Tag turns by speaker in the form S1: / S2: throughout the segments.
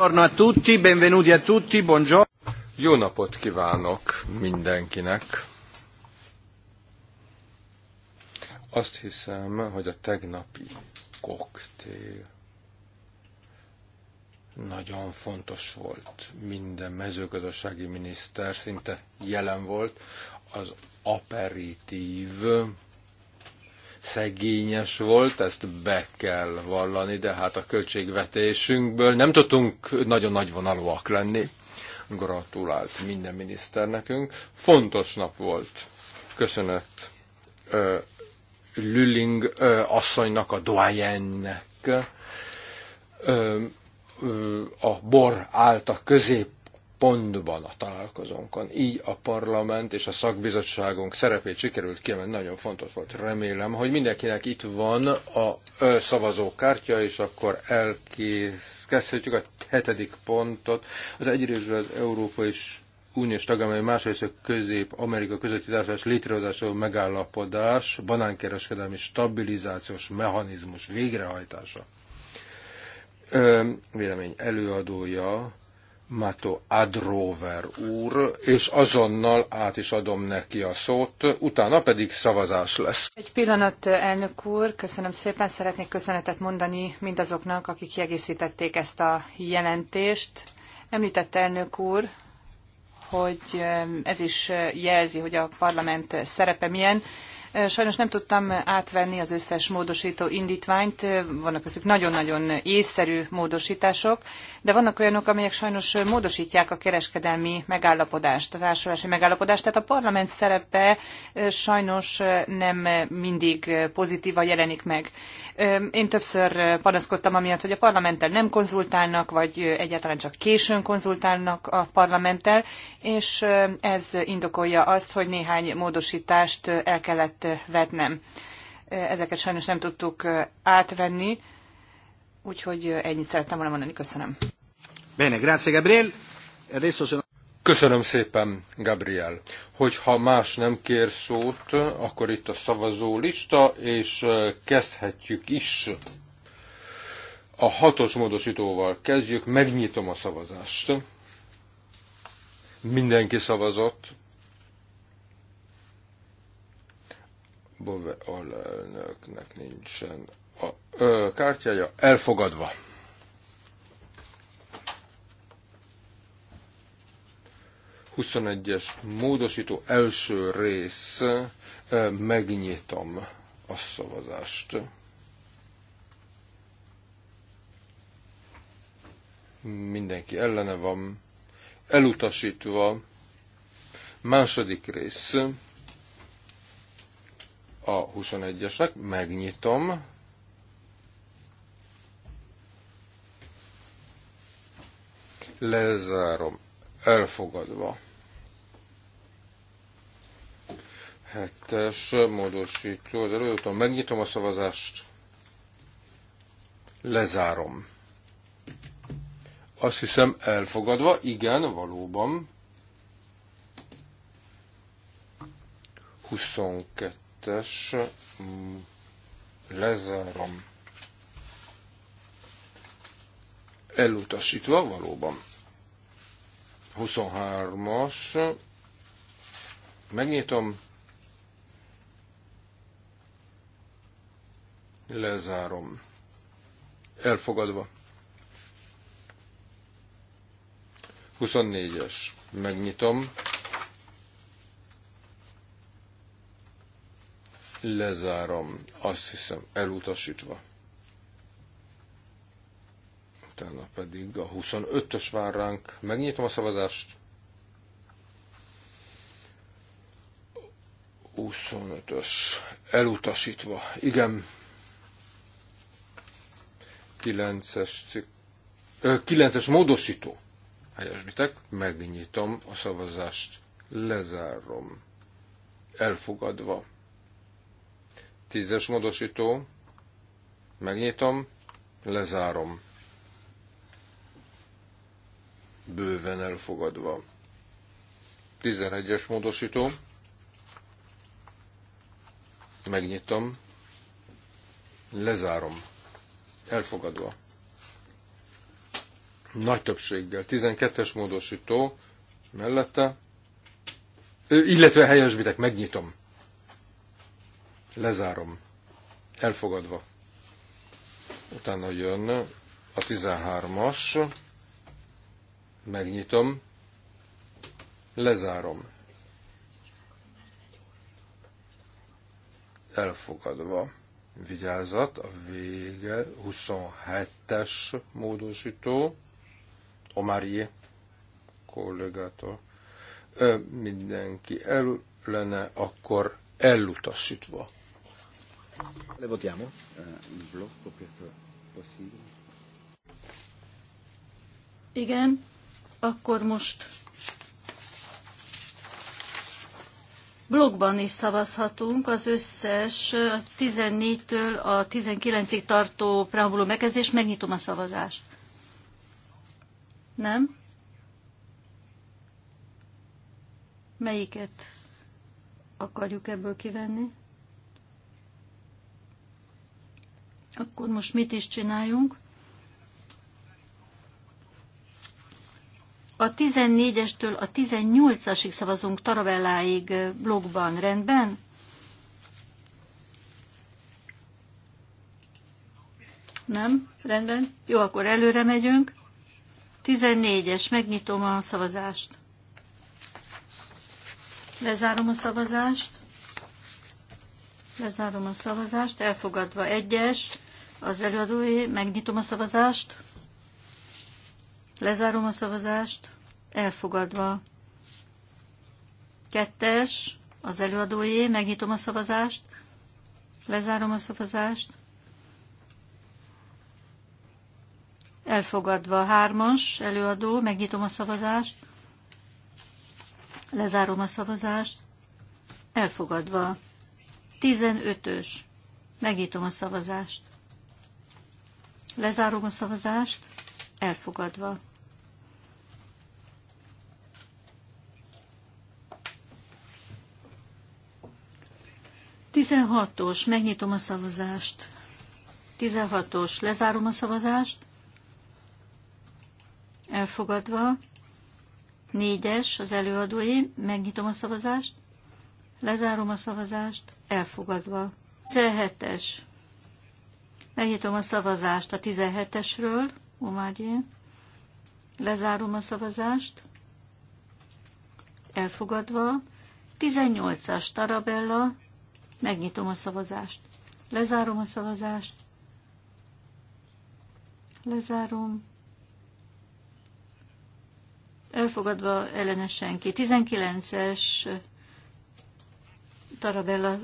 S1: Buongiorno a tutti, benvenuti a tutti, buongiorno. Jó napot kívánok mindenkinek. Azt hiszem, hogy a tegnapi koktél nagyon fontos volt. Minden mezőgazdasági miniszter szinte jelen volt. Az aperitív szegényes volt, ezt be kell vallani, de hát a költségvetésünkből nem tudtunk nagyon nagyvonalúak lenni. Gratulált minden miniszter nekünk. Fontos nap volt. Köszönött Lüling asszonynak, a doyennek. a bor állt a közép pontban a találkozónkon. Így a parlament és a szakbizottságunk szerepét sikerült kiemelni, nagyon fontos volt. Remélem, hogy mindenkinek itt van a szavazókártya, és akkor elkezdhetjük a hetedik pontot. Az egyrésztről az Európa és uniós tagállamai másrészt a Közép-Amerika közötti társadalmas létrehozású megállapodás, banánkereskedelmi stabilizációs mechanizmus végrehajtása. Ö, vélemény előadója Mato Adrover úr, és azonnal át is adom neki a szót, utána pedig szavazás
S2: lesz. Egy pillanat, elnök úr, köszönöm szépen, szeretnék köszönetet mondani mindazoknak, akik kiegészítették ezt a jelentést. Említett elnök úr, hogy eh, ez is eh, jelzi, hogy a parlament szerepe milyen, Eh, sajnos nem tudtam átvenni az összes módosító indítványt, eh, vannak közük nagyon-nagyon észszerű módosítások, de vannak olyanok, amelyek sajnos módosítják a kereskedelmi megállapodást, a társulási megállapodást, tehát a parlament szerepe eh, sajnos nem mindig pozitíva jelenik meg. Én többször panaszkodtam amiatt, hogy a parlamenttel nem konzultálnak, vagy egyáltalán csak későn konzultálnak a parlamenttel, és ez indokolja azt, hogy néhány módosítást el kellett vetnem Ezeket sajnos nem tudtuk átvenni, úgyhogy ennyit szerettem volna mondani. Köszönöm.
S3: Bene, grazie Gabriel. Adesso sono... Köszönöm
S1: szépen, Gabriel. Hogyha más nem kér szót, akkor itt a szavazó lista, és kezdhetjük is. A hatos módosítóval kezdjük, megnyitom a szavazást. Mindenki szavazott. Bove alelnöknek nincsen a ö, kártyája elfogadva. Huszonegyes módosító első rész megnyitom a szavazást. Mindenki ellene van. Elutasítva második rész a 21-esnek, megnyitom. Lezárom, elfogadva. Hetes módosító az előadatom. megnyitom a szavazást. Lezárom. Azt hiszem elfogadva, igen, valóban. 22 kettes, mm, lezárom. Elutasítva valóban. 23-as, megnyitom, lezárom. Elfogadva. 24-es. Megnyitom. Lezárom, azt hiszem elutasítva. Utána pedig a 25-ös vár ránk. Megnyitom a szavazást. 25-ös elutasítva. Igen. 9-es cikk. 9-es módosító. Helyesbitek. Megnyitom a szavazást. Lezárom. Elfogadva. Tízes módosító. Megnyitom, lezárom. Bőven elfogadva. 11-es módosító. Megnyitom. Lezárom. Elfogadva. Nagy többséggel. 12-es módosító mellette. Ö, illetve helyesbitek, megnyitom. Lezárom. Elfogadva. Utána jön a 13-as. Megnyitom. Lezárom. Elfogadva. Vigyázat, a vége, 27-es módosító, Omarie kollégától. Ö, mindenki lenne, akkor elutasítva.
S3: Le votiamo? Eh,
S4: Igen, akkor most blogban is szavazhatunk az összes 14-től a 19-ig tartó preambuló megkezdés. Megnyitom a szavazást. Nem? Melyiket akarjuk ebből kivenni? Akkor most mit is csináljunk? A 14-estől a 18-asig szavazunk Taravelláig blogban, rendben? Nem? Rendben? Jó, akkor előre megyünk. 14-es, megnyitom a szavazást. Lezárom a szavazást. Lezárom a szavazást, elfogadva egyes, az előadói, megnyitom a szavazást, lezárom a szavazást, elfogadva. Kettes, az előadói, megnyitom a szavazást, lezárom a szavazást, elfogadva. Hármas, előadó, megnyitom a szavazást, lezárom a szavazást, elfogadva. Tizenötös, megnyitom a szavazást. Lezárom a szavazást. Elfogadva. Tizenhatos. Megnyitom a szavazást. Tizenhatos. Lezárom a szavazást. Elfogadva. Négyes az előadói. Megnyitom a szavazást. Lezárom a szavazást. Elfogadva. 17-es. Megnyitom a szavazást a 17-esről, Omágyé. Lezárom a szavazást. Elfogadva. 18-as Tarabella. Megnyitom a szavazást. Lezárom a szavazást. Lezárom. Elfogadva ellene senki. 19-es Tarabella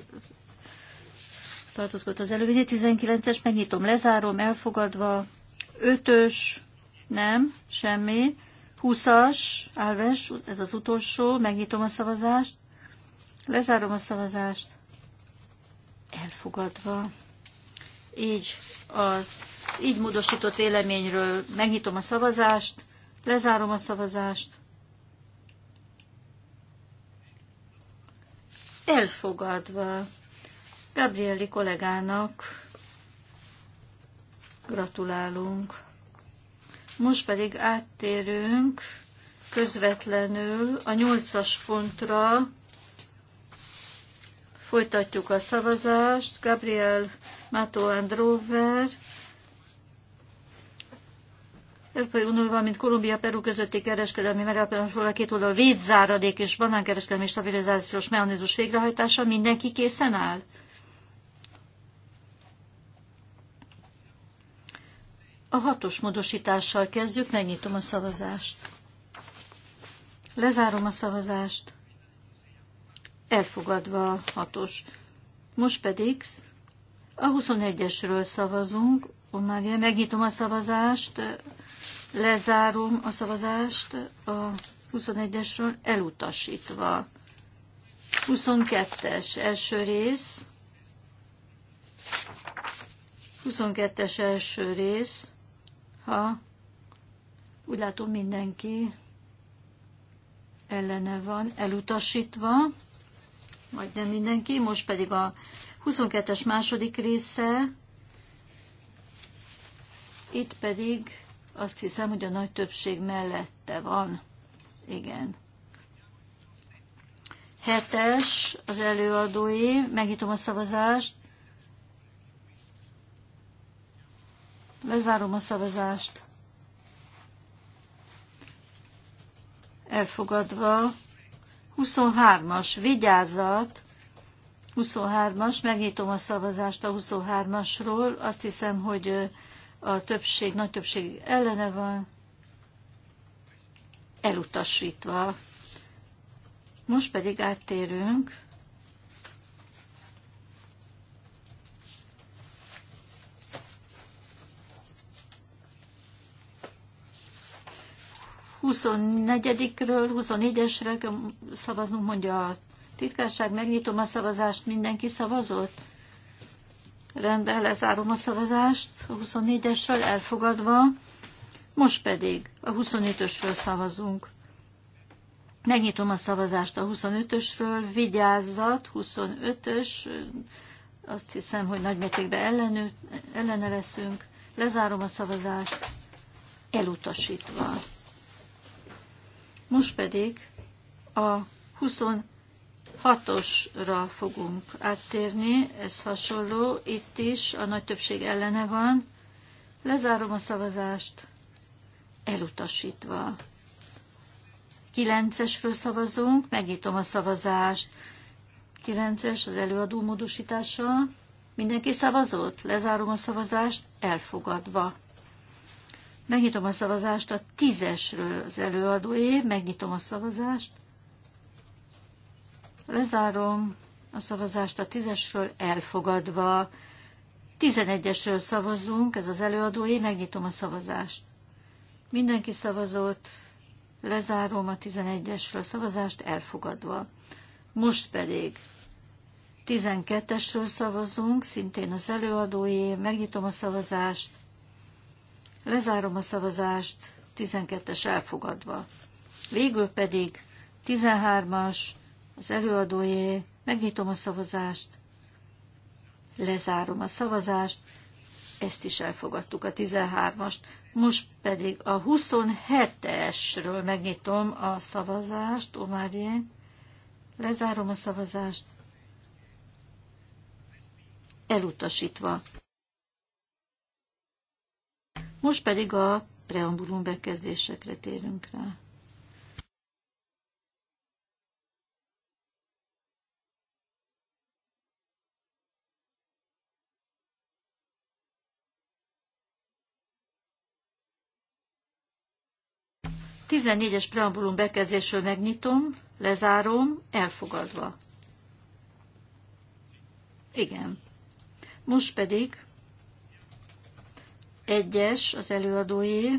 S4: tartozkodott az előnye, 19-es, megnyitom, lezárom, elfogadva. 5-ös, nem, semmi. 20-as, Álves, ez az utolsó, megnyitom a szavazást. Lezárom a szavazást. Elfogadva. Így az így módosított véleményről megnyitom a szavazást, lezárom a szavazást. Elfogadva. Gabrieli kollégának gratulálunk. Most pedig áttérünk közvetlenül a nyolcas pontra. Folytatjuk a szavazást. Gabriel Mato Androver, Európai Unió, valamint Kolumbia Peru közötti kereskedelmi megállapodásról a két oldal védzáradék és banánkereskedelmi stabilizációs mechanizmus végrehajtása mindenki készen áll? A hatos módosítással kezdjük, megnyitom a szavazást. Lezárom a szavazást. Elfogadva a hatos. Most pedig a 21-esről szavazunk. Omália, megnyitom a szavazást, lezárom a szavazást a 21-esről elutasítva. 22-es első rész. 22-es első rész ha úgy látom mindenki ellene van, elutasítva, majdnem mindenki, most pedig a 22-es második része, itt pedig azt hiszem, hogy a nagy többség mellette van. Igen. Hetes az előadói, megnyitom a szavazást, Lezárom a szavazást. Elfogadva. 23-as, vigyázat. 23-as, megnyitom a szavazást a 23-asról. Azt hiszem, hogy a többség, nagy többség ellene van. Elutasítva. Most pedig áttérünk 24-ről 24-esre kell szavaznunk, mondja a titkárság. Megnyitom a szavazást, mindenki szavazott? Rendben, lezárom a szavazást. A 24-esről elfogadva. Most pedig a 25-ösről szavazunk. Megnyitom a szavazást a 25-ösről, vigyázzat, 25-ös, azt hiszem, hogy mértékben ellenő, ellene leszünk. Lezárom a szavazást, elutasítva. Most pedig a 26-osra fogunk áttérni, ez hasonló, itt is a nagy többség ellene van. Lezárom a szavazást, elutasítva. 9-esről szavazunk, megnyitom a szavazást. 9-es az előadó módosítása. Mindenki szavazott? Lezárom a szavazást, elfogadva. Megnyitom a szavazást a tízesről az előadóé, megnyitom a szavazást, lezárom a szavazást a tízesről elfogadva. Tizenegyesről szavazunk. ez az előadóé, megnyitom a szavazást. Mindenki szavazott, lezárom a tizenegyesről szavazást elfogadva. Most pedig 12-esről szavazunk, szintén az előadóé, megnyitom a szavazást, Lezárom a szavazást, 12-es elfogadva. Végül pedig 13-as, az előadójé, megnyitom a szavazást, lezárom a szavazást, ezt is elfogadtuk, a 13-ast. Most pedig a 27-esről megnyitom a szavazást, Omárjé, lezárom a szavazást, elutasítva. Most pedig a preambulum bekezdésekre térünk rá. Tizennégyes preambulum bekezdésről megnyitom, lezárom, elfogadva. Igen. Most pedig egyes az előadói.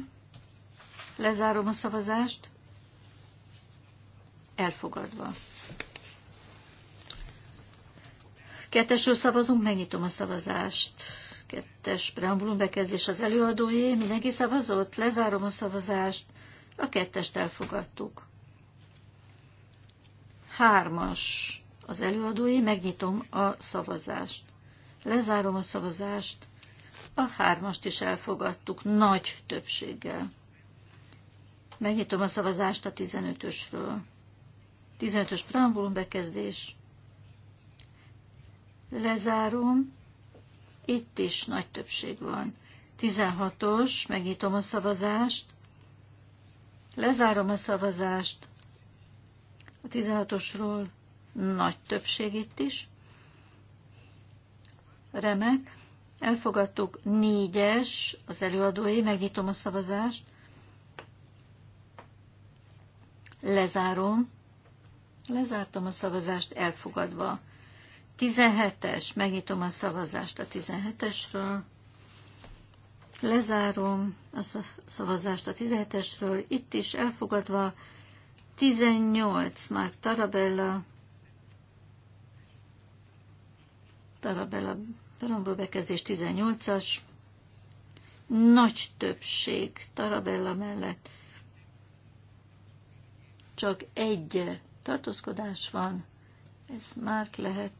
S4: Lezárom a szavazást. Elfogadva. Kettesről szavazunk, megnyitom a szavazást. Kettes preambulum bekezdés az előadói. Mindenki szavazott? Lezárom a szavazást. A kettest elfogadtuk. Hármas az előadói, megnyitom a szavazást. Lezárom a szavazást. A hármast is elfogadtuk nagy többséggel. Megnyitom a szavazást a 15-ösről. 15-ös preambulum bekezdés. Lezárom. Itt is nagy többség van. 16-os, megnyitom a szavazást. Lezárom a szavazást. A 16-osról nagy többség itt is. Remek. Elfogadtuk négyes az előadói, megnyitom a szavazást. Lezárom. Lezártam a szavazást elfogadva. 17-es, megnyitom a szavazást a 17-esről. Lezárom a szavazást a 17-esről. Itt is elfogadva 18, már Tarabella. Tarabella Taromból bekezdés 18-as. Nagy többség Tarabella mellett csak egy tartózkodás van. Ez már lehet.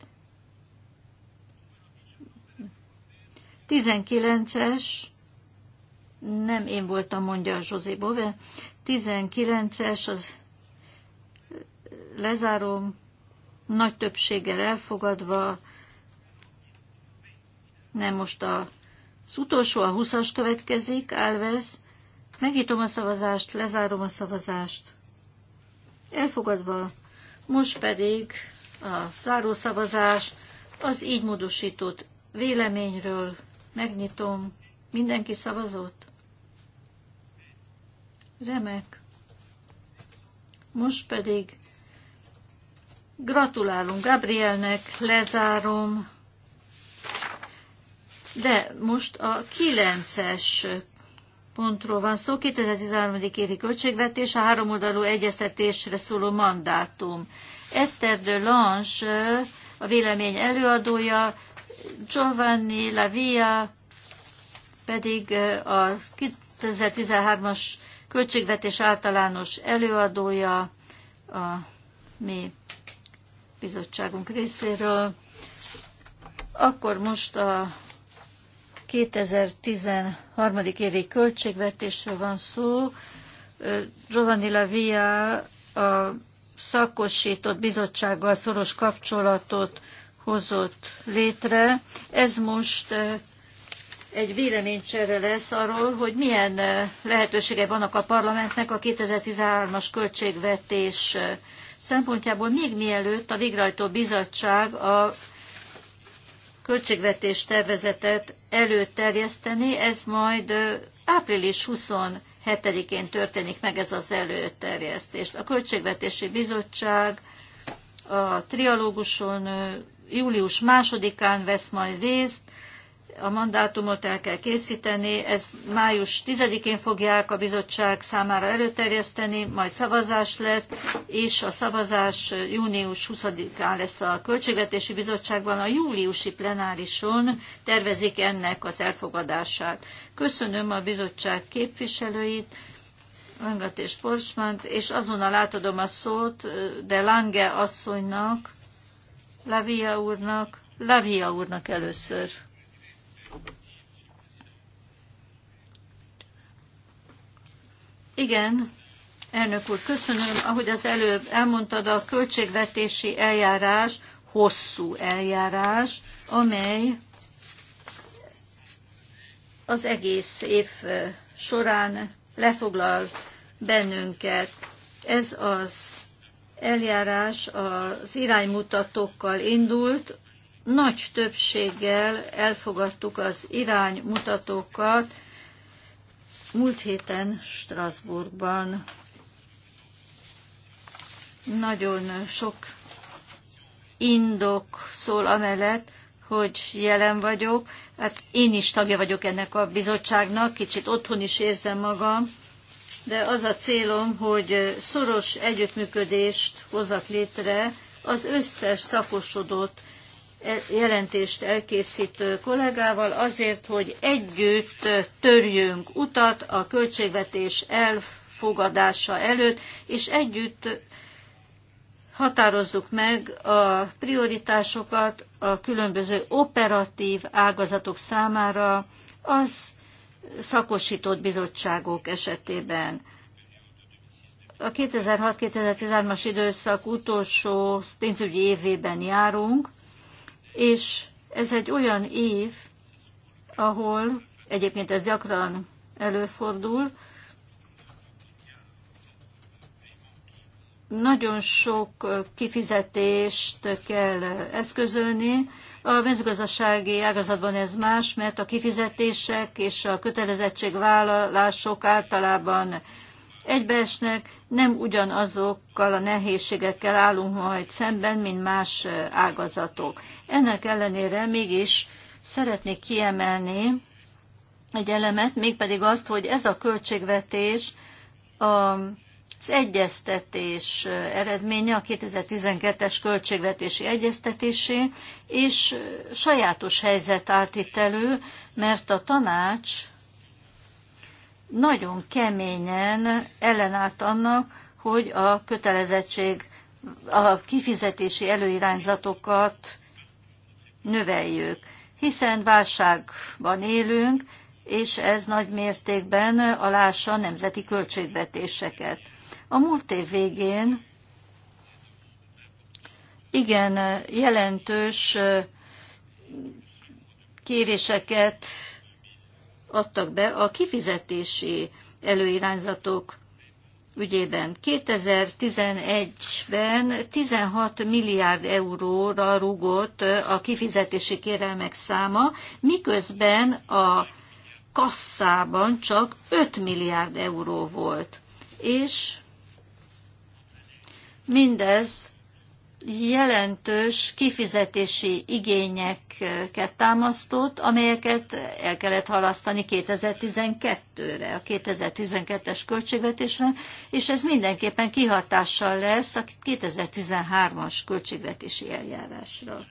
S4: 19-es, nem én voltam, mondja a José Bove. 19-es, az lezárom, nagy többséggel elfogadva, nem most a, az utolsó, a 20-as következik, Alves. Megítom a szavazást, lezárom a szavazást. Elfogadva. Most pedig a zárószavazás az így módosított véleményről. Megnyitom. Mindenki szavazott? Remek. Most pedig gratulálunk Gabrielnek, lezárom de most a 9-es pontról van szó, 2013. évi költségvetés, a háromoldalú egyeztetésre szóló mandátum. Eszter de Lange, a vélemény előadója, Giovanni Lavia pedig a 2013-as költségvetés általános előadója a mi bizottságunk részéről. Akkor most a 2013. évi költségvetésről van szó. Giovanni Lavia a szakosított bizottsággal szoros kapcsolatot hozott létre. Ez most egy véleménycsere lesz arról, hogy milyen lehetősége vannak a parlamentnek a 2013-as költségvetés szempontjából, még mielőtt a végrehajtó bizottság a költségvetés tervezetet előterjeszteni, ez majd április 27-én történik meg ez az előterjesztés. A Költségvetési Bizottság a trialóguson július másodikán vesz majd részt, a mandátumot el kell készíteni, ezt május 10-én fogják a bizottság számára előterjeszteni, majd szavazás lesz, és a szavazás június 20-án lesz a Költségvetési Bizottságban, a júliusi plenárison tervezik ennek az elfogadását. Köszönöm a bizottság képviselőit, Langat és Porsmant, és azonnal átadom a szót, de Lange asszonynak, Lavia úrnak, Lavia úrnak először. Igen, elnök úr, köszönöm. Ahogy az előbb elmondtad, a költségvetési eljárás hosszú eljárás, amely az egész év során lefoglal bennünket. Ez az eljárás az iránymutatókkal indult, nagy többséggel elfogadtuk az iránymutatókat múlt héten Strasbourgban. Nagyon sok indok szól amellett, hogy jelen vagyok. Hát én is tagja vagyok ennek a bizottságnak, kicsit otthon is érzem magam, de az a célom, hogy szoros együttműködést hozzak létre az összes szakosodott E, jelentést elkészítő kollégával azért, hogy együtt törjünk utat a költségvetés elfogadása előtt, és együtt határozzuk meg a prioritásokat a különböző operatív ágazatok számára az szakosított bizottságok esetében. A 2006-2013-as időszak utolsó pénzügyi évében járunk, és ez egy olyan év, ahol egyébként ez gyakran előfordul, nagyon sok kifizetést kell eszközölni. A mezőgazdasági ágazatban ez más, mert a kifizetések és a kötelezettségvállalások általában egybeesnek, nem ugyanazokkal a nehézségekkel állunk majd szemben, mint más ágazatok. Ennek ellenére mégis szeretnék kiemelni egy elemet, mégpedig azt, hogy ez a költségvetés a az egyeztetés eredménye, a 2012-es költségvetési egyeztetésé, és sajátos helyzet állt itt elő, mert a tanács nagyon keményen ellenállt annak, hogy a kötelezettség, a kifizetési előirányzatokat növeljük, hiszen válságban élünk, és ez nagy mértékben alássa nemzeti költségvetéseket. A múlt év végén igen jelentős kéréseket adtak be a kifizetési előirányzatok ügyében. 2011-ben 16 milliárd euróra rugott a kifizetési kérelmek száma, miközben a kasszában csak 5 milliárd euró volt. És mindez jelentős kifizetési igényeket támasztott, amelyeket el kellett halasztani 2012-re, a 2012-es költségvetésre, és ez mindenképpen kihatással lesz a 2013-as költségvetési eljárásra.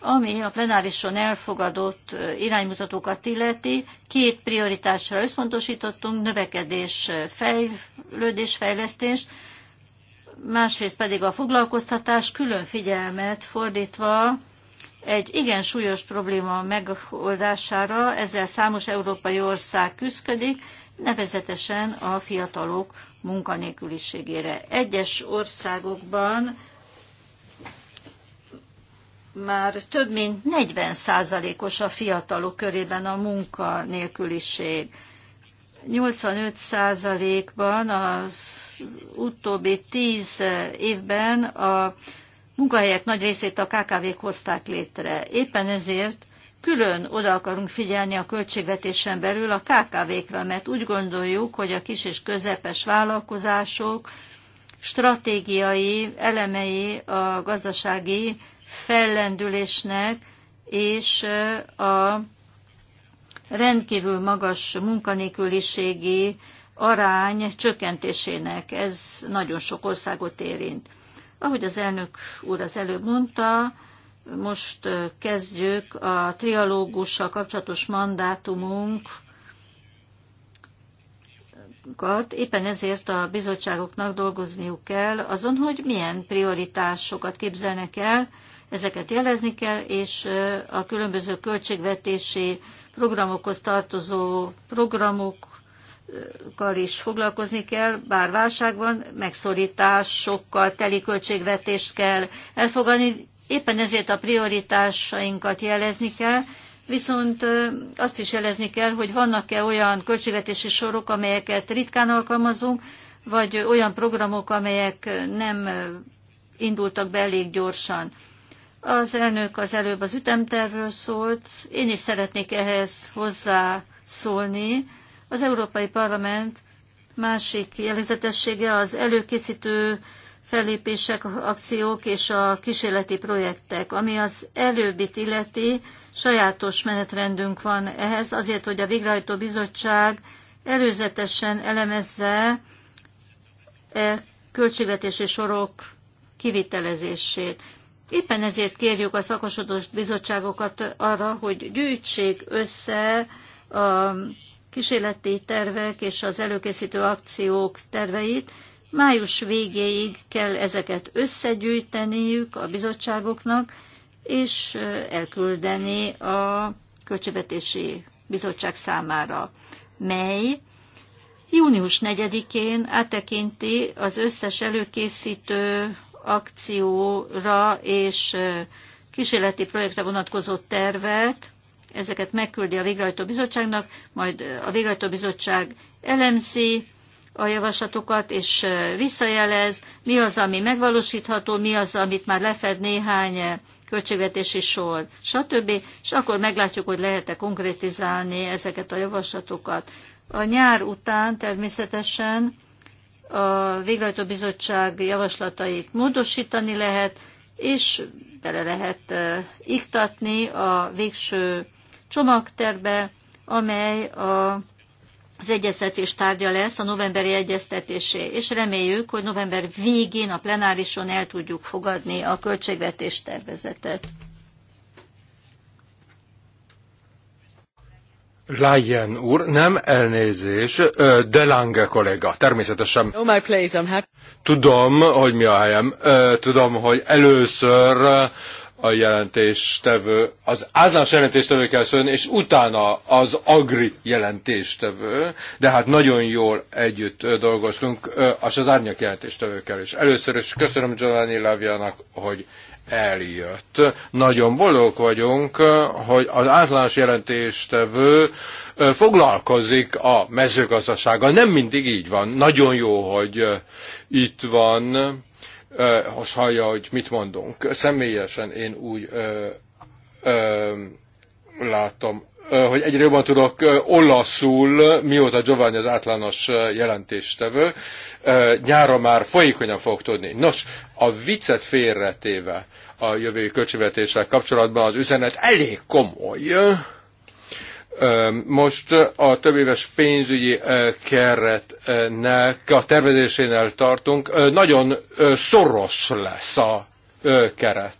S4: Ami a plenárison elfogadott iránymutatókat illeti, két prioritásra összpontosítottunk, növekedés, fejlődés, fejlesztés, másrészt pedig a foglalkoztatás külön figyelmet fordítva egy igen súlyos probléma megoldására, ezzel számos európai ország küzdik, nevezetesen a fiatalok munkanélküliségére. Egyes országokban már több mint 40 százalékos a fiatalok körében a munkanélküliség. 85%-ban az utóbbi 10 évben a munkahelyek nagy részét a KKV-k hozták létre. Éppen ezért külön oda akarunk figyelni a költségvetésen belül a KKV-kra, mert úgy gondoljuk, hogy a kis és közepes vállalkozások stratégiai elemei a gazdasági fellendülésnek és a rendkívül magas munkanélküliségi arány csökkentésének. Ez nagyon sok országot érint. Ahogy az elnök úr az előbb mondta, most kezdjük a trialógussal kapcsolatos mandátumunkat. Éppen ezért a bizottságoknak dolgozniuk kell azon, hogy milyen prioritásokat képzelnek el ezeket jelezni kell, és a különböző költségvetési programokhoz tartozó programokkal is foglalkozni kell, bár válság van, megszorításokkal teli költségvetést kell elfogadni, éppen ezért a prioritásainkat jelezni kell, Viszont azt is jelezni kell, hogy vannak-e olyan költségvetési sorok, amelyeket ritkán alkalmazunk, vagy olyan programok, amelyek nem indultak be elég gyorsan. Az elnök az előbb az ütemtervről szólt, én is szeretnék ehhez hozzászólni. Az Európai Parlament másik jellegzetessége az előkészítő fellépések, akciók és a kísérleti projektek. Ami az előbbit illeti, sajátos menetrendünk van ehhez, azért, hogy a végrehajtó bizottság előzetesen elemezze e költségvetési sorok kivitelezését. Éppen ezért kérjük a szakosodott bizottságokat arra, hogy gyűjtsék össze a kísérleti tervek és az előkészítő akciók terveit. Május végéig kell ezeket összegyűjteniük a bizottságoknak, és elküldeni a Költségvetési Bizottság számára, mely június 4-én áttekinti az összes előkészítő akcióra és kísérleti projektre vonatkozó tervet, ezeket megküldi a végrehajtó bizottságnak, majd a végrehajtó bizottság elemzi a javaslatokat, és visszajelez, mi az, ami megvalósítható, mi az, amit már lefed néhány költségvetési sor, stb. És akkor meglátjuk, hogy lehet-e konkrétizálni ezeket a javaslatokat. A nyár után természetesen a végrehajtó bizottság javaslatait módosítani lehet, és bele lehet iktatni a végső csomagterbe, amely a az egyeztetés tárgya lesz a novemberi egyeztetésé, és reméljük, hogy november végén a plenárison el tudjuk fogadni a költségvetés tervezetet.
S1: Lion úr, nem elnézés, de Lange kollega, természetesen.
S4: Oh my place, I'm happy.
S1: Tudom, hogy mi a helyem. Tudom, hogy először a jelentéstevő, az általános jelentéstevő kell szólni, és utána az agri jelentéstevő, de hát nagyon jól együtt dolgoztunk, az az árnyak jelentéstevőkkel is. Először is köszönöm Giovanni Lavianak, hogy eljött. Nagyon boldog vagyunk, hogy az általános jelentéstevő foglalkozik a mezőgazdasággal. Nem mindig így van. Nagyon jó, hogy itt van, hogy hallja, hogy mit mondunk. Személyesen én úgy ö, ö, látom hogy egyre jobban tudok olaszul, mióta Giovanni az átlános jelentéstevő, nyára már folyékonyan fogok tudni. Nos, a viccet félretéve a jövő költségvetéssel kapcsolatban az üzenet elég komoly. Most a több éves pénzügyi keretnek a tervezésénél tartunk. Nagyon szoros lesz a keret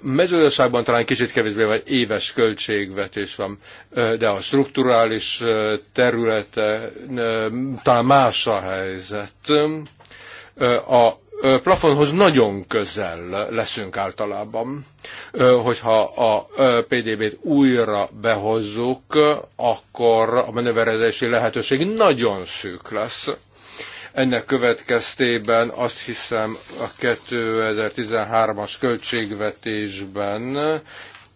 S1: Mezőgazdaságban talán kicsit kevésbé vagy éves költségvetés van, de a strukturális területe talán más a helyzet. A plafonhoz nagyon közel leszünk általában. Hogyha a PDB-t újra behozzuk, akkor a manőverezési lehetőség nagyon szűk lesz ennek következtében azt hiszem a 2013-as költségvetésben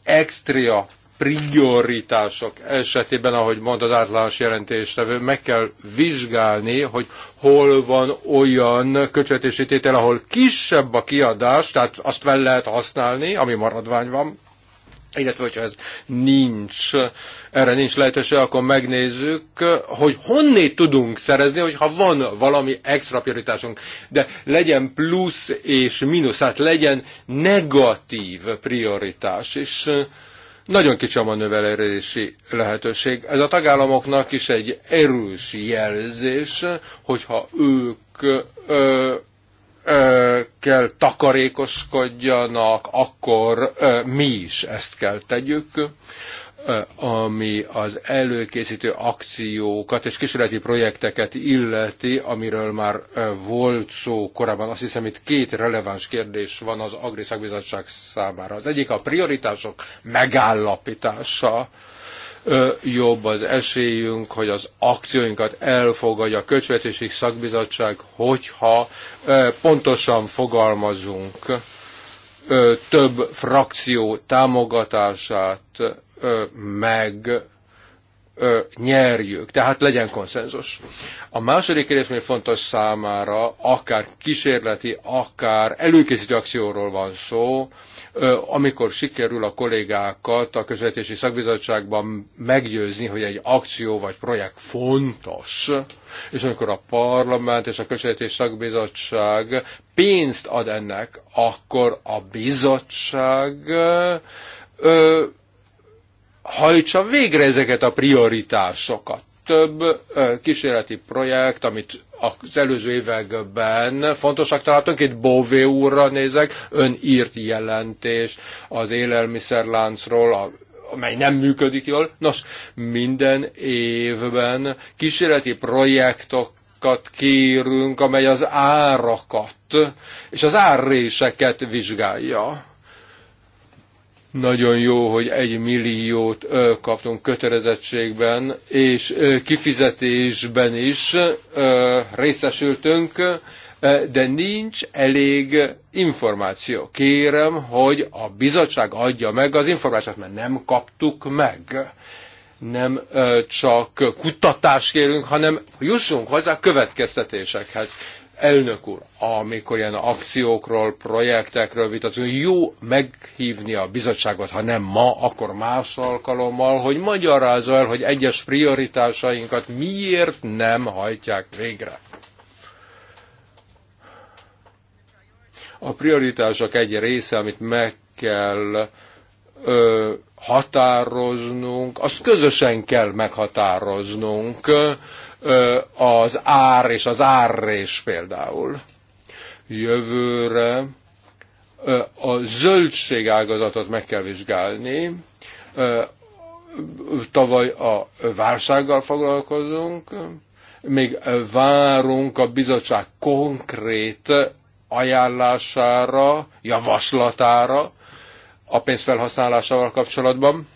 S1: extra prioritások esetében, ahogy mond az általános jelentéstevő, meg kell vizsgálni, hogy hol van olyan költségvetési tétel, ahol kisebb a kiadás, tehát azt fel lehet használni, ami maradvány van, illetve hogyha ez nincs, erre nincs lehetőség, akkor megnézzük, hogy honnét tudunk szerezni, hogyha van valami extra prioritásunk, de legyen plusz és mínusz, hát legyen negatív prioritás, és nagyon kicsi a növelési lehetőség. Ez a tagállamoknak is egy erős jelzés, hogyha ők ö, kell takarékoskodjanak, akkor mi is ezt kell tegyük ami az előkészítő akciókat és kísérleti projekteket illeti, amiről már volt szó korábban. Azt hiszem, itt két releváns kérdés van az Agri Szakbizottság számára. Az egyik a prioritások megállapítása, jobb az esélyünk, hogy az akcióinkat elfogadja a Köcsvetési Szakbizottság, hogyha pontosan fogalmazunk több frakció támogatását meg ö, nyerjük, tehát legyen konszenzus. A második rész, ami fontos számára, akár kísérleti, akár előkészítő akcióról van szó, ö, amikor sikerül a kollégákat a közvetési szakbizottságban meggyőzni, hogy egy akció vagy projekt fontos, és amikor a parlament és a közvetési szakbizottság pénzt ad ennek, akkor a bizottság ö, hajtsa végre ezeket a prioritásokat. Több kísérleti projekt, amit az előző években fontosak találtunk, itt Bové úrra nézek, ön írt jelentés az élelmiszerláncról, a amely nem működik jól. Nos, minden évben kísérleti projektokat kérünk, amely az árakat és az árréseket vizsgálja nagyon jó, hogy egy milliót kaptunk kötelezettségben, és kifizetésben is részesültünk, de nincs elég információ. Kérem, hogy a bizottság adja meg az információt, mert nem kaptuk meg. Nem csak kutatást kérünk, hanem jussunk hozzá következtetésekhez. Elnök úr, amikor ilyen akciókról, projektekről vitatunk, jó meghívni a bizottságot, ha nem ma, akkor más alkalommal, hogy magyarázza el, hogy egyes prioritásainkat miért nem hajtják végre. A prioritások egy része, amit meg kell ö, határoznunk, azt közösen kell meghatároznunk az ár és az árrés például. Jövőre a ágazatot meg kell vizsgálni. Tavaly a válsággal foglalkozunk, még várunk a bizottság konkrét ajánlására, javaslatára a pénzfelhasználásával kapcsolatban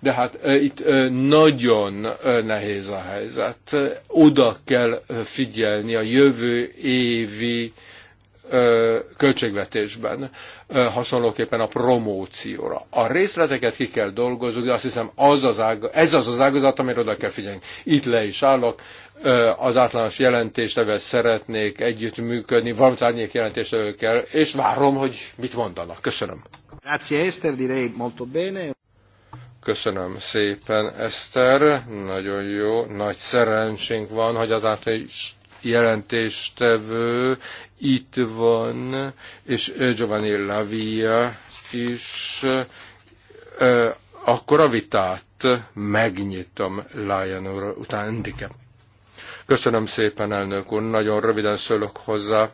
S1: de hát itt nagyon nehéz a helyzet. Oda kell figyelni a jövő évi költségvetésben, hasonlóképpen a promócióra. A részleteket ki kell dolgozni, de azt hiszem az az ág, ez az az ágazat, amire oda kell figyelni. Itt le is állok, az általános jelentéstevel szeretnék együttműködni, valamint árnyék jelentéstevőkkel, és várom, hogy mit mondanak. Köszönöm.
S4: Grazie Eszter, direi
S3: molto bene.
S1: Köszönöm szépen, Eszter. Nagyon jó. Nagy szerencsénk van, hogy az jelentéstevő itt van, és Giovanni Lavia is. Akkor a vitát megnyitom Lion úr után Indike. Köszönöm szépen, elnök úr. Nagyon röviden szólok hozzá.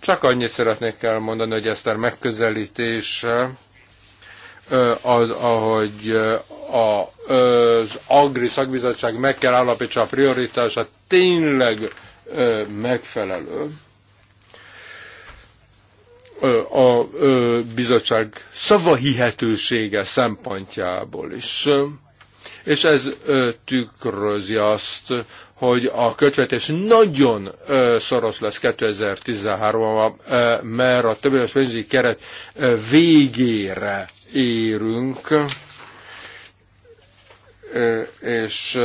S1: Csak annyit szeretnék elmondani, hogy Eszter megközelítése az, ahogy a, az Agri Szakbizottság meg kell állapítsa a prioritása tényleg megfelelő. A bizottság szavahihetősége szempontjából is. És ez tükrözi azt, hogy a költségvetés nagyon szoros lesz 2013-ban, mert a többéves pénzügyi keret végére érünk, és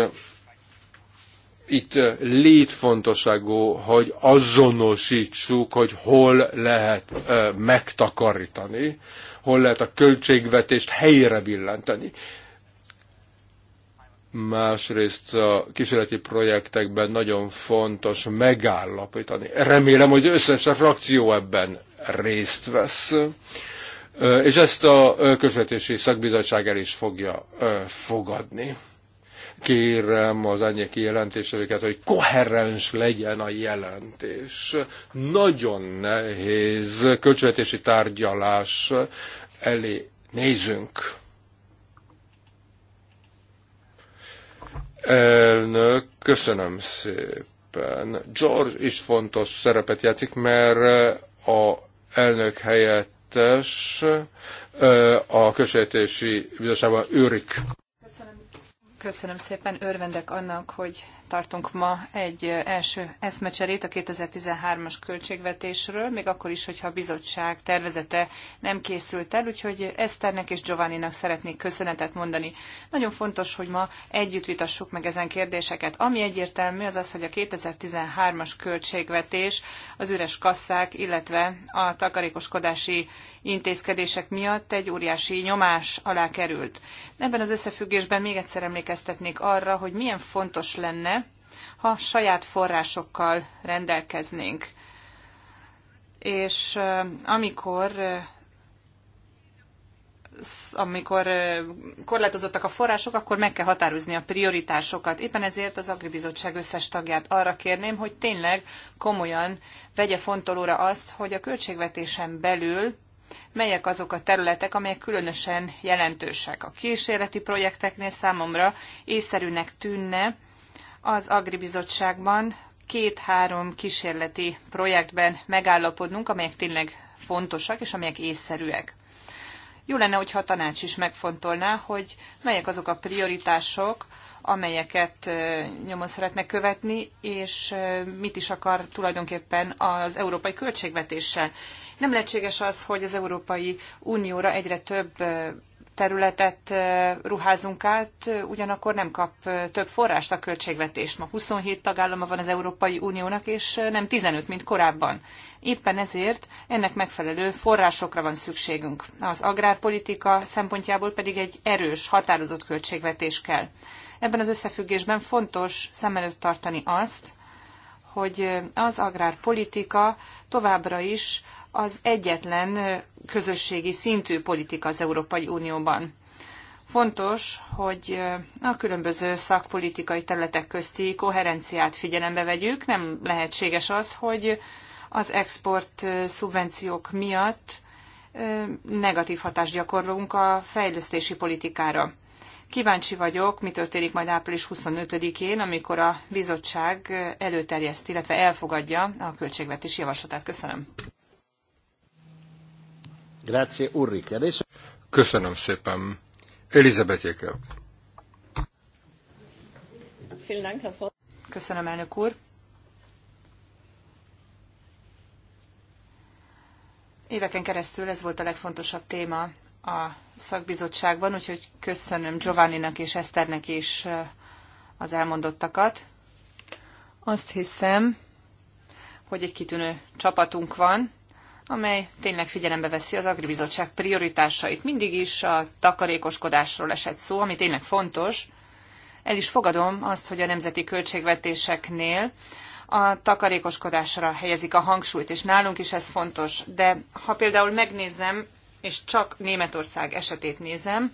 S1: itt létfontosságú, hogy azonosítsuk, hogy hol lehet megtakarítani, hol lehet a költségvetést helyre billenteni. Másrészt a kísérleti projektekben nagyon fontos megállapítani. Remélem, hogy összes a frakció ebben részt vesz és ezt a közvetési szakbizottság el is fogja fogadni. Kérem az ennyi jelentéseket, hogy koherens legyen a jelentés. Nagyon nehéz költségvetési tárgyalás elé nézünk. Elnök, köszönöm szépen. George is fontos szerepet játszik, mert a elnök helyett 2022 a Kösejtési Bizottságban őrik. Köszönöm.
S2: Köszönöm szépen, örvendek annak, hogy tartunk ma egy első eszmecserét a 2013-as költségvetésről, még akkor is, hogyha a bizottság tervezete nem készült el, úgyhogy Eszternek és Giovanninak szeretnék köszönetet mondani. Nagyon fontos, hogy ma együtt vitassuk meg ezen kérdéseket. Ami egyértelmű, az az, hogy a 2013-as költségvetés az üres kasszák, illetve a takarékoskodási intézkedések miatt egy óriási nyomás alá került. Ebben az összefüggésben még egyszer emlékeztetnék arra, hogy milyen fontos lenne, ha saját forrásokkal rendelkeznénk. És amikor amikor korlátozottak a források, akkor meg kell határozni a prioritásokat. Éppen ezért az Agribizottság összes tagját arra kérném, hogy tényleg komolyan vegye fontolóra azt, hogy a költségvetésen belül melyek azok a területek, amelyek különösen jelentősek. A kísérleti projekteknél számomra észszerűnek tűnne, az Agribizottságban két-három kísérleti projektben megállapodnunk, amelyek tényleg fontosak és amelyek észszerűek. Jó lenne, hogyha a tanács is megfontolná, hogy melyek azok a prioritások, amelyeket nyomon szeretne követni, és mit is akar tulajdonképpen az európai költségvetéssel. Nem lehetséges az, hogy az Európai Unióra egyre több területet ruházunk át, ugyanakkor nem kap több forrást a költségvetés. Ma 27 tagállama van az Európai Uniónak, és nem 15, mint korábban. Éppen ezért ennek megfelelő forrásokra van szükségünk. Az agrárpolitika szempontjából pedig egy erős, határozott költségvetés kell. Ebben az összefüggésben fontos szem előtt tartani azt, hogy az agrárpolitika továbbra is az egyetlen közösségi szintű politika az Európai Unióban. Fontos, hogy a különböző szakpolitikai területek közti koherenciát figyelembe vegyük. Nem lehetséges az, hogy az export szubvenciók miatt negatív hatást gyakorlunk a fejlesztési politikára. Kíváncsi vagyok, mi történik majd április 25-én, amikor a bizottság előterjeszt, illetve elfogadja a költségvetési javaslatát. Köszönöm.
S1: Grazie Ulrike. Adesso... Köszönöm szépen. Elizabeth Jekel.
S2: Köszönöm, elnök úr. Éveken keresztül ez volt a legfontosabb téma a szakbizottságban, úgyhogy köszönöm Giovanninak és Eszternek is az elmondottakat. Azt hiszem, hogy egy kitűnő csapatunk van, amely tényleg figyelembe veszi az Agribizottság prioritásait. Mindig is a takarékoskodásról esett szó, ami tényleg fontos. El is fogadom azt, hogy a nemzeti költségvetéseknél a takarékoskodásra helyezik a hangsúlyt, és nálunk is ez fontos. De ha például megnézem, és csak Németország esetét nézem,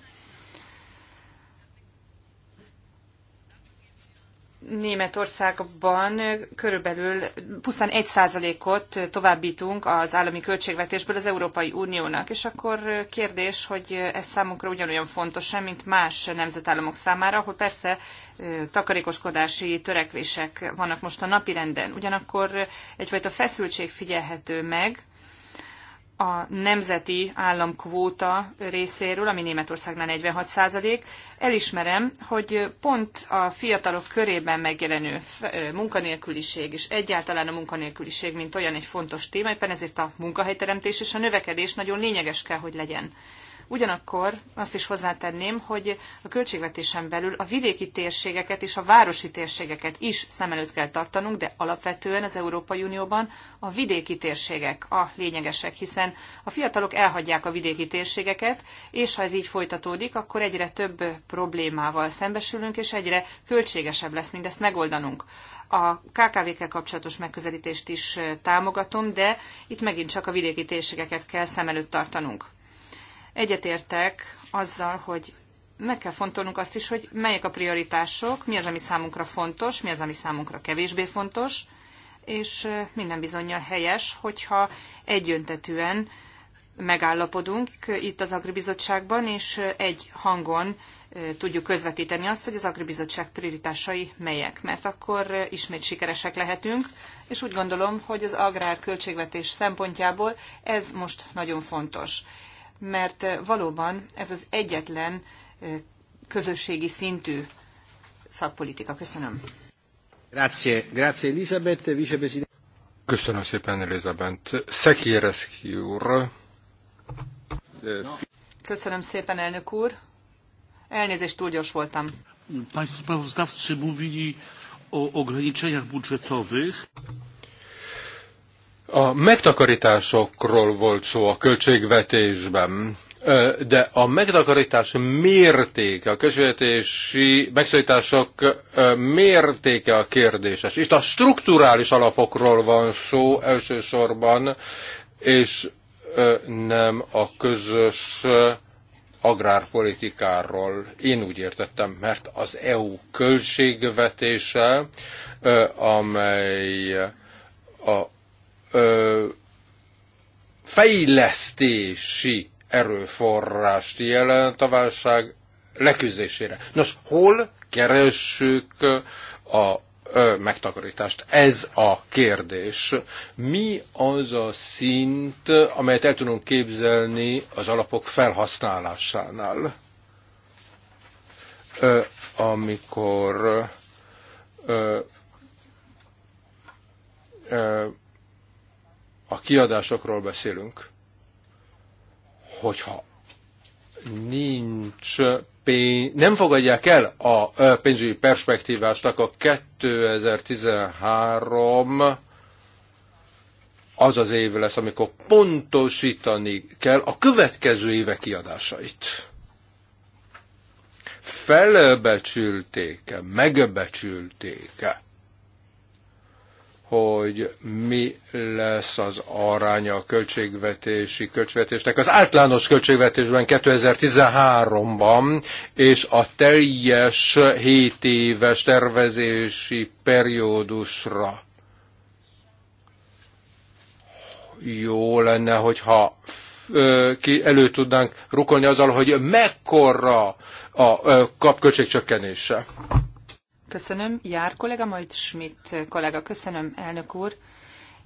S2: Németországban körülbelül pusztán egy százalékot továbbítunk az állami költségvetésből az Európai Uniónak, és akkor kérdés, hogy ez számunkra ugyanolyan fontos-e, mint más nemzetállamok számára, ahol persze takarékoskodási törekvések vannak most a napirenden. Ugyanakkor egyfajta feszültség figyelhető meg, a nemzeti államkvóta részéről, ami Németországnál 46 százalék, elismerem, hogy pont a fiatalok körében megjelenő munkanélküliség és egyáltalán a munkanélküliség, mint olyan egy fontos téma, éppen ezért a munkahelyteremtés és a növekedés nagyon lényeges kell, hogy legyen. Ugyanakkor azt is hozzátenném, hogy a költségvetésen belül a vidéki térségeket és a városi térségeket is szem előtt kell tartanunk, de alapvetően az Európai Unióban a vidéki térségek a lényegesek, hiszen a fiatalok elhagyják a vidéki térségeket, és ha ez így folytatódik, akkor egyre több problémával szembesülünk, és egyre költségesebb lesz mindezt megoldanunk. A KKV-kkel kapcsolatos megközelítést is támogatom, de itt megint csak a vidéki térségeket kell szem előtt tartanunk. Egyetértek azzal, hogy meg kell fontolnunk azt is, hogy melyek a prioritások, mi az, ami számunkra fontos, mi az, ami számunkra kevésbé fontos, és minden bizonyal helyes, hogyha egyöntetűen megállapodunk itt az Agribizottságban, és egy hangon tudjuk közvetíteni azt, hogy az Agribizottság prioritásai melyek, mert akkor ismét sikeresek lehetünk, és úgy gondolom, hogy az agrár költségvetés szempontjából ez most nagyon fontos mert valóban ez az egyetlen közösségi szintű szakpolitika. Köszönöm.
S1: Grazie, grazie Elisabeth, vicepresident. Köszönöm szépen, Elizabeth.
S3: Szekiereszki úr.
S2: Köszönöm szépen, elnök úr. Elnézést, túl gyors voltam.
S3: Państwo sprawozdawcy mówili o ograniczeniach budżetowych.
S1: A megtakarításokról volt szó a költségvetésben, de a megtakarítás mértéke, a közvetési megszorítások mértéke a kérdéses. Itt a strukturális alapokról van szó elsősorban, és nem a közös agrárpolitikáról. Én úgy értettem, mert az EU költségvetése, amely a ö, fejlesztési erőforrást jelent a válság leküzdésére. Nos, hol keressük a ö, megtakarítást? Ez a kérdés. Mi az a szint, amelyet el tudunk képzelni az alapok felhasználásánál? Ö, amikor ö, ö, a kiadásokról beszélünk, hogyha nincs pénz, nem fogadják el a pénzügyi perspektívást, akkor 2013 az az év lesz, amikor pontosítani kell a következő éve kiadásait. Felbecsülték, megbecsülték hogy mi lesz az aránya a költségvetési költségvetésnek az általános költségvetésben 2013-ban, és a teljes 7 éves tervezési periódusra. Jó lenne, hogyha ki elő tudnánk rukolni azzal, hogy mekkora a kap költségcsökkenése.
S2: Köszönöm. Jár kollega, majd Schmidt kollega. Köszönöm, elnök úr.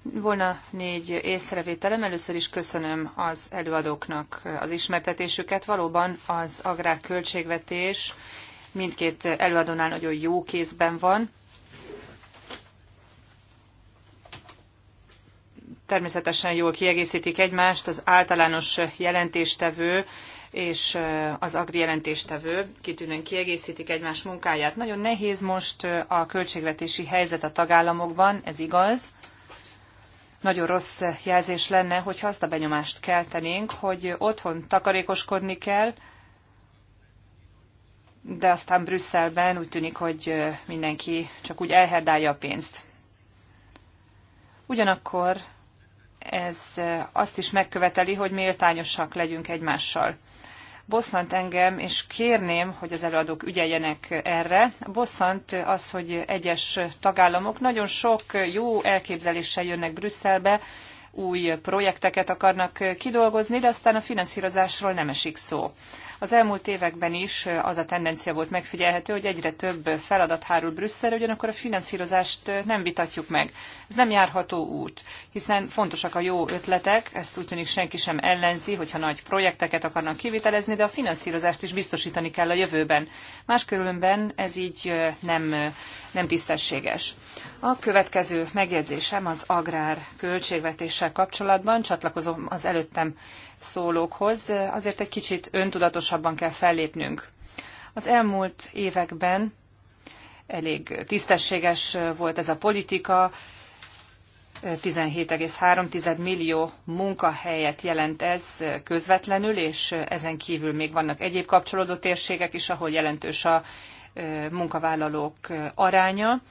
S2: Volna négy észrevételem. Először is köszönöm az előadóknak az ismertetésüket. Valóban az agrárköltségvetés mindkét előadónál nagyon jó kézben van. Természetesen jól kiegészítik egymást az általános jelentéstevő és az agri jelentéstevő kitűnően kiegészítik egymás munkáját. Nagyon nehéz most a költségvetési helyzet a tagállamokban, ez igaz. Nagyon rossz jelzés lenne, hogyha azt a benyomást keltenénk, hogy otthon takarékoskodni kell, de aztán Brüsszelben úgy tűnik, hogy mindenki csak úgy elherdálja a pénzt. Ugyanakkor ez azt is megköveteli, hogy méltányosak legyünk egymással bosszant engem, és kérném, hogy az előadók ügyeljenek erre. Bosszant az, hogy egyes tagállamok nagyon sok jó elképzeléssel jönnek Brüsszelbe, új projekteket akarnak kidolgozni, de aztán a finanszírozásról nem esik szó. Az elmúlt években is az a tendencia volt megfigyelhető, hogy egyre több feladat hárul Brüsszelre, ugyanakkor a finanszírozást nem vitatjuk meg. Ez nem járható út, hiszen fontosak a jó ötletek, ezt úgy tűnik senki sem ellenzi, hogyha nagy projekteket akarnak kivitelezni, de a finanszírozást is biztosítani kell a jövőben. Máskülönben ez így nem, nem tisztességes. A következő megjegyzésem az agrár költségvetéssel kapcsolatban. Csatlakozom az előttem szólókhoz. Azért egy kicsit öntudatosabban kell fellépnünk. Az elmúlt években elég tisztességes volt ez a politika, 17,3 millió munkahelyet jelent ez közvetlenül, és ezen kívül még vannak egyéb kapcsolódó térségek is, ahol jelentős a munkavállalók aránya.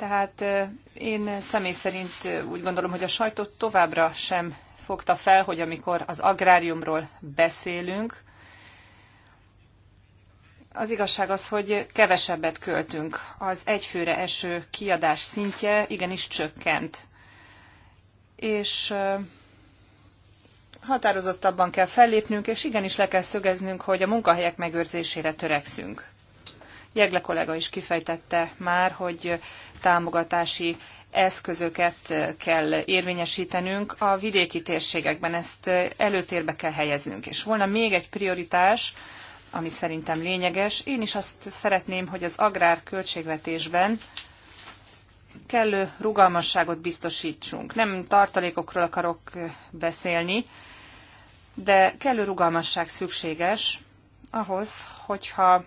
S2: Tehát én személy szerint úgy gondolom, hogy a sajtó továbbra sem fogta fel, hogy amikor az agráriumról beszélünk, az igazság az, hogy kevesebbet költünk. Az egyfőre eső kiadás szintje igenis csökkent. És határozottabban kell fellépnünk, és igenis le kell szögeznünk, hogy a munkahelyek megőrzésére törekszünk. Jegle kollega is kifejtette már, hogy támogatási eszközöket kell érvényesítenünk a vidéki térségekben, ezt előtérbe kell helyeznünk. És volna még egy prioritás, ami szerintem lényeges. Én is azt szeretném, hogy az agrár költségvetésben kellő rugalmasságot biztosítsunk. Nem tartalékokról akarok beszélni, de kellő rugalmasság szükséges ahhoz, hogyha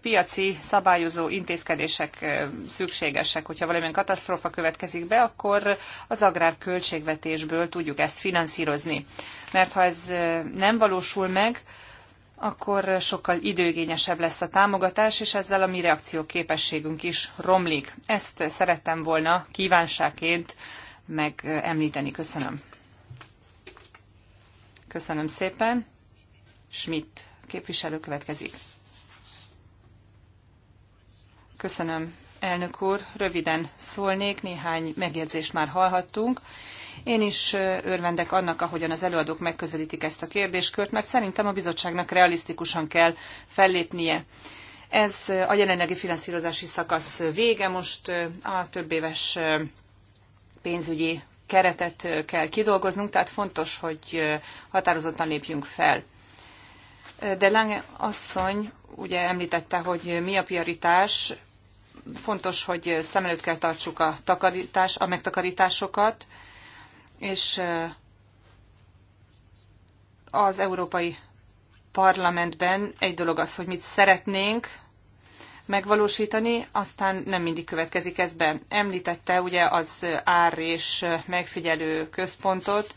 S2: piaci szabályozó intézkedések szükségesek, hogyha valamilyen katasztrófa következik be, akkor az agrárköltségvetésből tudjuk ezt finanszírozni. Mert ha ez nem valósul meg, akkor sokkal időgényesebb lesz a támogatás, és ezzel a mi reakcióképességünk is romlik. Ezt szerettem volna kívánságként megemlíteni. Köszönöm. Köszönöm szépen. Schmidt képviselő következik. Köszönöm, elnök úr. Röviden szólnék, néhány megjegyzést már hallhattunk. Én is örvendek annak, ahogyan az előadók megközelítik ezt a kérdéskört, mert szerintem a bizottságnak realisztikusan kell fellépnie. Ez a jelenlegi finanszírozási szakasz vége, most a éves pénzügyi keretet kell kidolgoznunk, tehát fontos, hogy határozottan lépjünk fel. De Lange asszony ugye említette, hogy mi a prioritás, fontos, hogy szem előtt kell tartsuk a, takarítás, a megtakarításokat, és eh, az Európai Parlamentben egy dolog az, hogy mit szeretnénk megvalósítani, aztán nem mindig következik ezben. Említette ugye az ár és megfigyelő központot,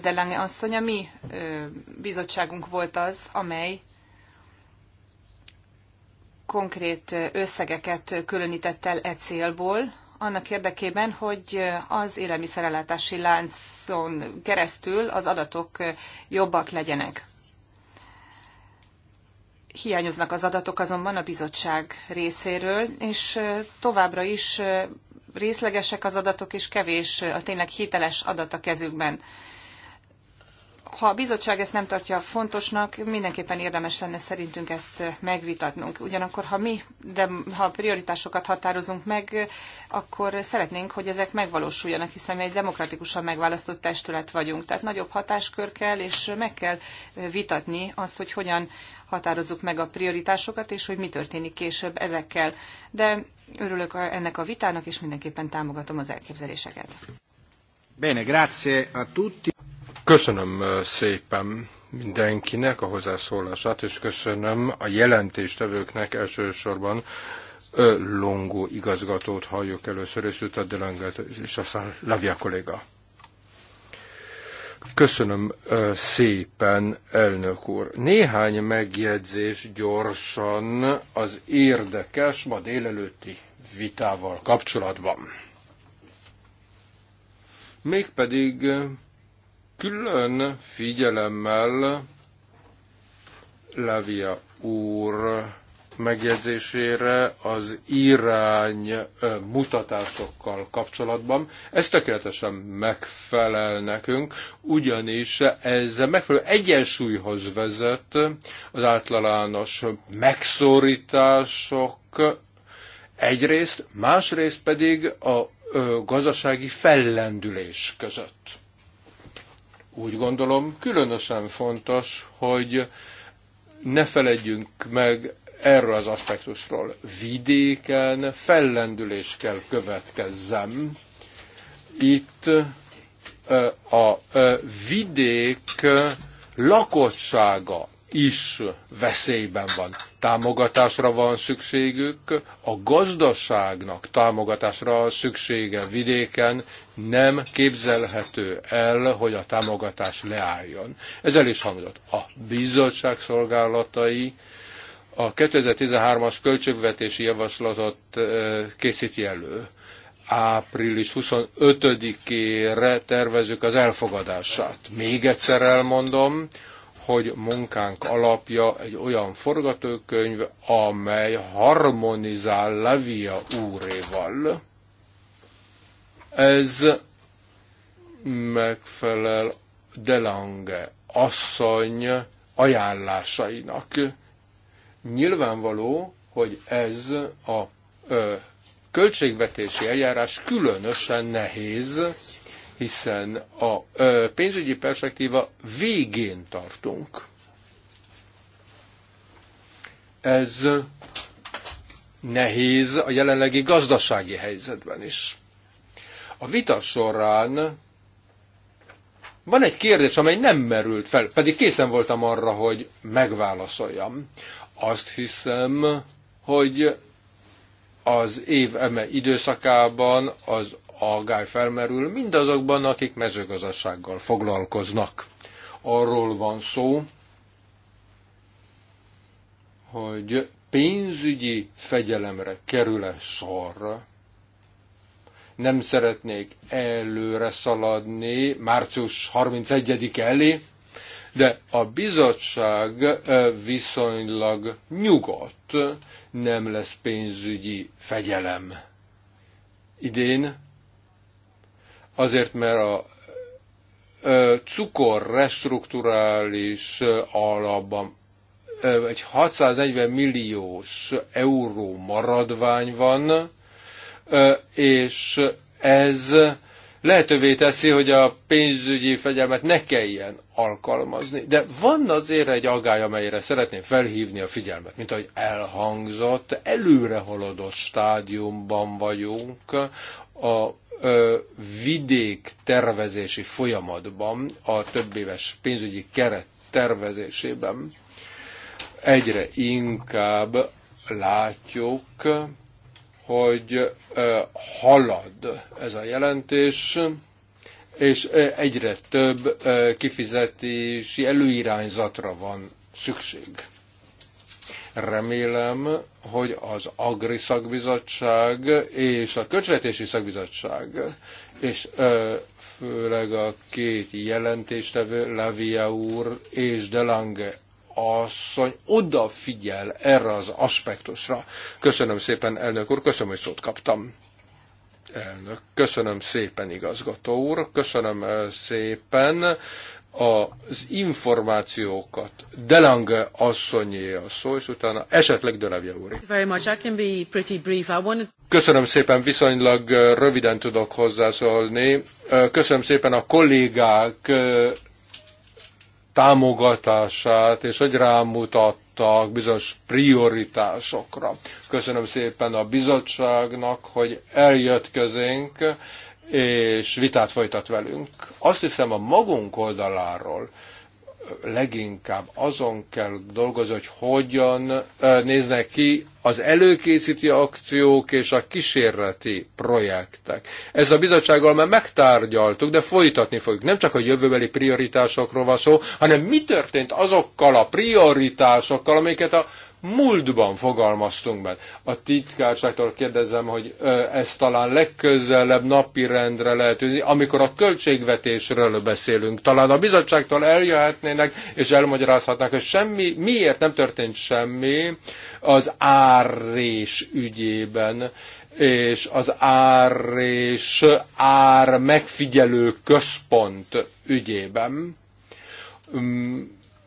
S2: Delange asszony, a mi bizottságunk volt az, amely konkrét összegeket különített el e célból, annak érdekében, hogy az élelmiszerellátási láncon keresztül az adatok jobbak legyenek. Hiányoznak az adatok azonban a bizottság részéről, és továbbra is részlegesek az adatok, és kevés a tényleg hiteles adat a kezükben ha a bizottság ezt nem tartja fontosnak, mindenképpen érdemes lenne szerintünk ezt megvitatnunk. Ugyanakkor, ha mi, de ha prioritásokat határozunk meg, akkor szeretnénk, hogy ezek megvalósuljanak, hiszen mi egy demokratikusan megválasztott testület vagyunk. Tehát nagyobb hatáskör kell, és meg kell vitatni azt, hogy hogyan határozzuk meg a prioritásokat, és hogy mi történik később ezekkel. De örülök ennek a vitának, és mindenképpen támogatom az elképzeléseket.
S1: Bene, grazie a tutti. Köszönöm szépen mindenkinek a hozzászólását, és köszönöm a jelentéstevőknek elsősorban Longó igazgatót halljuk először, és utána Delanget, és aztán Lavia kolléga. Köszönöm szépen, elnök úr. Néhány megjegyzés gyorsan az érdekes ma délelőtti vitával kapcsolatban. Mégpedig Külön figyelemmel Levia úr megjegyzésére az irány mutatásokkal kapcsolatban. Ez tökéletesen megfelel nekünk, ugyanis ez megfelelő egyensúlyhoz vezet az általános megszorítások egyrészt, másrészt pedig a gazdasági fellendülés között. Úgy gondolom, különösen fontos, hogy ne feledjünk meg erről az aspektusról. Vidéken fellendülés kell következzem. Itt a vidék lakossága is veszélyben van. Támogatásra van szükségük, a gazdaságnak támogatásra szüksége vidéken nem képzelhető el, hogy a támogatás leálljon. Ez el is hangzott. A bizottság szolgálatai a 2013-as költségvetési javaslatot készíti elő. Április 25-ére tervezük az elfogadását. Még egyszer elmondom, hogy munkánk alapja egy olyan forgatókönyv, amely harmonizál Levia úréval. Ez megfelel Delange asszony ajánlásainak. Nyilvánvaló, hogy ez a ö, költségvetési eljárás különösen nehéz, hiszen a pénzügyi perspektíva végén tartunk. Ez nehéz a jelenlegi gazdasági helyzetben is. A vita során van egy kérdés, amely nem merült fel, pedig készen voltam arra, hogy megválaszoljam. Azt hiszem, hogy az év eme időszakában az a gály felmerül mindazokban, akik mezőgazdasággal foglalkoznak. Arról van szó, hogy pénzügyi fegyelemre kerül-e sor. Nem szeretnék előre szaladni március 31 -e elé, de a bizottság viszonylag nyugodt, nem lesz pénzügyi fegyelem. Idén Azért, mert a cukor restrukturális alapban egy 640 milliós euró maradvány van, és ez lehetővé teszi, hogy a pénzügyi fegyelmet ne kelljen alkalmazni. De van azért egy agály, amelyre szeretném felhívni a figyelmet, mint ahogy elhangzott, előre haladott stádiumban vagyunk a vidék tervezési folyamatban, a többéves pénzügyi keret tervezésében egyre inkább látjuk, hogy halad ez a jelentés, és egyre több kifizetési előirányzatra van szükség. Remélem, hogy az Agri Szakbizottság és a Költségvetési Szakbizottság és ö, főleg a két jelentéstevő, Lavia úr és Delange asszony odafigyel erre az aspektusra. Köszönöm szépen, elnök úr, köszönöm, hogy szót kaptam. Elnök, köszönöm szépen, igazgató úr, köszönöm szépen az információkat.
S2: Delange
S1: asszonyé a szó, és utána esetleg Dönevje úr. Köszönöm szépen, viszonylag röviden tudok hozzászólni. Köszönöm szépen a kollégák támogatását, és hogy rámutattak bizonyos prioritásokra. Köszönöm szépen a bizottságnak, hogy eljött közénk, és vitát folytat velünk. Azt hiszem a magunk oldaláról leginkább azon kell dolgozni, hogy hogyan néznek ki az előkészítő akciók és a kísérleti projektek. Ezt a bizottsággal már megtárgyaltuk, de folytatni fogjuk. Nem csak a jövőbeli prioritásokról van szó, hanem mi történt azokkal a prioritásokkal, amiket a múltban fogalmaztunk meg. A titkárságtól kérdezem, hogy ezt talán legközelebb napi rendre lehet amikor a költségvetésről beszélünk. Talán a bizottságtól eljöhetnének, és elmagyarázhatnák, hogy semmi, miért nem történt semmi az árrés ügyében és az ár és ár megfigyelő központ ügyében mm,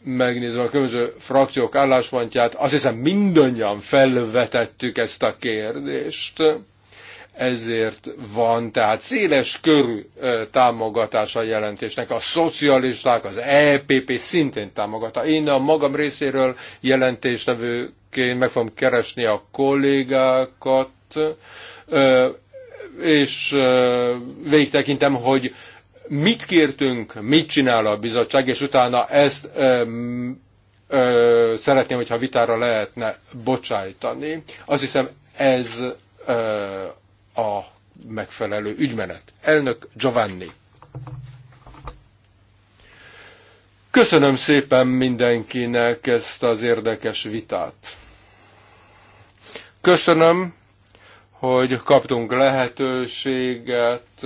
S1: megnézem a különböző frakciók álláspontját, azt hiszem mindannyian felvetettük ezt a kérdést, ezért van tehát széles körű támogatása a jelentésnek. A szocialisták, az EPP szintén támogatta. Én a magam részéről jelentéstevőként meg fogom keresni a kollégákat, és végtekintem, hogy mit kértünk, mit csinál a bizottság, és utána ezt ö, ö, szeretném, hogyha vitára lehetne bocsájtani. Azt hiszem, ez ö, a megfelelő ügymenet. Elnök Giovanni. Köszönöm szépen mindenkinek ezt az érdekes vitát. Köszönöm, hogy kaptunk lehetőséget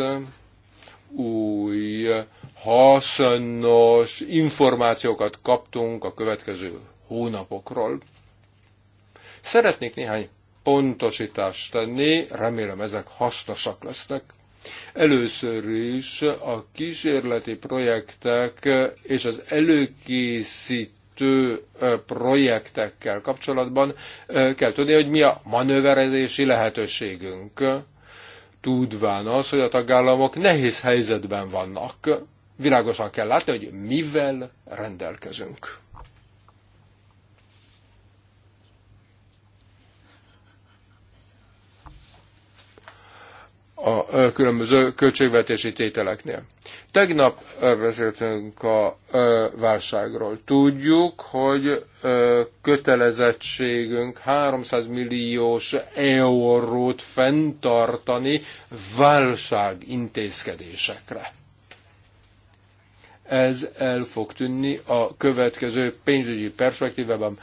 S1: új, hasznos információkat kaptunk a következő hónapokról. Szeretnék néhány pontosítást tenni, remélem ezek hasznosak lesznek. Először is a kísérleti projektek és az előkészítő projektekkel kapcsolatban kell tudni, hogy mi a manőverezési lehetőségünk tudván az, hogy a tagállamok nehéz helyzetben vannak. Világosan kell látni, hogy mivel rendelkezünk. a különböző költségvetési tételeknél. Tegnap beszéltünk a válságról. Tudjuk, hogy kötelezettségünk 300 milliós eurót fenntartani válság intézkedésekre. Ez el fog tűnni a következő pénzügyi perspektívában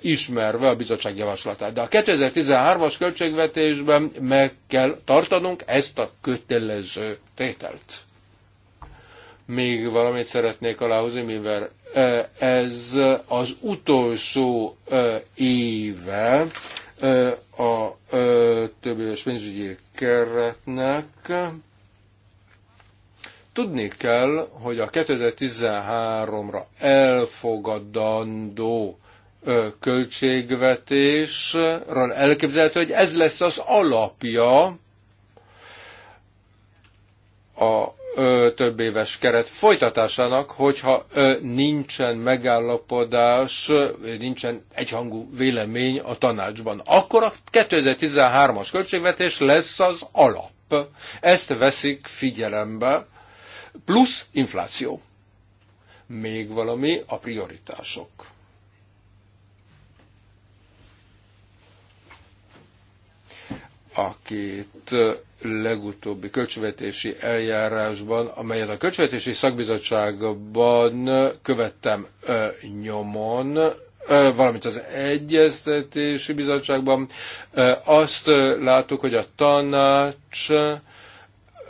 S1: ismerve a bizottság javaslatát. De a 2013-as költségvetésben meg kell tartanunk ezt a kötelező tételt. Még valamit szeretnék aláhozni, mivel ez az utolsó éve a többéves pénzügyi keretnek. Tudni kell, hogy a 2013-ra elfogadandó költségvetésről elképzelhető, hogy ez lesz az alapja a több éves keret folytatásának, hogyha nincsen megállapodás, nincsen egyhangú vélemény a tanácsban. Akkor a 2013-as költségvetés lesz az alap. Ezt veszik figyelembe, plusz infláció. Még valami a prioritások akit legutóbbi költségvetési eljárásban, amelyet a költségvetési szakbizottságban követtem ö, nyomon, ö, valamint az egyeztetési bizottságban, ö, azt ö, láttuk, hogy a tanács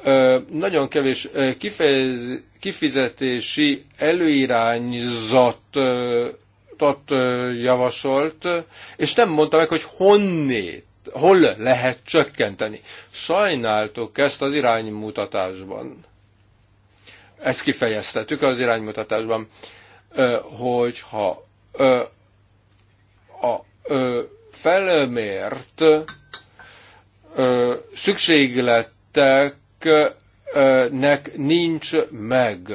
S1: ö, nagyon kevés ö, kifejez, kifizetési előirányzatot javasolt, és nem mondta meg, hogy honnét hol lehet csökkenteni. Sajnáltuk ezt az iránymutatásban. Ezt kifejeztetük az iránymutatásban, hogyha a felmért szükségleteknek nincs meg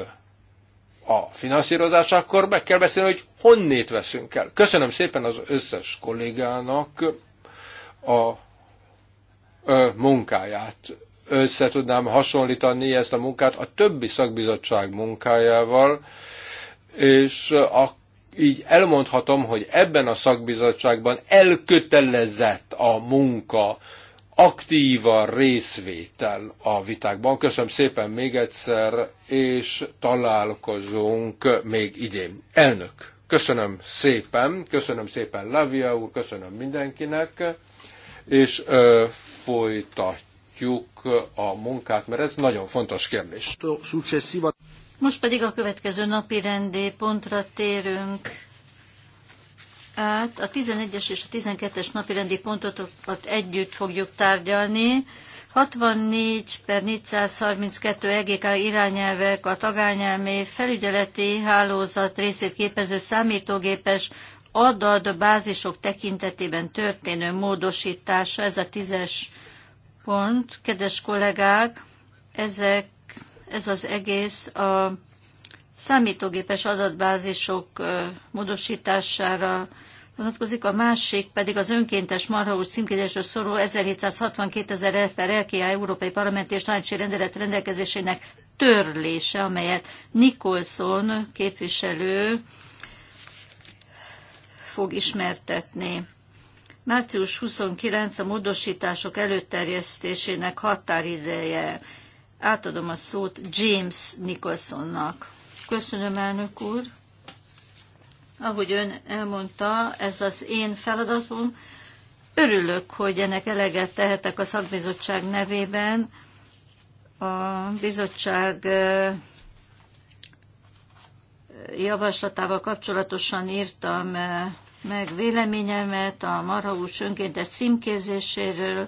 S1: a finanszírozás, akkor meg kell beszélni, hogy honnét veszünk el. Köszönöm szépen az összes kollégának, a munkáját. Össze tudnám hasonlítani ezt a munkát a többi szakbizottság munkájával, és a, így elmondhatom, hogy ebben a szakbizottságban elkötelezett a munka, aktív részvétel a vitákban. Köszönöm szépen még egyszer, és találkozunk még idén. Elnök, köszönöm szépen, köszönöm szépen Lavia úr, köszönöm mindenkinek és folytatjuk a munkát, mert ez nagyon fontos kérdés.
S4: Most pedig a következő napi rendi pontra térünk át. A 11-es és a 12-es napi rendi pontotokat együtt fogjuk tárgyalni. 64 per 432 EGK irányelvek a tagányelmé felügyeleti hálózat részét képező számítógépes bázisok tekintetében történő módosítása, ez a tízes pont, kedves kollégák, ezek, ez az egész a számítógépes adatbázisok módosítására vonatkozik, a másik pedig az önkéntes marhaús címkézésről szóló 1762.000 per LKA Európai Parlament és Tanácsi Rendelet rendelkezésének törlése, amelyet Nicholson képviselő fog ismertetni. Március 29 a módosítások előterjesztésének határideje. Átadom a szót James Nicholsonnak. Köszönöm, elnök úr. Ahogy ön elmondta, ez az én feladatom. Örülök, hogy ennek eleget tehetek a szakbizottság nevében. A bizottság javaslatával kapcsolatosan írtam meg véleményemet a Marhaus önkéntes címkézéséről,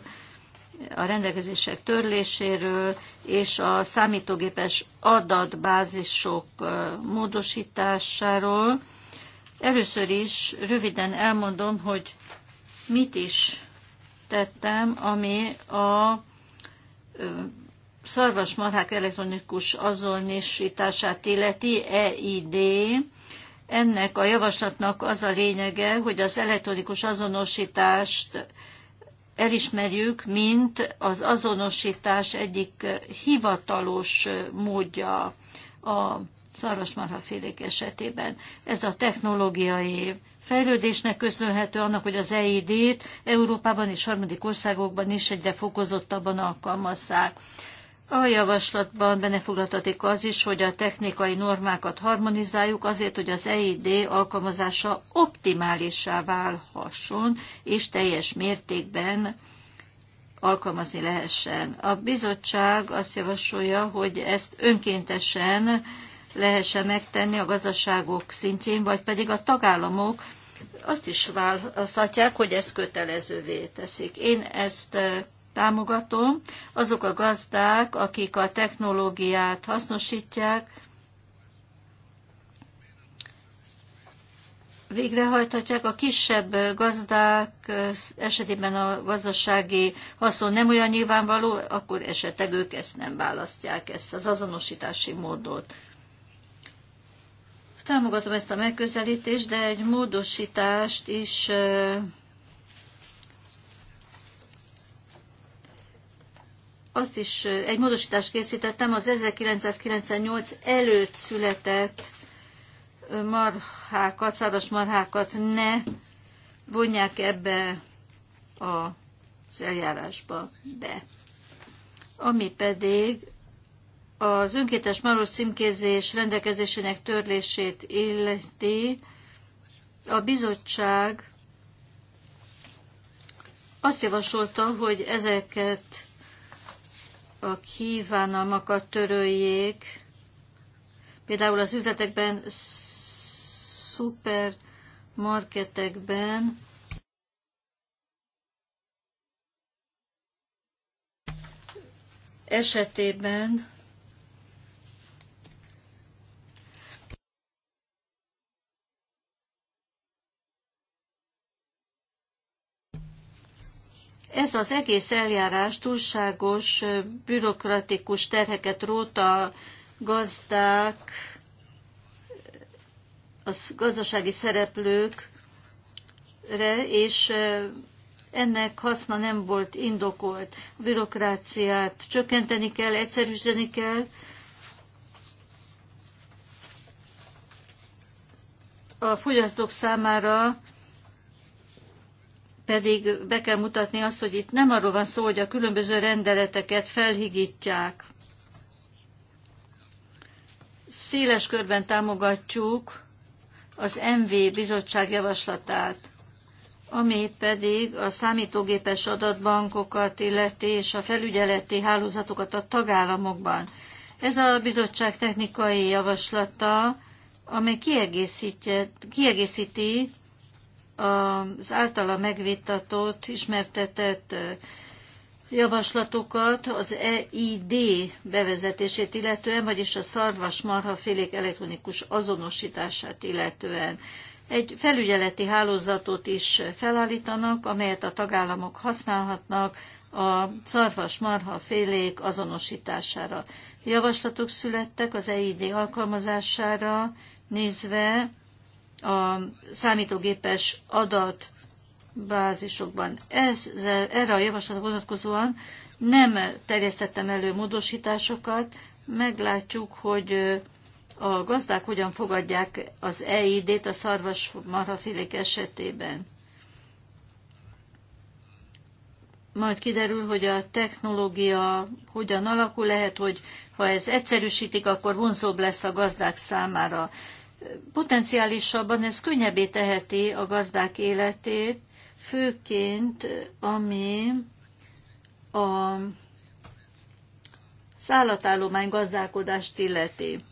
S4: a rendelkezések törléséről és a számítógépes adatbázisok módosításáról. Először is röviden elmondom, hogy mit is tettem, ami a szarvasmarhák elektronikus azonosítását illeti EID ennek a javaslatnak az a lényege, hogy az elektronikus azonosítást elismerjük, mint az azonosítás egyik hivatalos módja a szarvasmarhafélék esetében. Ez a technológiai fejlődésnek köszönhető annak, hogy az EID-t Európában és harmadik országokban is egyre fokozottabban alkalmazzák. A javaslatban benne az is, hogy a technikai normákat harmonizáljuk azért, hogy az EID alkalmazása optimálissá válhasson, és teljes mértékben alkalmazni lehessen. A bizottság azt javasolja, hogy ezt önkéntesen lehessen megtenni a gazdaságok szintjén, vagy pedig a tagállamok azt is választhatják, hogy ezt kötelezővé teszik. Én ezt támogatom. Azok a gazdák, akik a technológiát hasznosítják, végrehajthatják. A kisebb gazdák esetében a gazdasági haszon nem olyan nyilvánvaló, akkor esetleg ők ezt nem választják, ezt az azonosítási módot. Támogatom ezt a megközelítést, de egy módosítást is azt is egy módosítást készítettem, az 1998 előtt született marhákat, szaros marhákat ne vonják ebbe az eljárásba be. Ami pedig az önkétes maros címkézés rendelkezésének törlését illeti, a bizottság azt javasolta, hogy ezeket a kívánalmakat töröljék, például az üzletekben, szupermarketekben, esetében Ez az egész eljárás túlságos bürokratikus terheket rót a gazdák, a gazdasági szereplőkre, és ennek haszna nem volt indokolt. A bürokráciát csökkenteni kell, egyszerűsíteni kell, a fogyasztók számára pedig be kell mutatni azt, hogy itt nem arról van szó, hogy a különböző rendeleteket felhigítják. Széles körben támogatjuk az MV bizottság javaslatát, ami pedig a számítógépes adatbankokat illeti és a felügyeleti hálózatokat a tagállamokban. Ez a bizottság technikai javaslata, amely kiegészíti az általa megvitatott, ismertetett javaslatokat az EID bevezetését illetően, vagyis a szarvasmarhafélék elektronikus azonosítását illetően. Egy felügyeleti hálózatot is felállítanak, amelyet a tagállamok használhatnak a szarvasmarhafélék azonosítására. Javaslatok születtek az EID alkalmazására nézve a számítógépes adatbázisokban. Ez, erre a javaslatra vonatkozóan nem terjesztettem elő módosításokat, meglátjuk, hogy a gazdák hogyan fogadják az EID-t a szarvasmarhafélék esetében. Majd kiderül, hogy a technológia hogyan alakul, lehet, hogy ha ez egyszerűsítik, akkor vonzóbb lesz a gazdák számára potenciálisabban ez könnyebbé teheti a gazdák életét, főként ami a szállatállomány gazdálkodást illeti.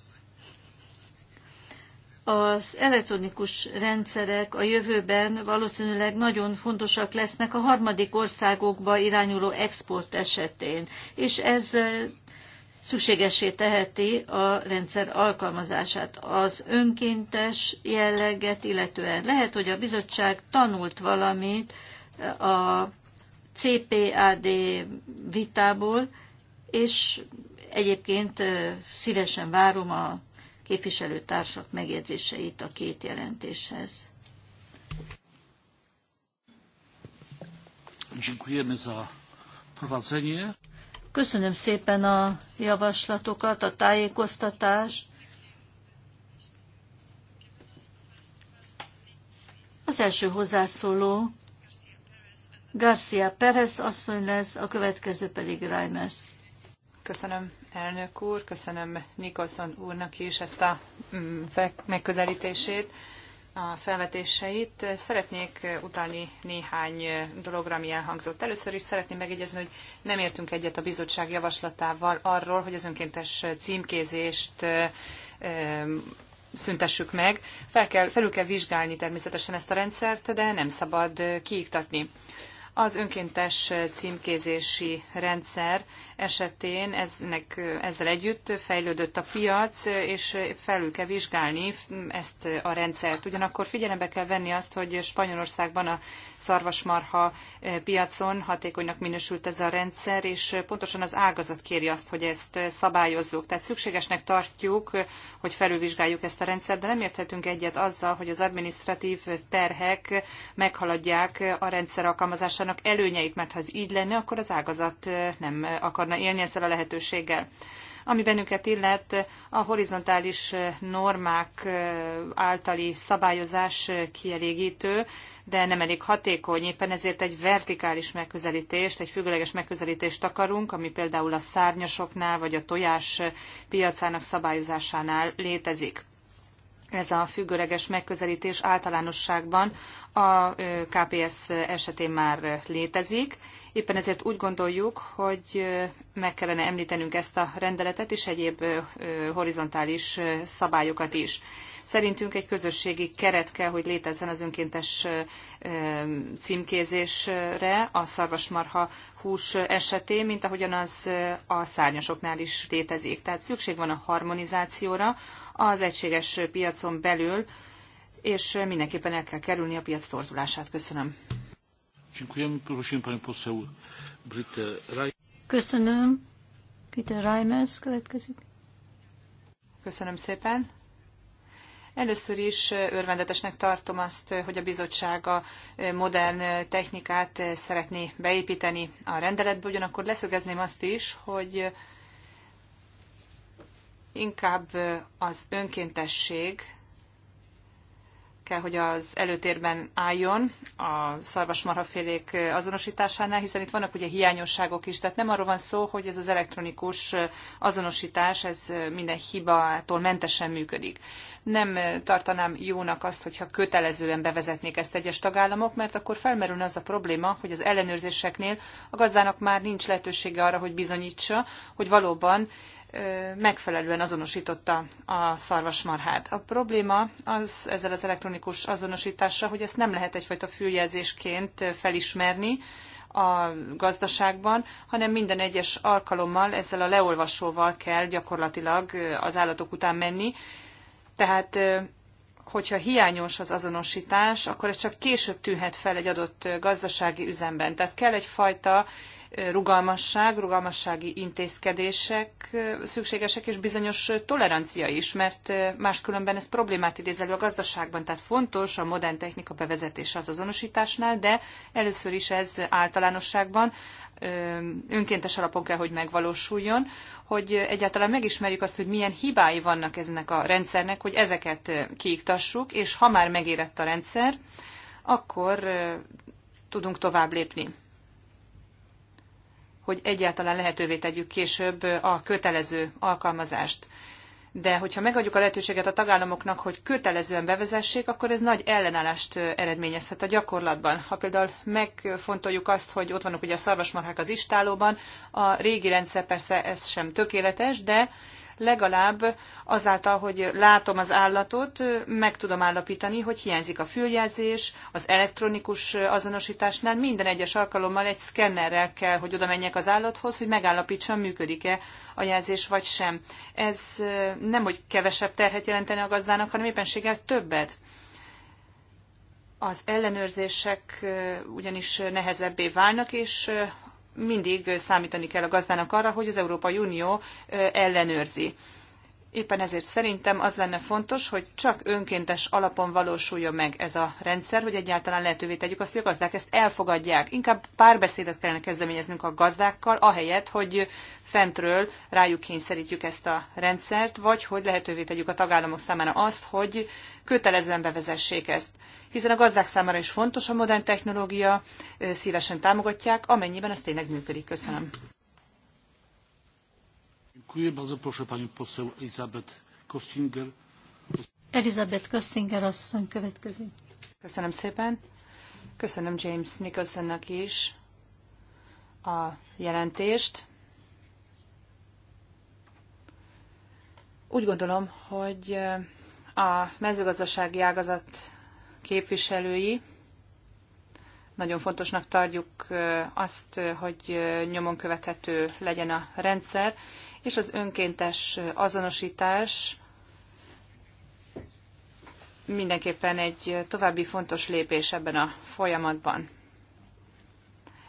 S4: Az elektronikus rendszerek a jövőben valószínűleg nagyon fontosak lesznek a harmadik országokba irányuló export esetén, és ez szükségessé teheti a rendszer alkalmazását. Az önkéntes jelleget illetően lehet, hogy a bizottság tanult valamit a CPAD vitából, és egyébként szívesen várom a képviselőtársak megjegyzéseit a két jelentéshez.
S3: Dziękujemy za prowadzenie.
S4: Köszönöm szépen a javaslatokat, a tájékoztatást. Az első hozzászóló Garcia Perez asszony lesz, a következő pedig Reimers.
S2: Köszönöm elnök úr, köszönöm Nikolson úrnak is ezt a mm, megközelítését a felvetéseit. Szeretnék utalni néhány dologra, ami elhangzott. Először is szeretném megjegyezni, hogy nem értünk egyet a bizottság javaslatával arról, hogy az önkéntes címkézést szüntessük meg. Fel kell, felül kell vizsgálni természetesen ezt a rendszert, de nem szabad kiiktatni. Az önkéntes címkézési rendszer esetén eznek, ezzel együtt fejlődött a piac, és felül kell vizsgálni ezt a rendszert. Ugyanakkor figyelembe kell venni azt, hogy Spanyolországban a szarvasmarha piacon hatékonynak minősült ez a rendszer, és pontosan az ágazat kéri azt, hogy ezt szabályozzuk. Tehát szükségesnek tartjuk, hogy felülvizsgáljuk ezt a rendszert, de nem érthetünk egyet azzal, hogy az administratív terhek meghaladják a rendszer alkalmazását annak előnyeit, mert ha ez így lenne, akkor az ágazat nem akarna élni ezzel a lehetőséggel. Ami bennünket illet, a horizontális normák általi szabályozás kielégítő, de nem elég hatékony. Éppen ezért egy vertikális megközelítést, egy függőleges megközelítést akarunk, ami például a szárnyasoknál vagy a tojás piacának szabályozásánál létezik ez a függőleges megközelítés általánosságban a KPS esetén már létezik. Éppen ezért úgy gondoljuk, hogy meg kellene említenünk ezt a rendeletet és egyéb horizontális szabályokat is. Szerintünk egy közösségi keret kell, hogy létezzen az önkéntes címkézésre a szarvasmarha hús esetén, mint ahogyan az a szárnyasoknál is létezik. Tehát szükség van a harmonizációra, az egységes piacon belül, és mindenképpen el kell kerülni a piac torzulását. Köszönöm. Köszönöm.
S4: Peter Reimers következik.
S2: Köszönöm szépen. Először is örvendetesnek tartom azt, hogy a bizottság a modern technikát szeretné beépíteni a rendeletbe, ugyanakkor leszögezném azt is, hogy Inkább az önkéntesség kell, hogy az előtérben álljon a szarvasmarhafélék azonosításánál, hiszen itt vannak ugye hiányosságok is, tehát nem arról van szó, hogy ez az elektronikus azonosítás, ez minden hibától mentesen működik. Nem tartanám jónak azt, hogyha kötelezően bevezetnék ezt egyes tagállamok, mert akkor felmerülne az a probléma, hogy az ellenőrzéseknél a gazdának már nincs lehetősége arra, hogy bizonyítsa, hogy valóban megfelelően azonosította a szarvasmarhát. A probléma az ezzel az elektronikus azonosítással, hogy ezt nem lehet egyfajta füljelzésként felismerni a gazdaságban, hanem minden egyes alkalommal ezzel a leolvasóval kell gyakorlatilag az állatok után menni. Tehát hogyha hiányos az azonosítás, akkor ez csak később tűnhet fel egy adott gazdasági üzemben. Tehát kell egyfajta rugalmasság, rugalmassági intézkedések szükségesek, és bizonyos tolerancia is, mert máskülönben ez problémát idéz elő a gazdaságban. Tehát fontos a modern technika bevezetése az azonosításnál, de először is ez általánosságban önkéntes alapon kell, hogy megvalósuljon, hogy egyáltalán megismerjük azt, hogy milyen hibái vannak ezenek a rendszernek, hogy ezeket kiiktassuk, és ha már megérett a rendszer, akkor tudunk tovább lépni hogy egyáltalán lehetővé tegyük később a kötelező alkalmazást de hogyha megadjuk a lehetőséget a tagállamoknak, hogy kötelezően bevezessék, akkor ez nagy ellenállást eredményezhet a gyakorlatban. Ha például megfontoljuk azt, hogy ott vannak ugye a szarvasmarhák az istálóban, a régi rendszer persze ez sem tökéletes, de legalább azáltal, hogy látom az állatot, meg tudom állapítani, hogy hiányzik a füljelzés, az elektronikus azonosításnál minden egyes alkalommal egy szkennerrel kell, hogy oda menjek az állathoz, hogy megállapítsam, működik-e a jelzés vagy sem. Ez nem, hogy kevesebb terhet jelenteni a gazdának, hanem éppenséggel többet az ellenőrzések ugyanis nehezebbé válnak, és mindig számítani kell a gazdának arra, hogy az Európai Unió ellenőrzi. Éppen ezért szerintem az lenne fontos, hogy csak önkéntes alapon valósuljon meg ez a rendszer, hogy egyáltalán lehetővé tegyük azt, hogy a gazdák ezt elfogadják. Inkább párbeszédet kellene kezdeményeznünk a gazdákkal, ahelyett, hogy fentről rájuk kényszerítjük ezt a rendszert, vagy hogy lehetővé tegyük a tagállamok számára azt, hogy kötelezően bevezessék ezt hiszen a gazdák számára is fontos a modern technológia, szívesen támogatják, amennyiben ez tényleg működik. Köszönöm.
S4: Elizabeth Köszinger asszony következik.
S2: Köszönöm szépen. Köszönöm James Nicholsonnak is a jelentést. Úgy gondolom, hogy a mezőgazdasági ágazat képviselői. Nagyon fontosnak tartjuk azt, hogy nyomon követhető legyen a rendszer, és az önkéntes azonosítás mindenképpen egy további fontos lépés ebben a folyamatban.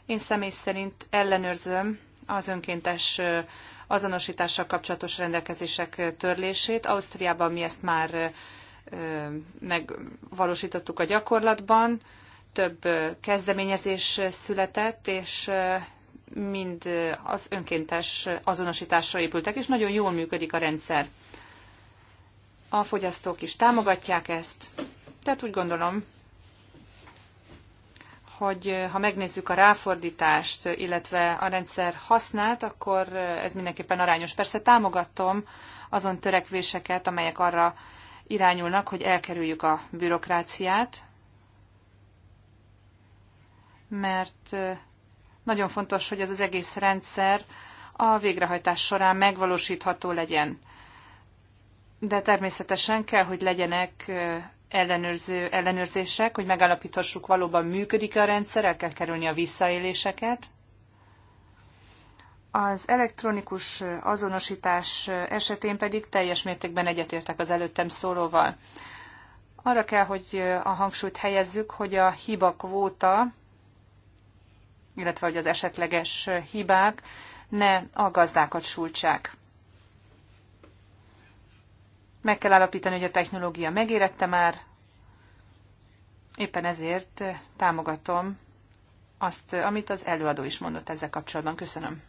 S2: Én személy szerint ellenőrzöm az önkéntes azonosítással kapcsolatos rendelkezések törlését. Ausztriában mi ezt már megvalósítottuk a gyakorlatban, több kezdeményezés született, és mind az önkéntes azonosításra épültek, és nagyon jól működik a rendszer. A fogyasztók is támogatják ezt, tehát úgy gondolom, hogy ha megnézzük a ráfordítást, illetve a rendszer hasznát, akkor ez mindenképpen arányos. Persze támogatom azon törekvéseket, amelyek arra irányulnak, hogy elkerüljük a bürokráciát, mert nagyon fontos, hogy ez az egész rendszer a végrehajtás során megvalósítható legyen. De természetesen kell, hogy legyenek ellenőrző, ellenőrzések, hogy megállapíthassuk valóban működik a rendszer, el kell kerülni a visszaéléseket. Az elektronikus azonosítás esetén pedig teljes mértékben egyetértek az előttem szólóval. Arra kell, hogy a hangsúlyt helyezzük, hogy a hiba kvóta, illetve hogy az esetleges hibák ne a gazdákat sújtsák. Meg kell állapítani, hogy a technológia megérette már, éppen ezért támogatom azt, amit az előadó is mondott ezzel kapcsolatban. Köszönöm.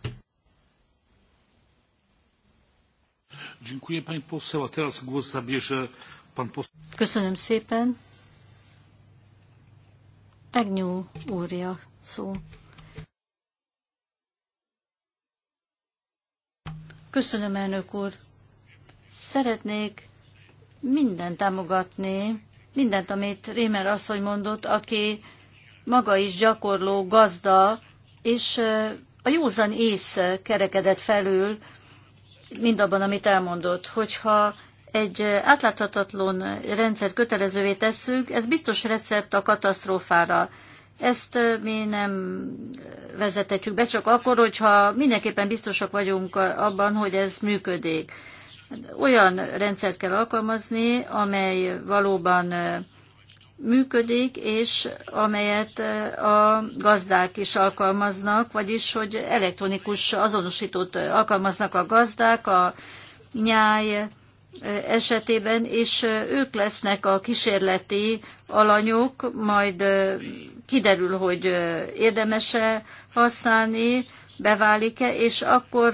S4: Köszönöm szépen. Egnyú úrja szó. Köszönöm, elnök úr. Szeretnék mindent támogatni, mindent, amit Rémer asszony mondott, aki maga is gyakorló gazda, és a józan ész kerekedett felül, mindabban, amit elmondott, hogyha egy átláthatatlan rendszert kötelezővé tesszük, ez biztos recept a katasztrófára. Ezt mi nem vezetetjük be, csak akkor, hogyha mindenképpen biztosak vagyunk abban, hogy ez működik. Olyan rendszert kell alkalmazni, amely valóban működik, és amelyet e, a gazdák is alkalmaznak, vagyis hogy elektronikus azonosítót e, alkalmaznak a gazdák, a nyáj e, esetében, és ők lesznek a kísérleti alanyok, majd kiderül, hogy érdemese használni, beválik-e, és akkor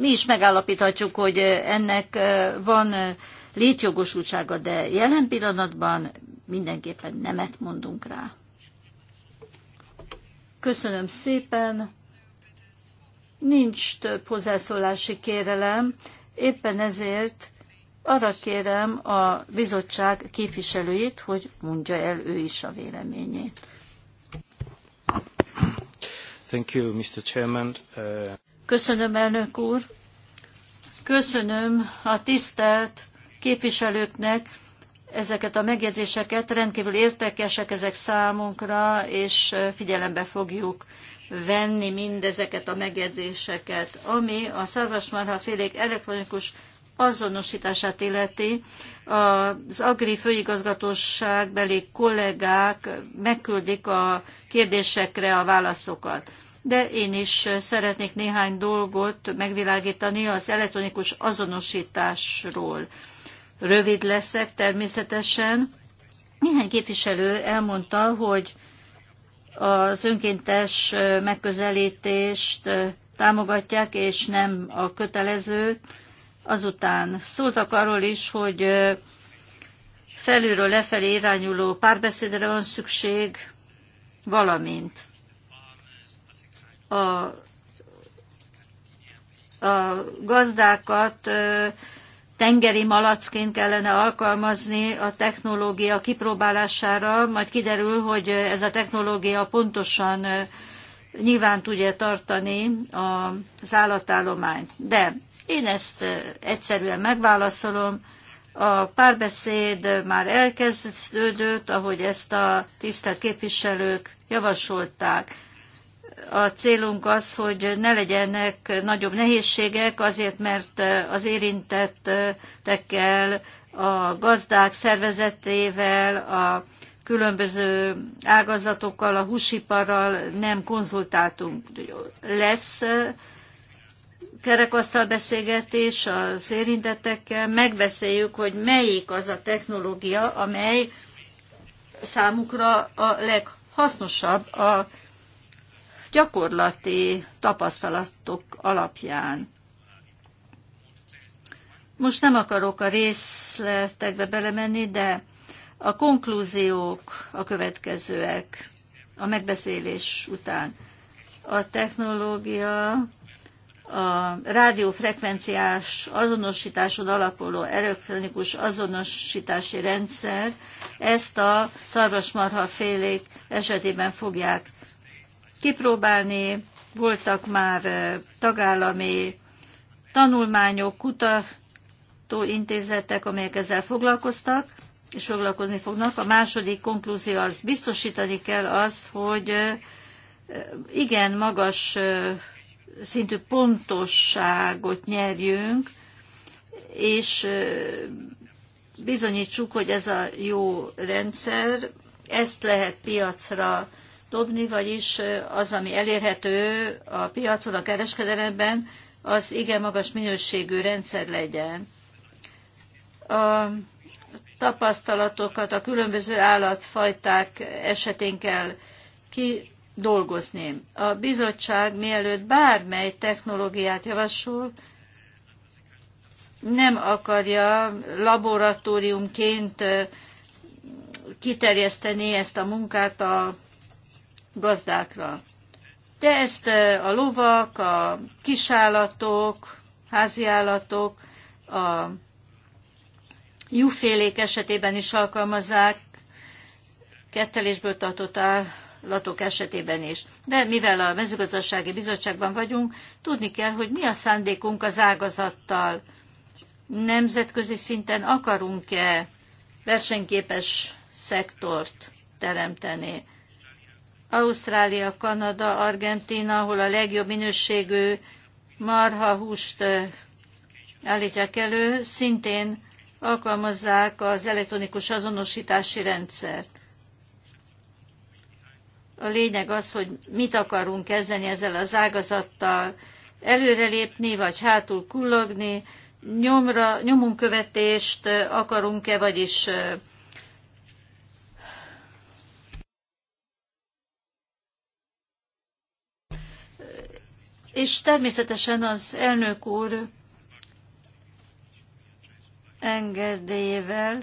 S4: mi is megállapíthatjuk, hogy ennek van létjogosultsága, de jelen pillanatban mindenképpen nemet mondunk rá. Köszönöm szépen. Nincs több hozzászólási kérelem, éppen ezért arra kérem a bizottság képviselőit, hogy mondja el ő is a véleményét.
S3: Thank you, Mr. Chairman. Uh...
S4: Köszönöm, elnök úr. Köszönöm a tisztelt képviselőknek, ezeket a megjegyzéseket, rendkívül értekesek ezek számunkra, és figyelembe fogjuk venni mindezeket a megjegyzéseket, ami a szarvasmarha félék elektronikus azonosítását illeti. Az Agri főigazgatóság beli kollégák megküldik a kérdésekre a válaszokat. De én is szeretnék néhány dolgot megvilágítani az elektronikus azonosításról rövid leszek természetesen. Néhány képviselő elmondta, hogy az önkéntes megközelítést támogatják, és nem a kötelező. Azután szóltak arról is, hogy felülről lefelé irányuló párbeszédre van szükség, valamint a, a gazdákat tengeri malacként kellene alkalmazni a technológia kipróbálására, majd kiderül, hogy ez a technológia pontosan nyilván tudja tartani az állatállományt. De én ezt egyszerűen megválaszolom. A párbeszéd már elkezdődött, ahogy ezt a tisztelt képviselők javasolták a célunk az, hogy ne legyenek nagyobb nehézségek, azért mert az érintettekkel, a gazdák szervezetével, a különböző ágazatokkal, a húsiparral nem konzultáltunk. Lesz kerekasztal beszélgetés az érintettekkel, megbeszéljük, hogy melyik az a technológia, amely számukra a leghasznosabb a gyakorlati tapasztalatok alapján. Most nem akarok a részletekbe belemenni, de a konklúziók a következőek a megbeszélés után. A technológia a rádiófrekvenciás azonosításon alapuló elektronikus azonosítási rendszer, ezt a szarvasmarha félék esetében fogják kipróbálni. Voltak már tagállami tanulmányok, kutatóintézetek, amelyek ezzel foglalkoztak, és foglalkozni fognak. A második konklúzió az biztosítani kell az, hogy igen magas szintű pontosságot nyerjünk, és bizonyítsuk, hogy ez a jó rendszer, ezt lehet piacra dobni, vagyis az, ami elérhető a piacon, a kereskedelemben, az igen magas minőségű rendszer legyen. A tapasztalatokat a különböző állatfajták esetén kell kidolgozni. A bizottság mielőtt bármely technológiát javasol, nem akarja laboratóriumként kiterjeszteni ezt a munkát a gazdákra. De ezt a lovak, a kisállatok, háziállatok, a jufélék esetében is alkalmazzák, kettelésből tartott állatok esetében is. De mivel a mezőgazdasági bizottságban vagyunk, tudni kell, hogy mi a szándékunk az ágazattal. Nemzetközi szinten akarunk-e versenyképes szektort teremteni? Ausztrália, Kanada, Argentina, ahol a legjobb minőségű marha húst eh, állítják elő, szintén alkalmazzák az elektronikus azonosítási rendszert. A lényeg az, hogy mit akarunk kezdeni ezzel az ágazattal, előrelépni, vagy hátul kullogni, nyomra, nyomunkövetést eh, akarunk-e, vagyis eh, És természetesen az elnök úr engedélyével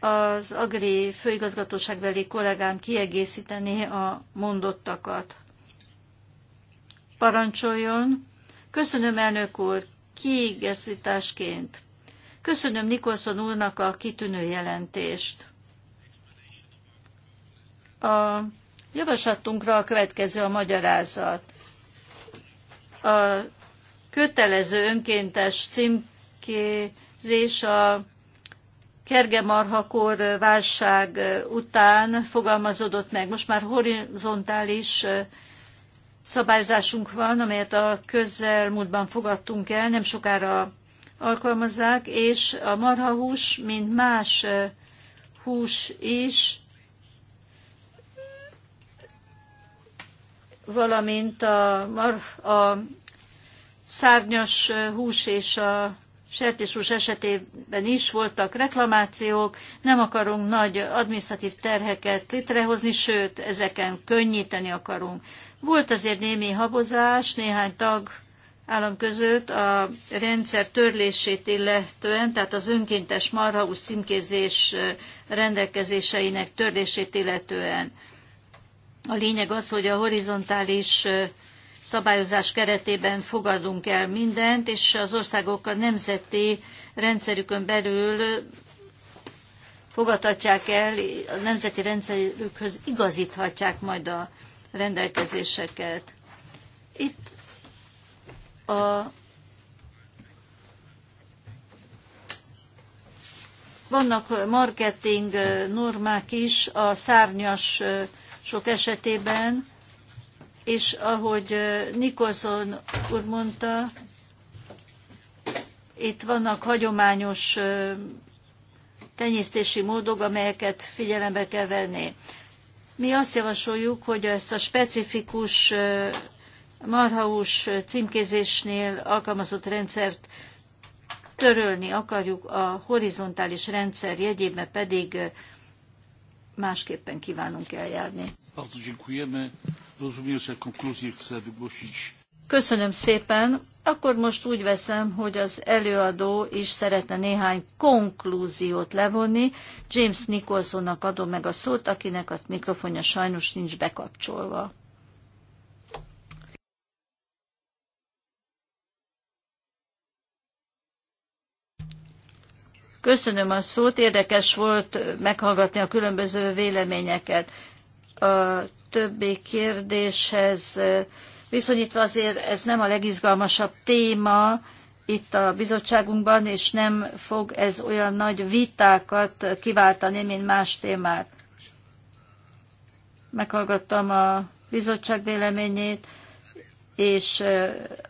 S4: az Agri főigazgatóságbeli kollégám kiegészíteni a mondottakat. Parancsoljon! Köszönöm, elnök úr, kiegészításként. Köszönöm Nikolson úrnak a kitűnő jelentést. A javaslatunkra a következő a magyarázat. A kötelező önkéntes címkézés a kergemarhakor válság után fogalmazódott meg. Most már horizontális szabályozásunk van, amelyet a közelmúltban fogadtunk el, nem sokára alkalmazzák, és a marhahús, mint más hús is valamint a, a szárnyas hús és a sertéshús esetében is voltak reklamációk, nem akarunk nagy adminisztratív terheket létrehozni, sőt, ezeken könnyíteni akarunk. Volt azért némi habozás, néhány tag állam között a rendszer törlését illetően, tehát az önkéntes marhaus címkézés rendelkezéseinek törlését illetően. A lényeg az, hogy a horizontális szabályozás keretében fogadunk el mindent, és az országok a nemzeti rendszerükön belül fogadhatják el, a nemzeti rendszerükhöz igazíthatják majd a rendelkezéseket. Itt a vannak marketing normák is a szárnyas sok esetében, és ahogy Nikolson úr mondta, itt vannak hagyományos tenyésztési módok, amelyeket figyelembe kell venni. Mi azt javasoljuk, hogy ezt a specifikus marhaús címkézésnél alkalmazott rendszert törölni akarjuk, a horizontális rendszer jegyében pedig másképpen kívánunk eljárni. Köszönöm szépen. Akkor most úgy veszem, hogy az előadó is szeretne néhány konklúziót levonni. James Nicholsonnak adom meg a szót, akinek a mikrofonja sajnos nincs bekapcsolva. Köszönöm a szót, érdekes volt meghallgatni a különböző véleményeket. A többi kérdéshez viszonyítva azért ez nem a legizgalmasabb téma itt a bizottságunkban, és nem fog ez olyan nagy vitákat kiváltani, mint más témák. Meghallgattam a bizottság véleményét, és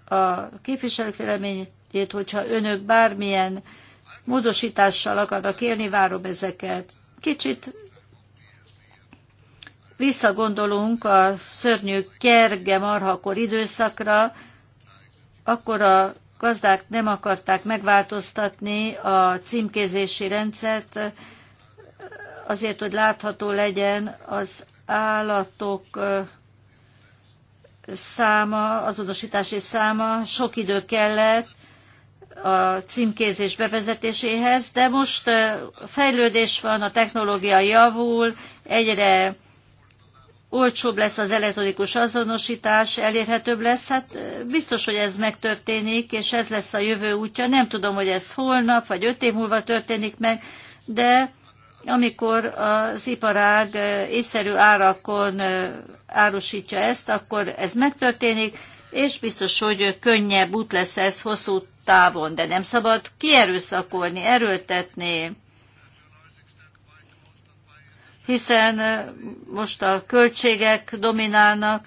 S4: a képviselők véleményét, hogyha önök bármilyen módosítással akarnak élni, várom ezeket. Kicsit visszagondolunk a szörnyű kerge marhakor időszakra, akkor a gazdák nem akarták megváltoztatni a címkézési rendszert, azért, hogy látható legyen az állatok száma, azonosítási száma, sok idő kellett, a címkézés bevezetéséhez, de most fejlődés van, a technológia javul, egyre olcsóbb lesz az elektronikus azonosítás, elérhetőbb lesz, hát biztos, hogy ez megtörténik, és ez lesz a jövő útja. Nem tudom, hogy ez holnap, vagy öt év múlva történik meg, de amikor az iparág észszerű árakon árusítja ezt, akkor ez megtörténik, és biztos, hogy könnyebb út lesz ez hosszú távon, de nem szabad kierőszakolni, erőltetni, hiszen most a költségek dominálnak,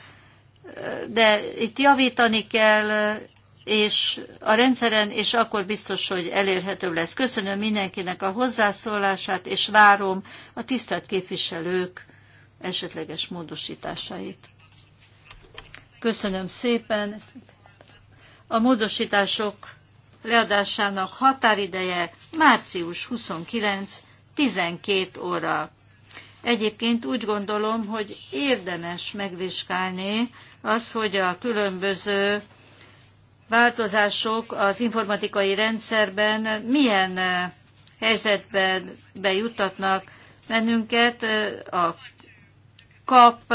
S4: de itt javítani kell, és a rendszeren, és akkor biztos, hogy elérhető lesz. Köszönöm mindenkinek a hozzászólását, és várom a tisztelt képviselők esetleges módosításait. Köszönöm szépen. A módosítások leadásának határideje március 29, 12 óra. Egyébként úgy gondolom, hogy érdemes megvizsgálni az, hogy a különböző változások az informatikai rendszerben milyen eh, helyzetben bejutatnak bennünket eh, a kap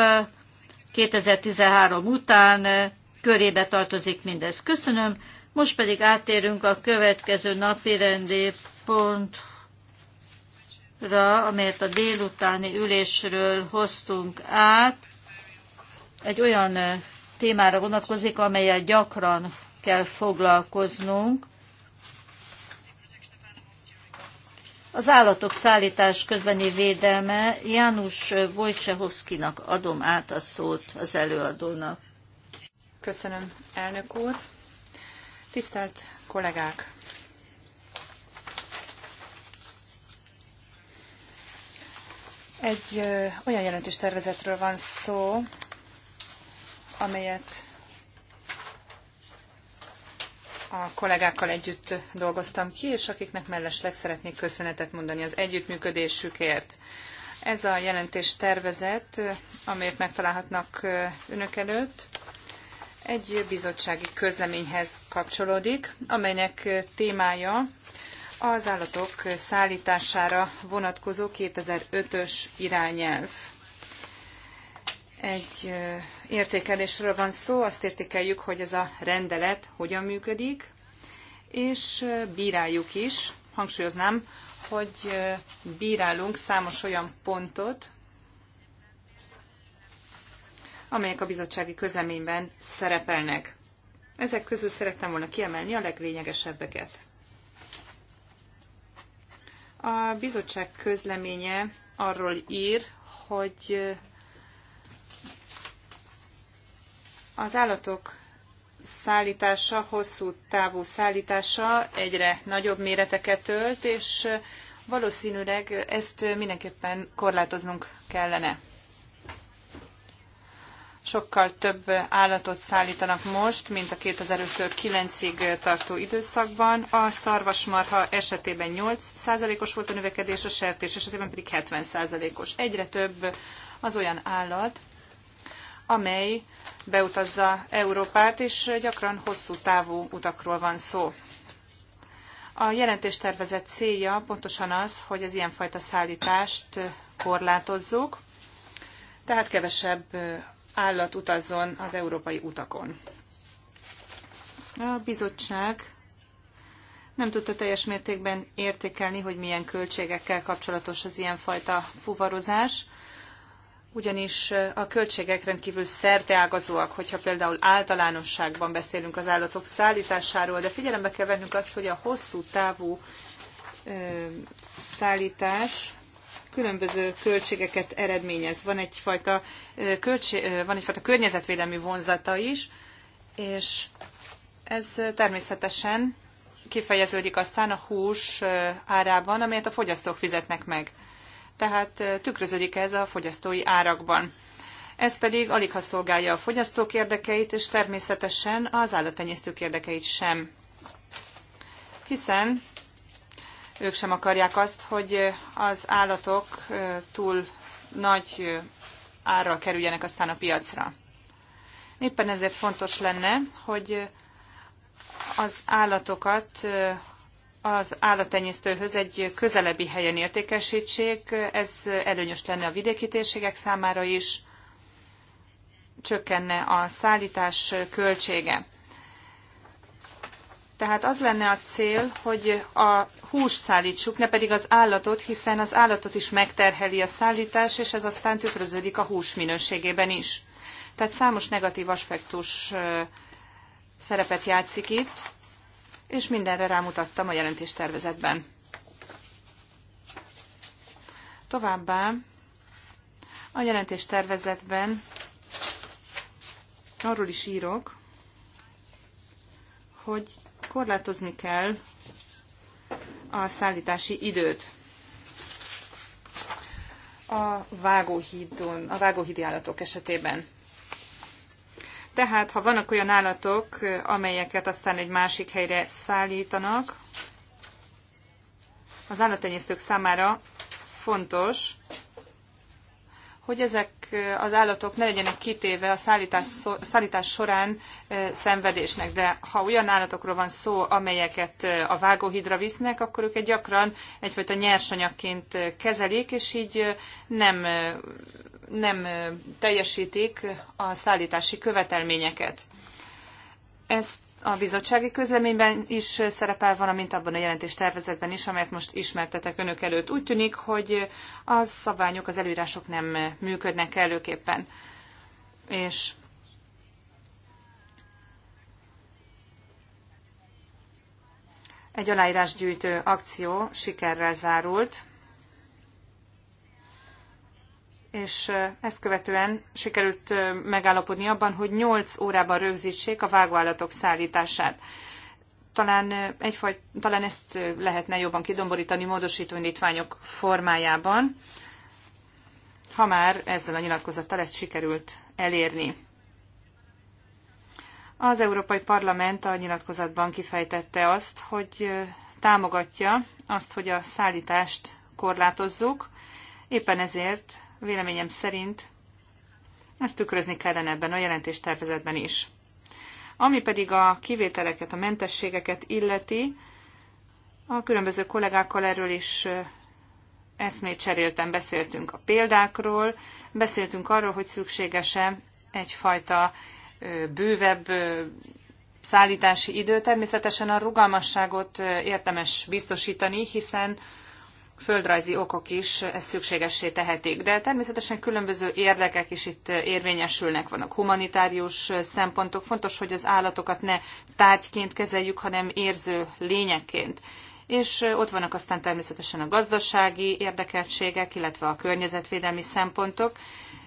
S4: 2013 eh, után körébe tartozik mindez. Köszönöm. Most pedig átérünk a következő napi rendi pontra, amelyet a délutáni ülésről hoztunk át. Egy olyan eh, témára vonatkozik, amelyel gyakran kell foglalkoznunk. Az állatok szállítás közbeni védelme János Wojciechowskinak adom át a szót
S2: az előadónak. Köszönöm, elnök úr. Tisztelt kollégák! Egy ö, olyan tervezetről van szó, amelyet a kollégákkal együtt dolgoztam ki, és akiknek mellesleg szeretnék köszönetet mondani az együttműködésükért. Ez a jelentés tervezet, amelyet megtalálhatnak önök előtt, egy bizottsági közleményhez kapcsolódik, amelynek témája az állatok szállítására vonatkozó 2005-ös irányelv. Egy értékelésről van szó, azt értékeljük, hogy ez a rendelet hogyan működik, és bíráljuk is, hangsúlyoznám, hogy bírálunk számos olyan pontot, amelyek a bizottsági közleményben szerepelnek. Ezek közül szerettem volna kiemelni a leglényegesebbeket. A bizottság közleménye arról ír, hogy az állatok szállítása, hosszú távú szállítása egyre nagyobb méreteket ölt, és valószínűleg ezt mindenképpen korlátoznunk kellene sokkal több állatot szállítanak most, mint a 2005-től 9-ig tartó időszakban. A szarvasmarha esetében 8%-os volt a növekedés, a sertés esetében pedig 70%-os. Egyre több az olyan állat, amely beutazza Európát, és gyakran hosszú távú utakról van szó. A jelentéstervezet célja pontosan az, hogy az ilyenfajta szállítást korlátozzuk, tehát kevesebb állat utazzon az európai utakon. A bizottság nem tudta teljes mértékben értékelni, hogy milyen költségekkel kapcsolatos az ilyenfajta fuvarozás, ugyanis a költségek rendkívül szerteágazóak, hogyha például általánosságban beszélünk az állatok szállításáról, de figyelembe kell vennünk azt, hogy a hosszú távú szállítás különböző költségeket eredményez. Van egyfajta, költség, van egyfajta környezetvédelmi vonzata is, és ez természetesen kifejeződik aztán a hús árában, amelyet a fogyasztók fizetnek meg. Tehát tükröződik ez a fogyasztói árakban. Ez pedig alig szolgálja a fogyasztók érdekeit, és természetesen az állattenyésztők érdekeit sem. Hiszen ők sem akarják azt, hogy az állatok túl nagy árral kerüljenek aztán a piacra. Éppen ezért fontos lenne, hogy az állatokat az állattenyésztőhöz egy közelebbi helyen értékesítsék. Ez előnyös lenne a vidéki térségek számára is, csökkenne a szállítás költsége. Tehát az lenne a cél, hogy a húst szállítsuk, ne pedig az állatot, hiszen az állatot is megterheli a szállítás, és ez aztán tükröződik a hús minőségében is. Tehát számos negatív aspektus szerepet játszik itt, és mindenre rámutattam a jelentéstervezetben. Továbbá a jelentéstervezetben arról is írok, hogy korlátozni kell a szállítási időt a vágóhídon, a vágóhídi állatok esetében. Tehát, ha vannak olyan állatok, amelyeket aztán egy másik helyre szállítanak, az állattenyésztők számára fontos, hogy ezek eh, az állatok ne legyenek kitéve a szállítás, szállítás során eh, szenvedésnek. De ha olyan állatokról van szó, amelyeket eh, a vágóhidra visznek, akkor őket gyakran egyfajta nyersanyagként kezelik, és így nem, nem teljesítik a szállítási követelményeket. Ezt a bizottsági közleményben is szerepel, valamint abban a jelentés tervezetben is, amelyet most ismertetek önök előtt. Úgy tűnik, hogy a szabványok, az előírások nem működnek előképpen, És egy aláírásgyűjtő akció sikerrel zárult, és ezt követően sikerült megállapodni abban, hogy 8 órában rögzítsék a vágóállatok szállítását. Talán, egyfaj, talán ezt lehetne jobban kidomborítani módosító indítványok formájában, ha már ezzel a nyilatkozattal ezt sikerült elérni. Az Európai Parlament a nyilatkozatban kifejtette azt, hogy támogatja azt, hogy a szállítást korlátozzuk, éppen ezért Véleményem szerint ezt tükrözni kellene ebben a jelentéstervezetben is. Ami pedig a kivételeket, a mentességeket illeti, a különböző kollégákkal erről is eszmét cseréltem, beszéltünk a példákról, beszéltünk arról, hogy szükséges-e egyfajta bővebb szállítási idő. Természetesen a rugalmasságot érdemes biztosítani, hiszen földrajzi okok is ezt szükségessé tehetik. De természetesen különböző érdekek is itt érvényesülnek, vannak humanitárius szempontok. Fontos, hogy az állatokat ne tárgyként kezeljük, hanem érző lényekként. És ott vannak aztán természetesen a gazdasági érdekeltségek, illetve a környezetvédelmi szempontok.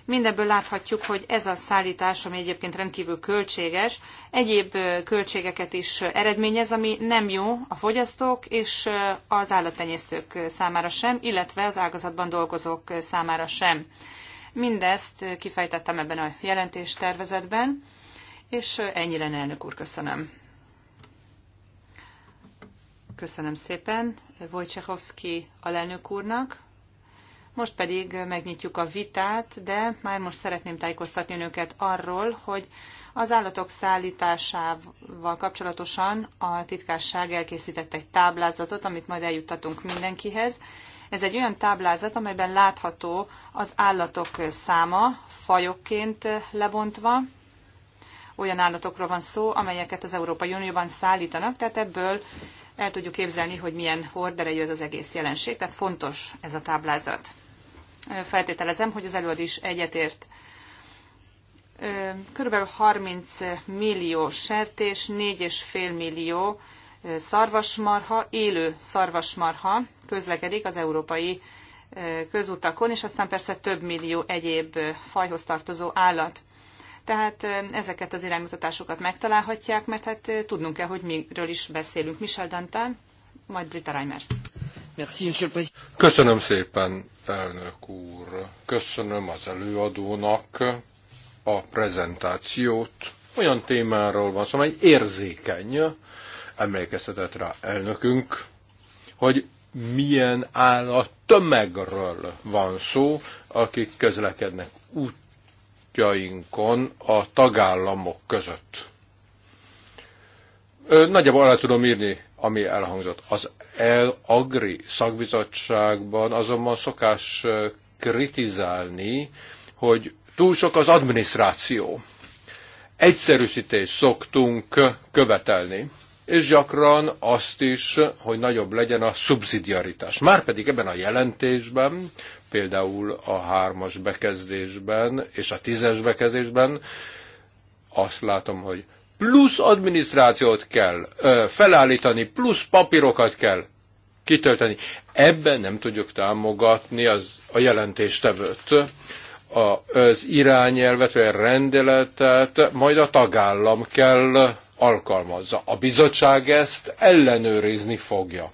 S2: Mindebből láthatjuk, hogy ez a szállítás, ami egyébként rendkívül költséges, egyéb költségeket is eredményez, ami nem jó a fogyasztók és az állattenyésztők számára sem, illetve az ágazatban dolgozók számára sem. Mindezt kifejtettem ebben a jelentés tervezetben, és ennyi lenne, elnök úr, köszönöm. Köszönöm szépen Wojciechowski alelnök úrnak. Most pedig megnyitjuk a vitát, de már most szeretném tájékoztatni önöket arról, hogy az állatok szállításával kapcsolatosan a titkásság elkészített egy táblázatot, amit majd eljuttatunk mindenkihez. Ez egy olyan táblázat, amelyben látható az állatok száma fajokként lebontva. Olyan állatokról van szó, amelyeket az Európai Unióban szállítanak, tehát ebből el tudjuk képzelni, hogy milyen horderejű ez az egész jelenség, tehát fontos ez a táblázat feltételezem, hogy az előad is egyetért. Körülbelül 30 millió sertés, 4,5 millió szarvasmarha, élő szarvasmarha közlekedik az európai közutakon, és aztán persze több millió egyéb fajhoz tartozó állat. Tehát ezeket az iránymutatásokat megtalálhatják, mert hát tudnunk kell, hogy miről is beszélünk. Michel Dantán, majd Brita Reimers.
S1: Köszönöm szépen, elnök úr. Köszönöm az előadónak a prezentációt. Olyan témáról van szó, amely egy érzékeny, emlékeztetett rá elnökünk, hogy milyen állat tömegről van szó, akik közlekednek útjainkon a tagállamok között. Nagyjából alá tudom írni, ami elhangzott. Az el Agri szakbizottságban azonban szokás kritizálni, hogy túl sok az adminisztráció. Egyszerűsítést szoktunk követelni, és gyakran azt is, hogy nagyobb legyen a szubszidiaritás. Márpedig ebben a jelentésben, például a hármas bekezdésben és a tízes bekezdésben azt látom, hogy plusz adminisztrációt kell ö, felállítani, plusz papírokat kell kitölteni. Ebben nem tudjuk támogatni az, a jelentéstevőt, a, az irányelvet vagy a rendeletet, majd a tagállam kell alkalmazza. A bizottság ezt ellenőrizni fogja.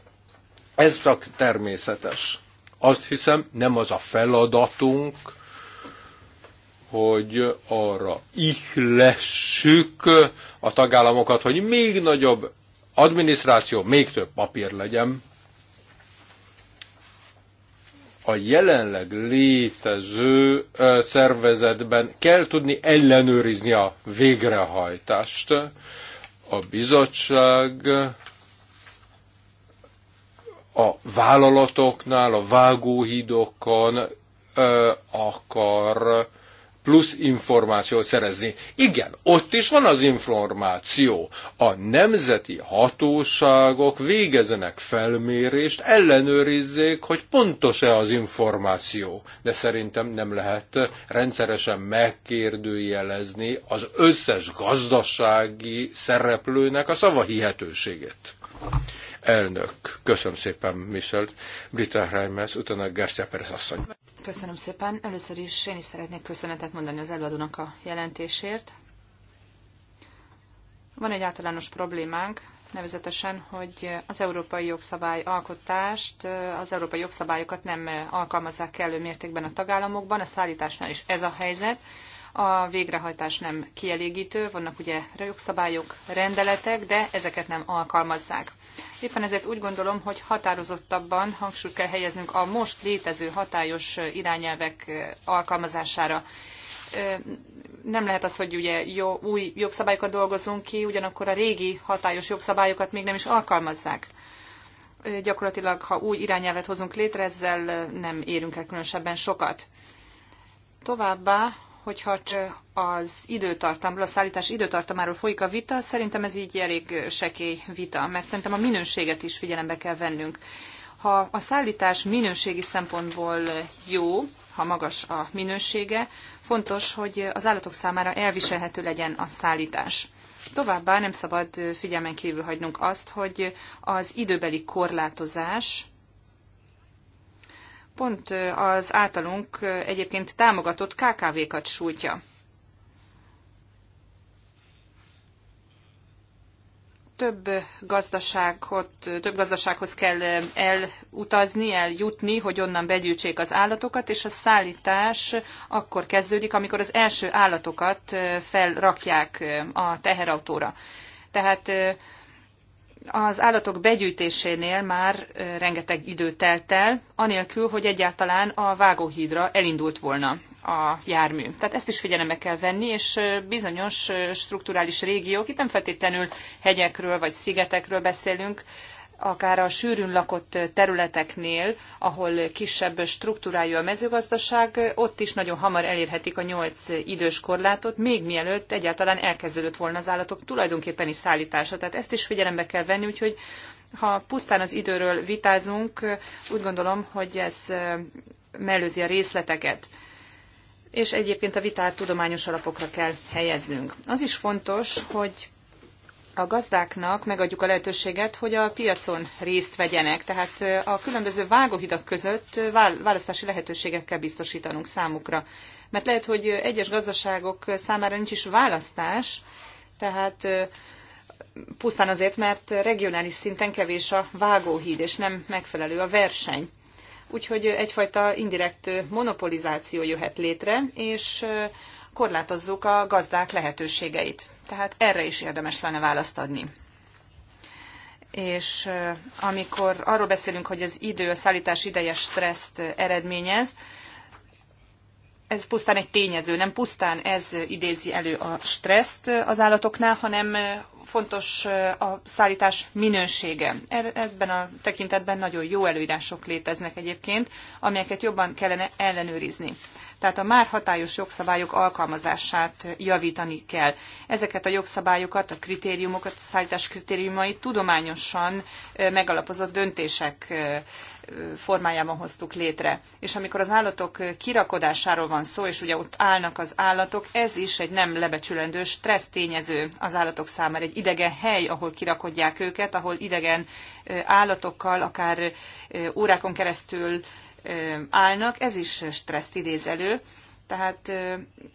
S1: Ez csak természetes. Azt hiszem, nem az a feladatunk, hogy arra ihlessük a tagállamokat, hogy még nagyobb adminisztráció, még több papír legyen. A jelenleg létező szervezetben kell tudni ellenőrizni a végrehajtást. A bizottság a vállalatoknál, a vágóhidokon akar plusz információt szerezni. Igen, ott is van az információ. A nemzeti hatóságok végezenek felmérést, ellenőrizzék, hogy pontos-e az információ. De szerintem nem lehet rendszeresen megkérdőjelezni az összes gazdasági szereplőnek a szava hihetőségét. Elnök, köszönöm szépen, Michel. Brita Reimers, utána Garcia
S2: Perez asszony. Köszönöm szépen. Először is én is szeretnék köszönetet mondani az előadónak a jelentésért. Van egy általános problémánk, nevezetesen, hogy az európai jogszabály alkotást, az európai jogszabályokat nem alkalmazzák kellő mértékben a tagállamokban, a szállításnál is ez a helyzet. A végrehajtás nem kielégítő, vannak ugye jogszabályok, rendeletek, de ezeket nem alkalmazzák. Éppen ezért úgy gondolom, hogy határozottabban hangsúlyt kell helyeznünk a most létező hatályos irányelvek alkalmazására nem lehet az, hogy ugye jó, új jogszabályokat dolgozunk ki, ugyanakkor a régi hatályos jogszabályokat még nem is alkalmazzák. Gyakorlatilag, ha új irányelvet hozunk létre, ezzel nem érünk el különösebben sokat. Továbbá hogyha az időtartamról, a szállítás időtartamáról folyik a vita, szerintem ez így elég sekély vita, mert szerintem a minőséget is figyelembe kell vennünk. Ha a szállítás minőségi szempontból jó, ha magas a minősége, fontos, hogy az állatok számára elviselhető legyen a szállítás. Továbbá nem szabad figyelmen kívül hagynunk azt, hogy az időbeli korlátozás pont az általunk egyébként támogatott KKV-kat sújtja. Több, gazdaságot, több gazdasághoz kell elutazni, eljutni, hogy onnan begyűjtsék az állatokat, és a szállítás akkor kezdődik, amikor az első állatokat felrakják a teherautóra. Tehát az állatok begyűjtésénél már rengeteg idő telt el, anélkül, hogy egyáltalán a vágóhídra elindult volna a jármű. Tehát ezt is figyelembe kell venni, és bizonyos strukturális régiók, itt nem feltétlenül hegyekről vagy szigetekről beszélünk, akár a sűrűn lakott területeknél, ahol kisebb struktúrájú a mezőgazdaság, ott is nagyon hamar elérhetik a nyolc idős korlátot, még mielőtt egyáltalán elkezdődött volna az állatok tulajdonképpeni szállítása. Tehát ezt is figyelembe kell venni, úgyhogy ha pusztán az időről vitázunk, úgy gondolom, hogy ez eh, mellőzi a részleteket. És egyébként a vitát tudományos alapokra kell helyeznünk. Az is fontos, hogy a gazdáknak megadjuk a lehetőséget, hogy a piacon részt vegyenek. Tehát a különböző vágóhidak között választási lehetőséget kell biztosítanunk számukra. Mert lehet, hogy egyes gazdaságok számára nincs is választás, tehát pusztán azért, mert regionális szinten kevés a vágóhíd, és nem megfelelő a verseny. Úgyhogy egyfajta indirekt monopolizáció jöhet létre, és korlátozzuk a gazdák lehetőségeit tehát erre is érdemes lenne választ adni. És amikor arról beszélünk, hogy az idő, a szállítás ideje stresszt eredményez, ez pusztán egy tényező, nem pusztán ez idézi elő a stresszt az állatoknál, hanem fontos a szállítás minősége. Er, ebben a tekintetben nagyon jó előírások léteznek egyébként, amelyeket jobban kellene ellenőrizni tehát a már hatályos jogszabályok alkalmazását javítani kell. Ezeket a jogszabályokat, a kritériumokat, a szállítás kritériumait tudományosan megalapozott döntések formájában hoztuk létre. És amikor az állatok kirakodásáról van szó, és ugye ott állnak az állatok, ez is egy nem lebecsülendő stressz tényező az állatok számára. Egy idegen hely, ahol kirakodják őket, ahol idegen állatokkal, akár órákon keresztül állnak, ez is stresszt idéz elő, tehát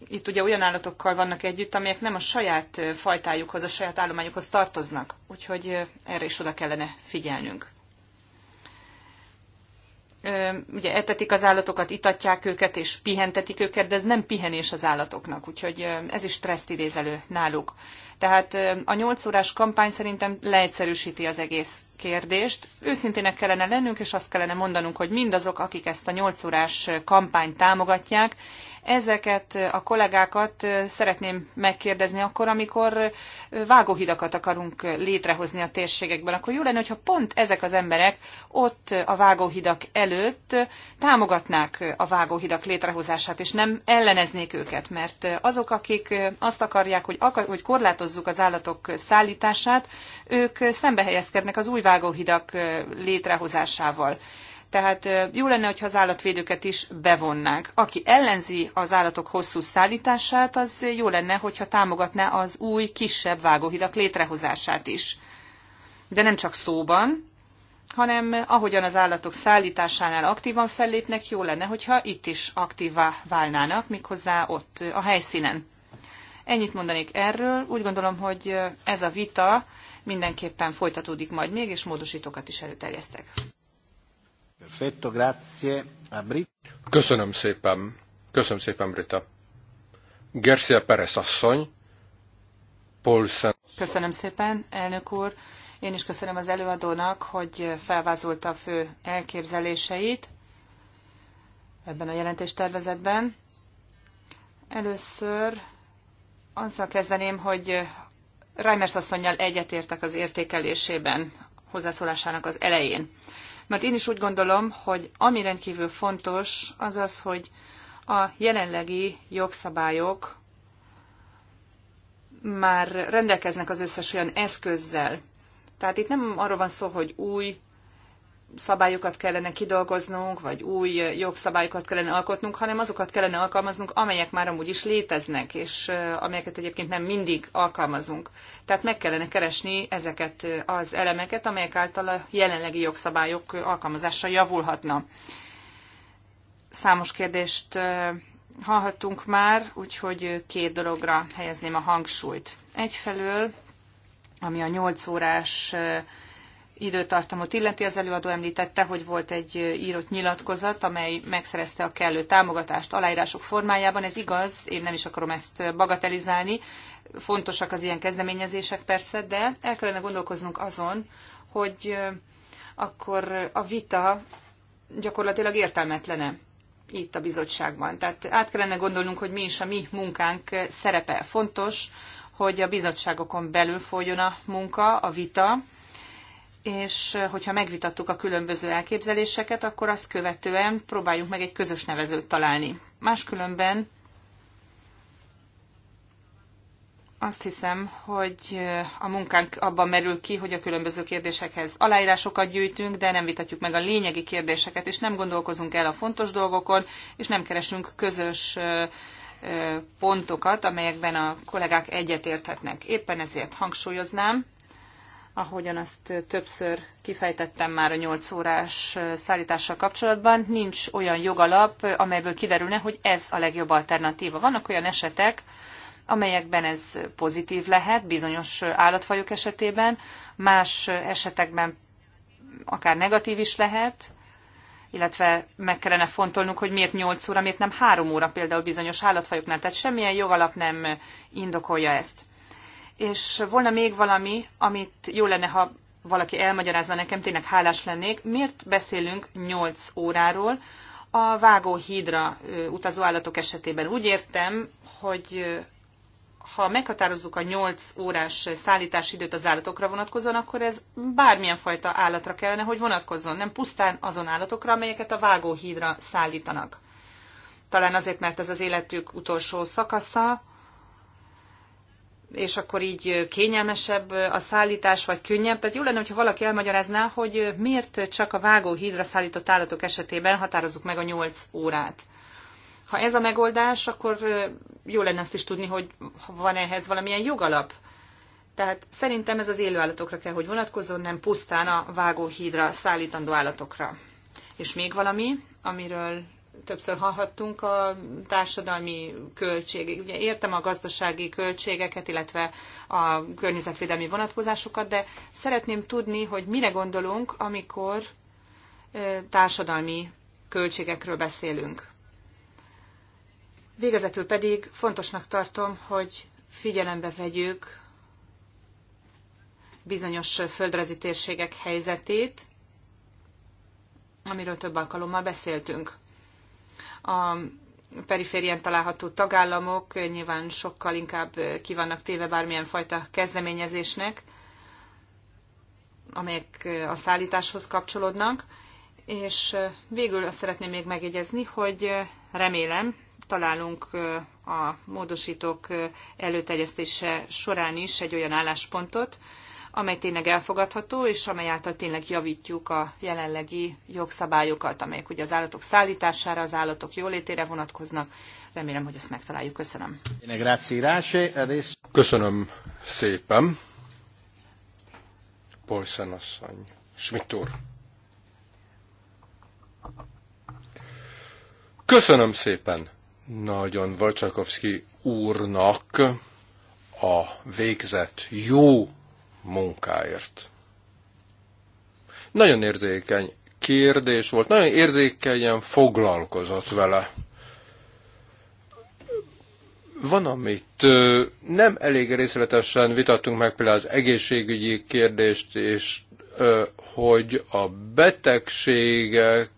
S2: itt ugye olyan állatokkal vannak együtt, amelyek nem a saját fajtájukhoz, a saját állományukhoz tartoznak, úgyhogy erre is oda kellene figyelnünk ugye etetik az állatokat, itatják őket és pihentetik őket, de ez nem pihenés az állatoknak, úgyhogy ez is stresszt idéz elő náluk. Tehát a 8 órás kampány szerintem leegyszerűsíti az egész kérdést. Őszintének kellene lennünk, és azt kellene mondanunk, hogy mindazok, akik ezt a 8 órás kampányt támogatják, Ezeket a kollégákat szeretném megkérdezni akkor, amikor vágóhidakat akarunk létrehozni a térségekben, akkor jó lenne, hogyha pont ezek az emberek ott a vágóhidak előtt támogatnák a vágóhidak létrehozását, és nem elleneznék őket, mert azok, akik azt akarják, hogy, akar, hogy korlátozzuk az állatok szállítását, ők szembe helyezkednek az új vágóhidak létrehozásával. Tehát jó lenne, hogyha az állatvédőket is bevonnák. Aki ellenzi az állatok hosszú szállítását, az jó lenne, hogyha támogatná az új, kisebb vágóhidak létrehozását is. De nem csak szóban, hanem ahogyan az állatok szállításánál aktívan fellépnek, jó lenne, hogyha itt is aktívá válnának, méghozzá ott, a helyszínen. Ennyit mondanék erről. Úgy gondolom, hogy ez a vita mindenképpen folytatódik majd még, és módosítókat is előterjesztek.
S1: Köszönöm szépen. Köszönöm szépen, Brita. Gercia Perez asszony, Paulsen. Köszönöm
S2: szépen, elnök úr. Én is köszönöm az előadónak, hogy felvázolta a fő elképzeléseit ebben a jelentéstervezetben. Először azzal kezdeném, hogy Reimers asszonynal egyetértek az értékelésében hozzászólásának az elején mert én is úgy gondolom, hogy ami rendkívül fontos, az az, hogy a jelenlegi jogszabályok már rendelkeznek az összes olyan eszközzel. Tehát itt nem arról van szó, hogy új szabályokat kellene kidolgoznunk, vagy új jogszabályokat kellene alkotnunk, hanem azokat kellene alkalmaznunk, amelyek már amúgy is léteznek, és amelyeket egyébként nem mindig alkalmazunk. Tehát meg kellene keresni ezeket az elemeket, amelyek által a jelenlegi jogszabályok alkalmazása javulhatna. Számos kérdést hallhattunk már, úgyhogy két dologra helyezném a hangsúlyt. Egyfelől, ami a 8 órás időtartamot illeti, az előadó említette, hogy volt egy írott nyilatkozat, amely megszerezte a kellő támogatást aláírások formájában. Ez igaz, én nem is akarom ezt bagatelizálni. Fontosak az ilyen kezdeményezések persze, de el kellene gondolkoznunk azon, hogy akkor a vita gyakorlatilag értelmetlene itt a bizottságban. Tehát át kellene gondolnunk, hogy mi is a mi munkánk szerepe. Fontos, hogy a bizottságokon belül folyjon a munka, a vita, és eh, hogyha megvitattuk a különböző elképzeléseket, akkor azt követően próbáljunk meg egy közös nevezőt találni. Máskülönben azt hiszem, hogy eh, a munkánk abban merül ki, hogy a különböző kérdésekhez aláírásokat gyűjtünk, de nem vitatjuk meg a lényegi kérdéseket, és nem gondolkozunk el a fontos dolgokon, és nem keresünk közös eh, pontokat, amelyekben a kollégák egyetérthetnek. Éppen ezért hangsúlyoznám, ahogyan azt többször kifejtettem már a 8 órás szállítással kapcsolatban, nincs olyan jogalap, amelyből kiderülne, hogy ez a legjobb alternatíva. Vannak olyan esetek, amelyekben ez pozitív lehet, bizonyos állatfajok esetében, más esetekben akár negatív is lehet, illetve meg kellene fontolnunk, hogy miért 8 óra, miért nem 3 óra például bizonyos állatfajoknál. Tehát semmilyen jogalap nem indokolja ezt. És volna még valami, amit jó lenne, ha valaki elmagyarázna nekem, tényleg hálás lennék, miért beszélünk 8 óráról a vágóhídra utazó állatok esetében. Úgy értem, hogy ha meghatározzuk a 8 órás szállítási időt az állatokra vonatkozóan, akkor ez bármilyen fajta állatra kellene, hogy vonatkozzon, nem pusztán azon állatokra, amelyeket a vágóhídra szállítanak. Talán azért, mert ez az életük utolsó szakasza, és akkor így kényelmesebb a szállítás, vagy könnyebb. Tehát jó lenne, hogyha valaki elmagyarázná, hogy miért csak a vágóhídra szállított állatok esetében határozzuk meg a 8 órát. Ha ez a megoldás, akkor jó lenne azt is tudni, hogy van ehhez valamilyen jogalap. Tehát szerintem ez az élőállatokra kell, hogy vonatkozzon, nem pusztán a vágóhídra szállítandó állatokra. És még valami, amiről többször hallhattunk a társadalmi költség. Ugye értem a gazdasági költségeket, illetve a környezetvédelmi vonatkozásokat, de szeretném tudni, hogy mire gondolunk, amikor társadalmi költségekről beszélünk. Végezetül pedig fontosnak tartom, hogy figyelembe vegyük bizonyos földrajzi térségek helyzetét, amiről több alkalommal beszéltünk a periférián található tagállamok nyilván sokkal inkább kivannak téve bármilyen fajta kezdeményezésnek, amelyek a szállításhoz kapcsolódnak. És végül azt szeretném még megjegyezni, hogy remélem találunk a módosítók előterjesztése során is egy olyan álláspontot, amely tényleg elfogadható, és amely által tényleg javítjuk a jelenlegi jogszabályokat, amelyek ugye az állatok szállítására, az állatok jólétére vonatkoznak. Remélem, hogy ezt megtaláljuk. Köszönöm.
S1: Köszönöm szépen. Polszen asszony. Schmidt úr. Köszönöm szépen nagyon Valcsakovszki úrnak a végzett jó munkáért. Nagyon érzékeny kérdés volt, nagyon érzékenyen foglalkozott vele. Van, amit nem elég részletesen vitattunk meg, például az egészségügyi kérdést, és hogy a betegségek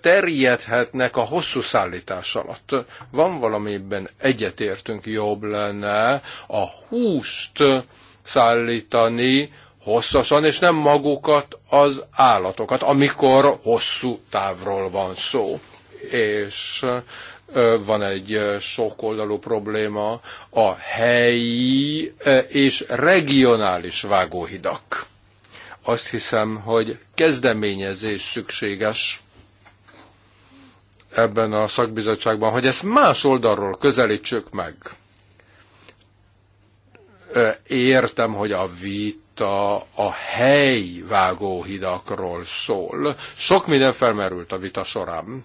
S1: terjedhetnek a hosszú szállítás alatt. Van valamiben egyetértünk, jobb lenne a húst szállítani hosszasan, és nem magukat az állatokat, amikor hosszú távról van szó. És van egy sokoldalú probléma a helyi és regionális vágóhidak. Azt hiszem, hogy kezdeményezés szükséges ebben a szakbizottságban, hogy ezt más oldalról közelítsük meg Értem, hogy a vita a helyi vágóhidakról szól. Sok minden felmerült a vita során,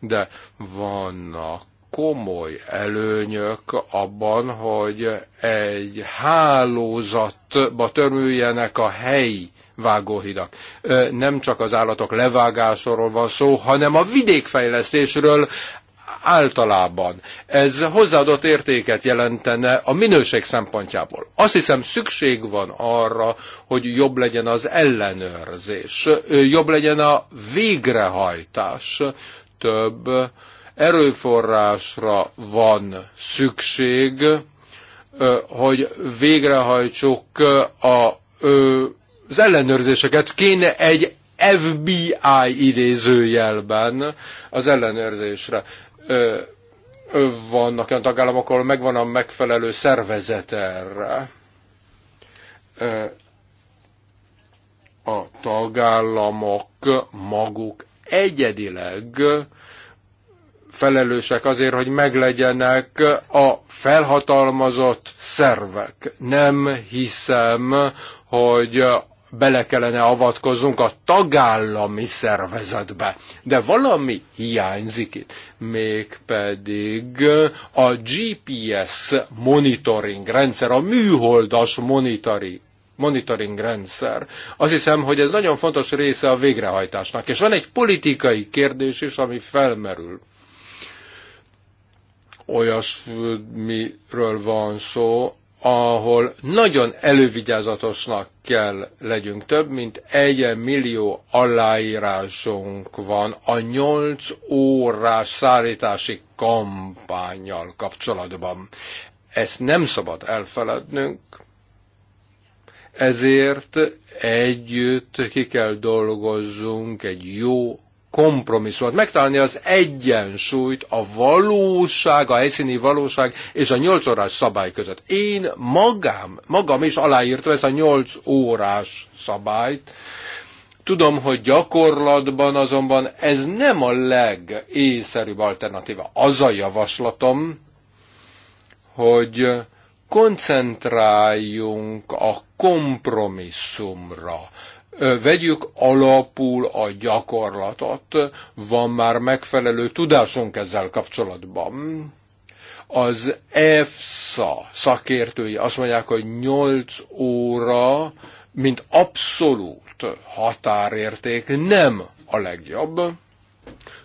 S1: de vannak komoly előnyök abban, hogy egy hálózatba törüljenek a helyi vágóhidak. Nem csak az állatok levágásáról van szó, hanem a vidékfejlesztésről, általában. Ez hozzáadott értéket jelentene a minőség szempontjából. Azt hiszem szükség van arra, hogy jobb legyen az ellenőrzés, jobb legyen a végrehajtás, több erőforrásra van szükség, hogy végrehajtsuk a, az ellenőrzéseket. Kéne egy FBI idézőjelben az ellenőrzésre vannak olyan tagállamok, ahol megvan a megfelelő szervezet erre. A tagállamok maguk egyedileg felelősek azért, hogy meglegyenek a felhatalmazott szervek. Nem hiszem, hogy bele kellene avatkoznunk a tagállami szervezetbe. De valami hiányzik itt, mégpedig a GPS monitoring rendszer, a műholdas monitoring monitoring rendszer. Azt hiszem, hogy ez nagyon fontos része a végrehajtásnak. És van egy politikai kérdés is, ami felmerül olyasmiről van szó, ahol nagyon elővigyázatosnak kell legyünk. Több mint egy millió aláírásunk van a nyolc órás szállítási kampányjal kapcsolatban. Ezt nem szabad elfelednünk, ezért együtt ki kell dolgozzunk egy jó kompromisszumot, megtalálni az egyensúlyt a valóság, a helyszíni valóság és a nyolc órás szabály között. Én magám, magam is aláírtam ezt a nyolc órás szabályt, Tudom, hogy gyakorlatban azonban ez nem a legészszerűbb alternatíva. Az a javaslatom, hogy koncentráljunk a kompromisszumra Vegyük alapul a gyakorlatot, van már megfelelő tudásunk ezzel kapcsolatban. Az EFSA szakértői azt mondják, hogy 8 óra, mint abszolút határérték nem a legjobb.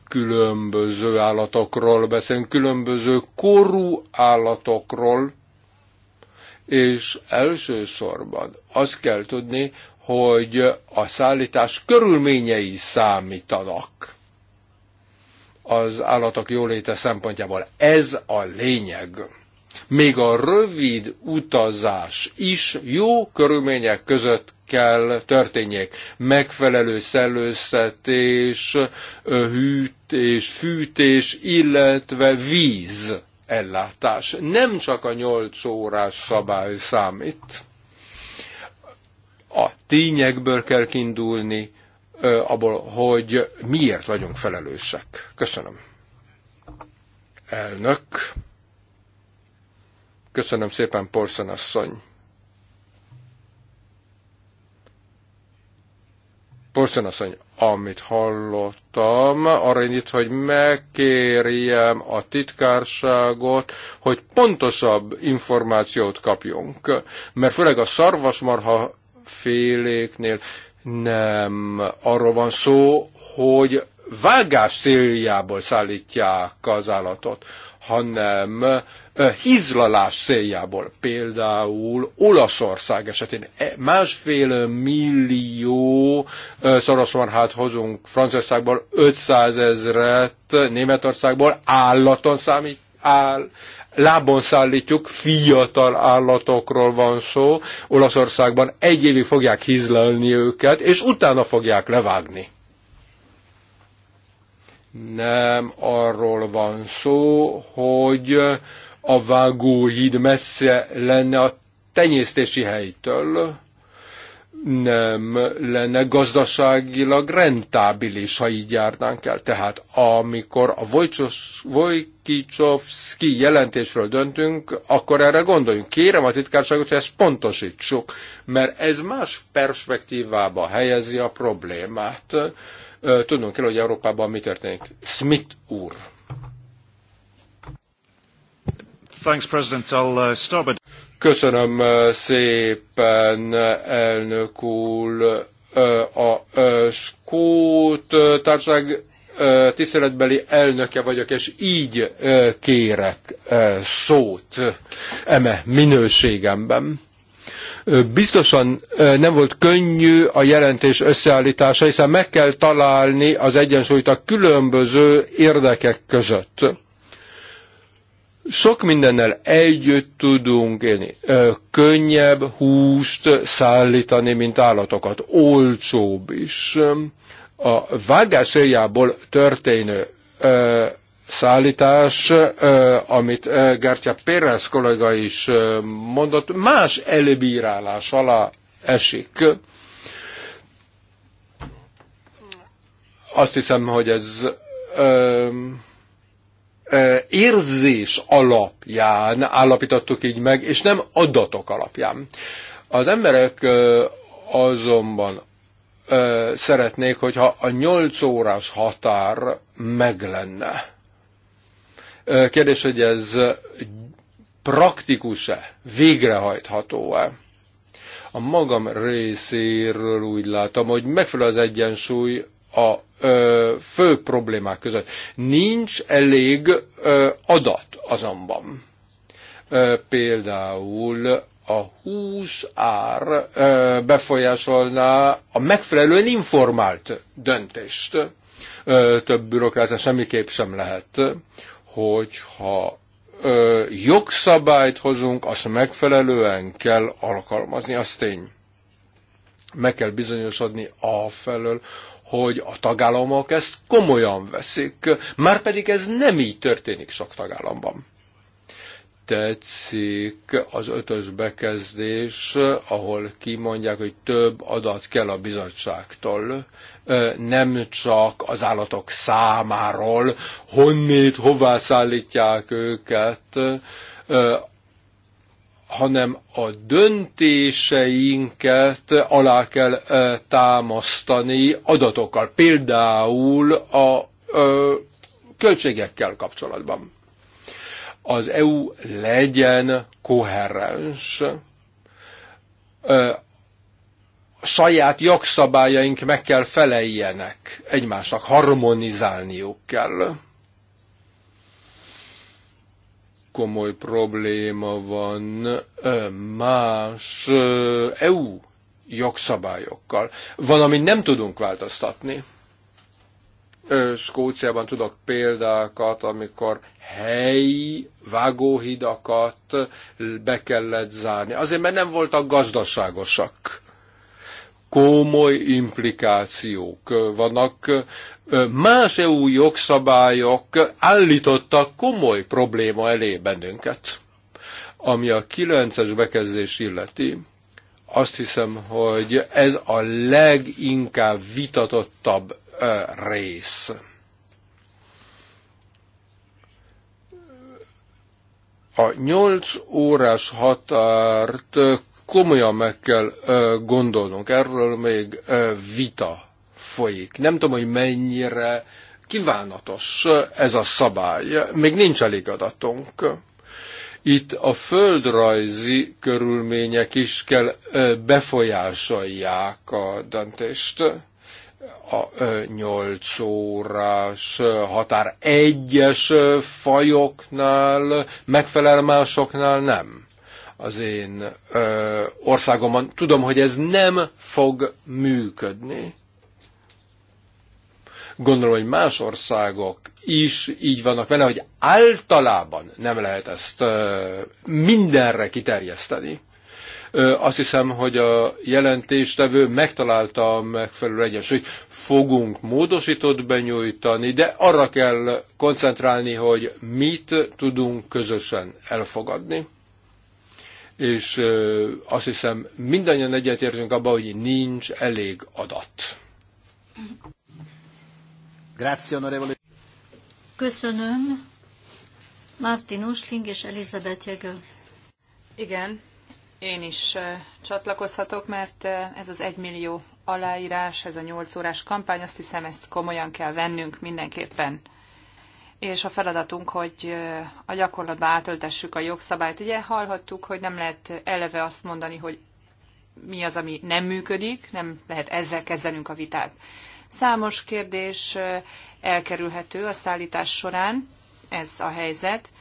S1: Különböző állatokról beszélünk, különböző korú állatokról, és elsősorban azt kell tudni, hogy a szállítás körülményei számítanak az állatok jóléte szempontjából. Ez a lényeg. Még a rövid utazás is jó körülmények között kell történjék. Megfelelő szellőztetés, hűtés, fűtés, illetve víz ellátás. Nem csak a 8 órás szabály számít. A tényekből kell kiindulni, abból, hogy miért vagyunk felelősek. Köszönöm. Elnök. Köszönöm szépen, Porszon asszony. Porszon asszony, amit hallottam, arra indít, hogy megkérjem a titkárságot, hogy pontosabb információt kapjunk. Mert főleg a szarvasmarha féléknél nem arról van szó, hogy vágás céljából szállítják az állatot, hanem hizlalás céljából. Például Olaszország esetén e, másfél millió szarosmarhát hozunk Franciaországból, 500 ezret Németországból állaton számít, áll, lábon szállítjuk, fiatal állatokról van szó, Olaszországban egy évig fogják hízlelni őket, és utána fogják levágni. Nem arról van szó, hogy a vágóhíd messze lenne a tenyésztési helytől, nem lenne gazdaságilag rentábilis, ha így járnánk el. Tehát amikor a Vojkicsovszki jelentésről döntünk, akkor erre gondoljunk. Kérem a titkárságot, hogy ezt pontosítsuk, mert ez más perspektívába helyezi a problémát. Tudnunk kell, hogy Európában mi történik.
S3: Smith úr. Thanks, President. I'll uh, start by...
S1: Köszönöm szépen, elnök úr, a Skót társaság tiszteletbeli elnöke vagyok, és így kérek szót eme minőségemben. Biztosan nem volt könnyű a jelentés összeállítása, hiszen meg kell találni az egyensúlyt a különböző érdekek között sok mindennel együtt tudunk élni. Könnyebb húst szállítani, mint állatokat. Olcsóbb is. A vágás céljából történő szállítás, amit Gertya Pérez kollega is mondott, más előbírálás alá esik. Azt hiszem, hogy ez érzés alapján állapítottuk így meg, és nem adatok alapján. Az emberek azonban szeretnék, hogyha a 8 órás határ meg lenne. Kérdés, hogy ez praktikus-e, végrehajtható-e? A magam részéről úgy látom, hogy megfelel az egyensúly a ö, fő problémák között. Nincs elég ö, adat azonban. Ö, például a hús ár ö, befolyásolná a megfelelően informált döntést. Ö, több bürokrácia semmiképp sem lehet, hogyha ö, jogszabályt hozunk, azt megfelelően kell alkalmazni, az tény. Meg kell bizonyosodni a felől hogy a tagállamok ezt komolyan veszik, márpedig ez nem így történik sok tagállamban. Tetszik az ötös bekezdés, ahol kimondják, hogy több adat kell a bizottságtól, nem csak az állatok számáról, honnét, hová szállítják őket, hanem a döntéseinket alá kell támasztani adatokkal, például a költségekkel kapcsolatban. Az EU legyen koherens, saját jogszabályaink meg kell feleljenek egymásnak, harmonizálniuk kell komoly probléma van más EU jogszabályokkal. Van, amit nem tudunk változtatni. Skóciában tudok példákat, amikor helyi vágóhidakat be kellett zárni. Azért, mert nem voltak gazdaságosak komoly implikációk vannak. Más EU jogszabályok állítottak komoly probléma elé bennünket. Ami a kilences bekezdés illeti, azt hiszem, hogy ez a leginkább vitatottabb rész. A nyolc órás határt komolyan meg kell gondolnunk. Erről még vita folyik. Nem tudom, hogy mennyire kívánatos ez a szabály. Még nincs elég adatunk. Itt a földrajzi körülmények is kell befolyásolják a döntést a 8 órás határ egyes fajoknál megfelel, másoknál nem az én ö, országomban. Tudom, hogy ez nem fog működni. Gondolom, hogy más országok is így vannak vele, hogy általában nem lehet ezt ö, mindenre kiterjeszteni. Ö, azt hiszem, hogy a jelentéstevő megtalálta a megfelelő egyensúlyt. Fogunk módosított benyújtani, de arra kell koncentrálni, hogy mit tudunk közösen elfogadni és azt hiszem mindannyian egyetértünk abban, hogy nincs elég adat.
S4: Köszönöm. Martin Usling és Elizabeth Jegő.
S2: Igen, én is csatlakozhatok, mert ez az egymillió aláírás, ez a nyolc órás kampány, azt hiszem ezt komolyan kell vennünk mindenképpen és a feladatunk, hogy a gyakorlatba átöltessük a jogszabályt. Ugye hallhattuk, hogy nem lehet eleve azt mondani, hogy mi az, ami nem működik, nem lehet ezzel kezdenünk a vitát. Számos kérdés elkerülhető a szállítás során, ez a helyzet.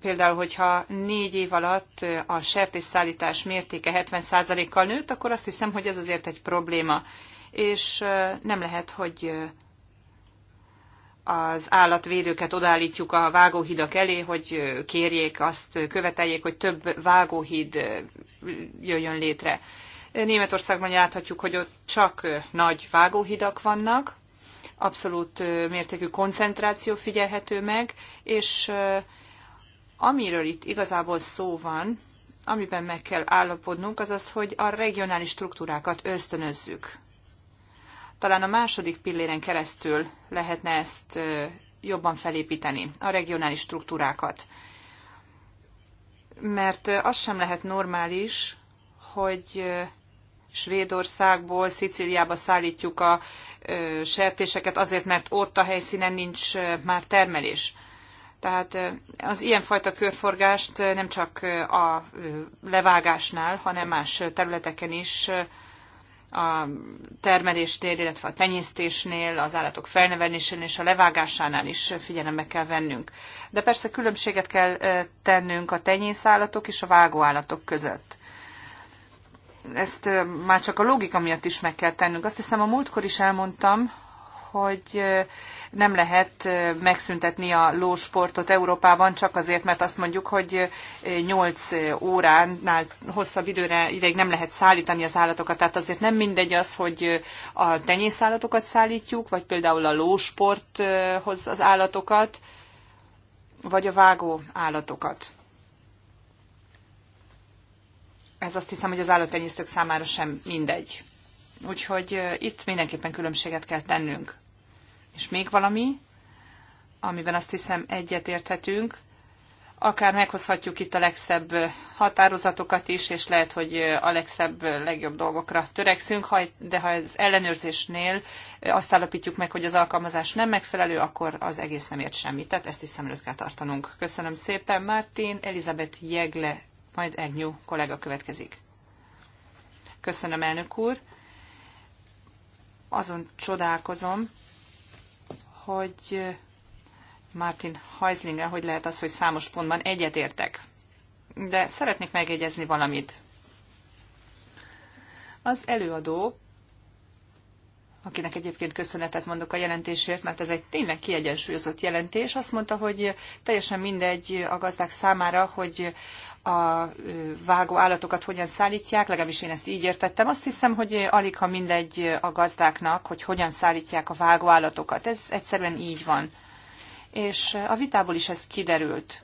S2: Például, hogyha négy év alatt a szállítás mértéke 70%-kal nőtt, akkor azt hiszem, hogy ez azért egy probléma. És nem lehet, hogy az állatvédőket odállítjuk a vágóhidak elé, hogy kérjék, azt követeljék, hogy több vágóhíd jöjjön létre. Németországban láthatjuk, hogy ott csak nagy vágóhidak vannak, abszolút mértékű koncentráció figyelhető meg, és amiről itt igazából szó van, amiben meg kell állapodnunk, az az, hogy a regionális struktúrákat ösztönözzük. Talán a második pilléren keresztül lehetne ezt jobban felépíteni, a regionális struktúrákat. Mert az sem lehet normális, hogy Svédországból, Szicíliába szállítjuk a sertéseket azért, mert ott a helyszínen nincs már termelés. Tehát az ilyenfajta körforgást nem csak a levágásnál, hanem más területeken is a termeléstér, illetve a tenyésztésnél, az állatok felnevelésén és a levágásánál is figyelembe kell vennünk. De persze különbséget kell tennünk a tenyészállatok és a vágóállatok között. Ezt már csak a logika miatt is meg kell tennünk. Azt hiszem a múltkor is elmondtam, hogy nem lehet megszüntetni a lósportot Európában csak azért, mert azt mondjuk, hogy 8 óránál hosszabb időre ideig nem lehet szállítani az állatokat. Tehát azért nem mindegy az, hogy a tenyészállatokat szállítjuk, vagy például a lósporthoz az állatokat, vagy a vágó állatokat. Ez azt hiszem, hogy az állattenyésztők számára sem mindegy. Úgyhogy itt mindenképpen különbséget kell tennünk. És még valami, amiben azt hiszem érthetünk, akár meghozhatjuk itt a legszebb határozatokat is, és lehet, hogy a legszebb, legjobb dolgokra törekszünk, de ha az ellenőrzésnél azt állapítjuk meg, hogy az alkalmazás nem megfelelő, akkor az egész nem ért semmit. Tehát ezt is szem előtt kell tartanunk. Köszönöm szépen, Mártin, Elizabeth Jegle, majd Egnyú kollega következik. Köszönöm, elnök úr. Azon csodálkozom, hogy Martin Heislinger, hogy lehet az, hogy számos pontban egyetértek. De szeretnék megjegyezni valamit. Az előadó akinek egyébként köszönetet mondok a jelentésért, mert ez egy tényleg kiegyensúlyozott jelentés, azt mondta, hogy teljesen mindegy a gazdák számára, hogy a vágó állatokat hogyan szállítják, legalábbis én ezt így értettem. Azt hiszem, hogy alig ha mindegy a gazdáknak, hogy hogyan szállítják a vágó állatokat. Ez egyszerűen így van. És a vitából is ez kiderült.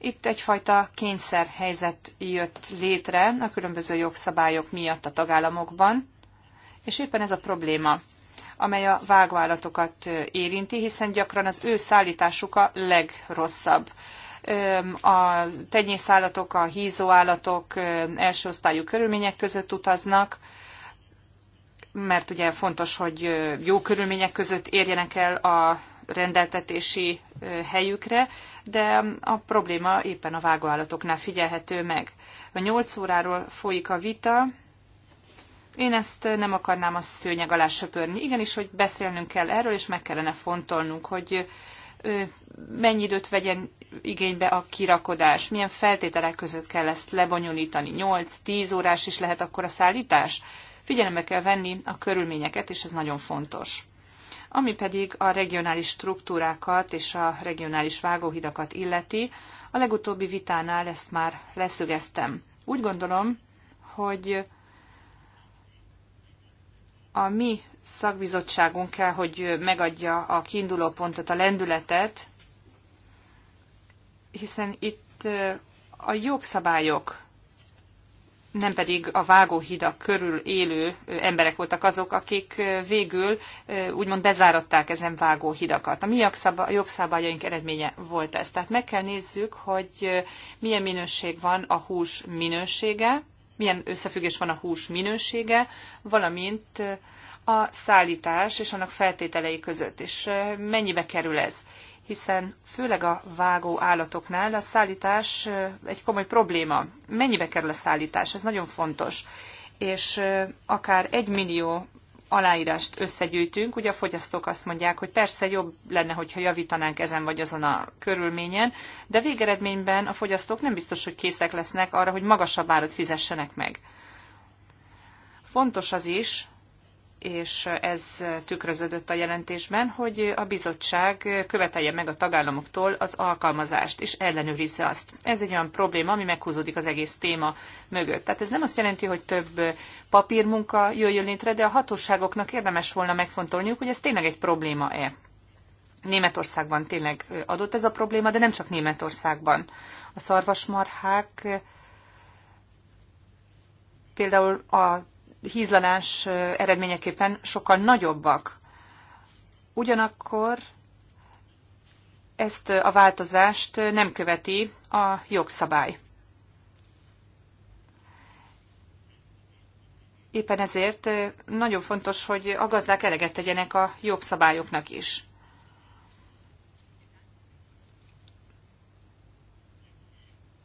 S2: Itt egyfajta kényszerhelyzet jött létre a különböző jogszabályok miatt a tagállamokban, és éppen ez a probléma, amely a vágvállatokat érinti, hiszen gyakran az ő szállításuk a legrosszabb a tenyészállatok, a hízóállatok első osztályú körülmények között utaznak, mert ugye fontos, hogy jó körülmények között érjenek el a rendeltetési helyükre, de a probléma éppen a vágóállatoknál figyelhető meg. A 8 óráról folyik a vita, én ezt nem akarnám a szőnyeg alá söpörni. Igenis, hogy beszélnünk kell erről, és meg kellene fontolnunk, hogy mennyi időt vegyen igénybe a kirakodás, milyen feltételek között kell ezt lebonyolítani, 8-10 órás is lehet akkor a szállítás. Figyelembe kell venni a körülményeket, és ez nagyon fontos. Ami pedig a regionális struktúrákat és a regionális vágóhidakat illeti, a legutóbbi vitánál ezt már leszögeztem. Úgy gondolom, hogy a mi szakbizottságunk kell, hogy megadja a kiinduló pontot, a lendületet, hiszen itt a jogszabályok, nem pedig a vágóhidak körül élő emberek voltak azok, akik végül úgymond bezáratták ezen vágóhidakat. A mi jogszabályaink eredménye volt ez. Tehát meg kell nézzük, hogy milyen minőség van a hús minősége, milyen összefüggés van a hús minősége, valamint a szállítás és annak feltételei között, és mennyibe kerül ez hiszen főleg a vágó állatoknál a szállítás egy komoly probléma. Mennyibe kerül a szállítás? Ez nagyon fontos. És akár egy millió aláírást összegyűjtünk, ugye a fogyasztók azt mondják, hogy persze jobb lenne, hogyha javítanánk ezen vagy azon a körülményen, de végeredményben a fogyasztók nem biztos, hogy készek lesznek arra, hogy magasabb árat fizessenek meg. Fontos az is, és ez tükröződött a jelentésben, hogy a bizottság követelje meg a tagállamoktól az alkalmazást, és ellenőrizze azt. Ez egy olyan probléma, ami meghúzódik az egész téma mögött. Tehát ez nem azt jelenti, hogy több papírmunka jöjjön létre, de a hatóságoknak érdemes volna megfontolniuk, hogy ez tényleg egy probléma-e. Németországban tényleg adott ez a probléma, de nem csak Németországban. A szarvasmarhák például a hízlanás eredményeképpen sokkal nagyobbak. Ugyanakkor ezt a változást nem követi a jogszabály. Éppen ezért nagyon fontos, hogy a gazdák eleget tegyenek a jogszabályoknak is.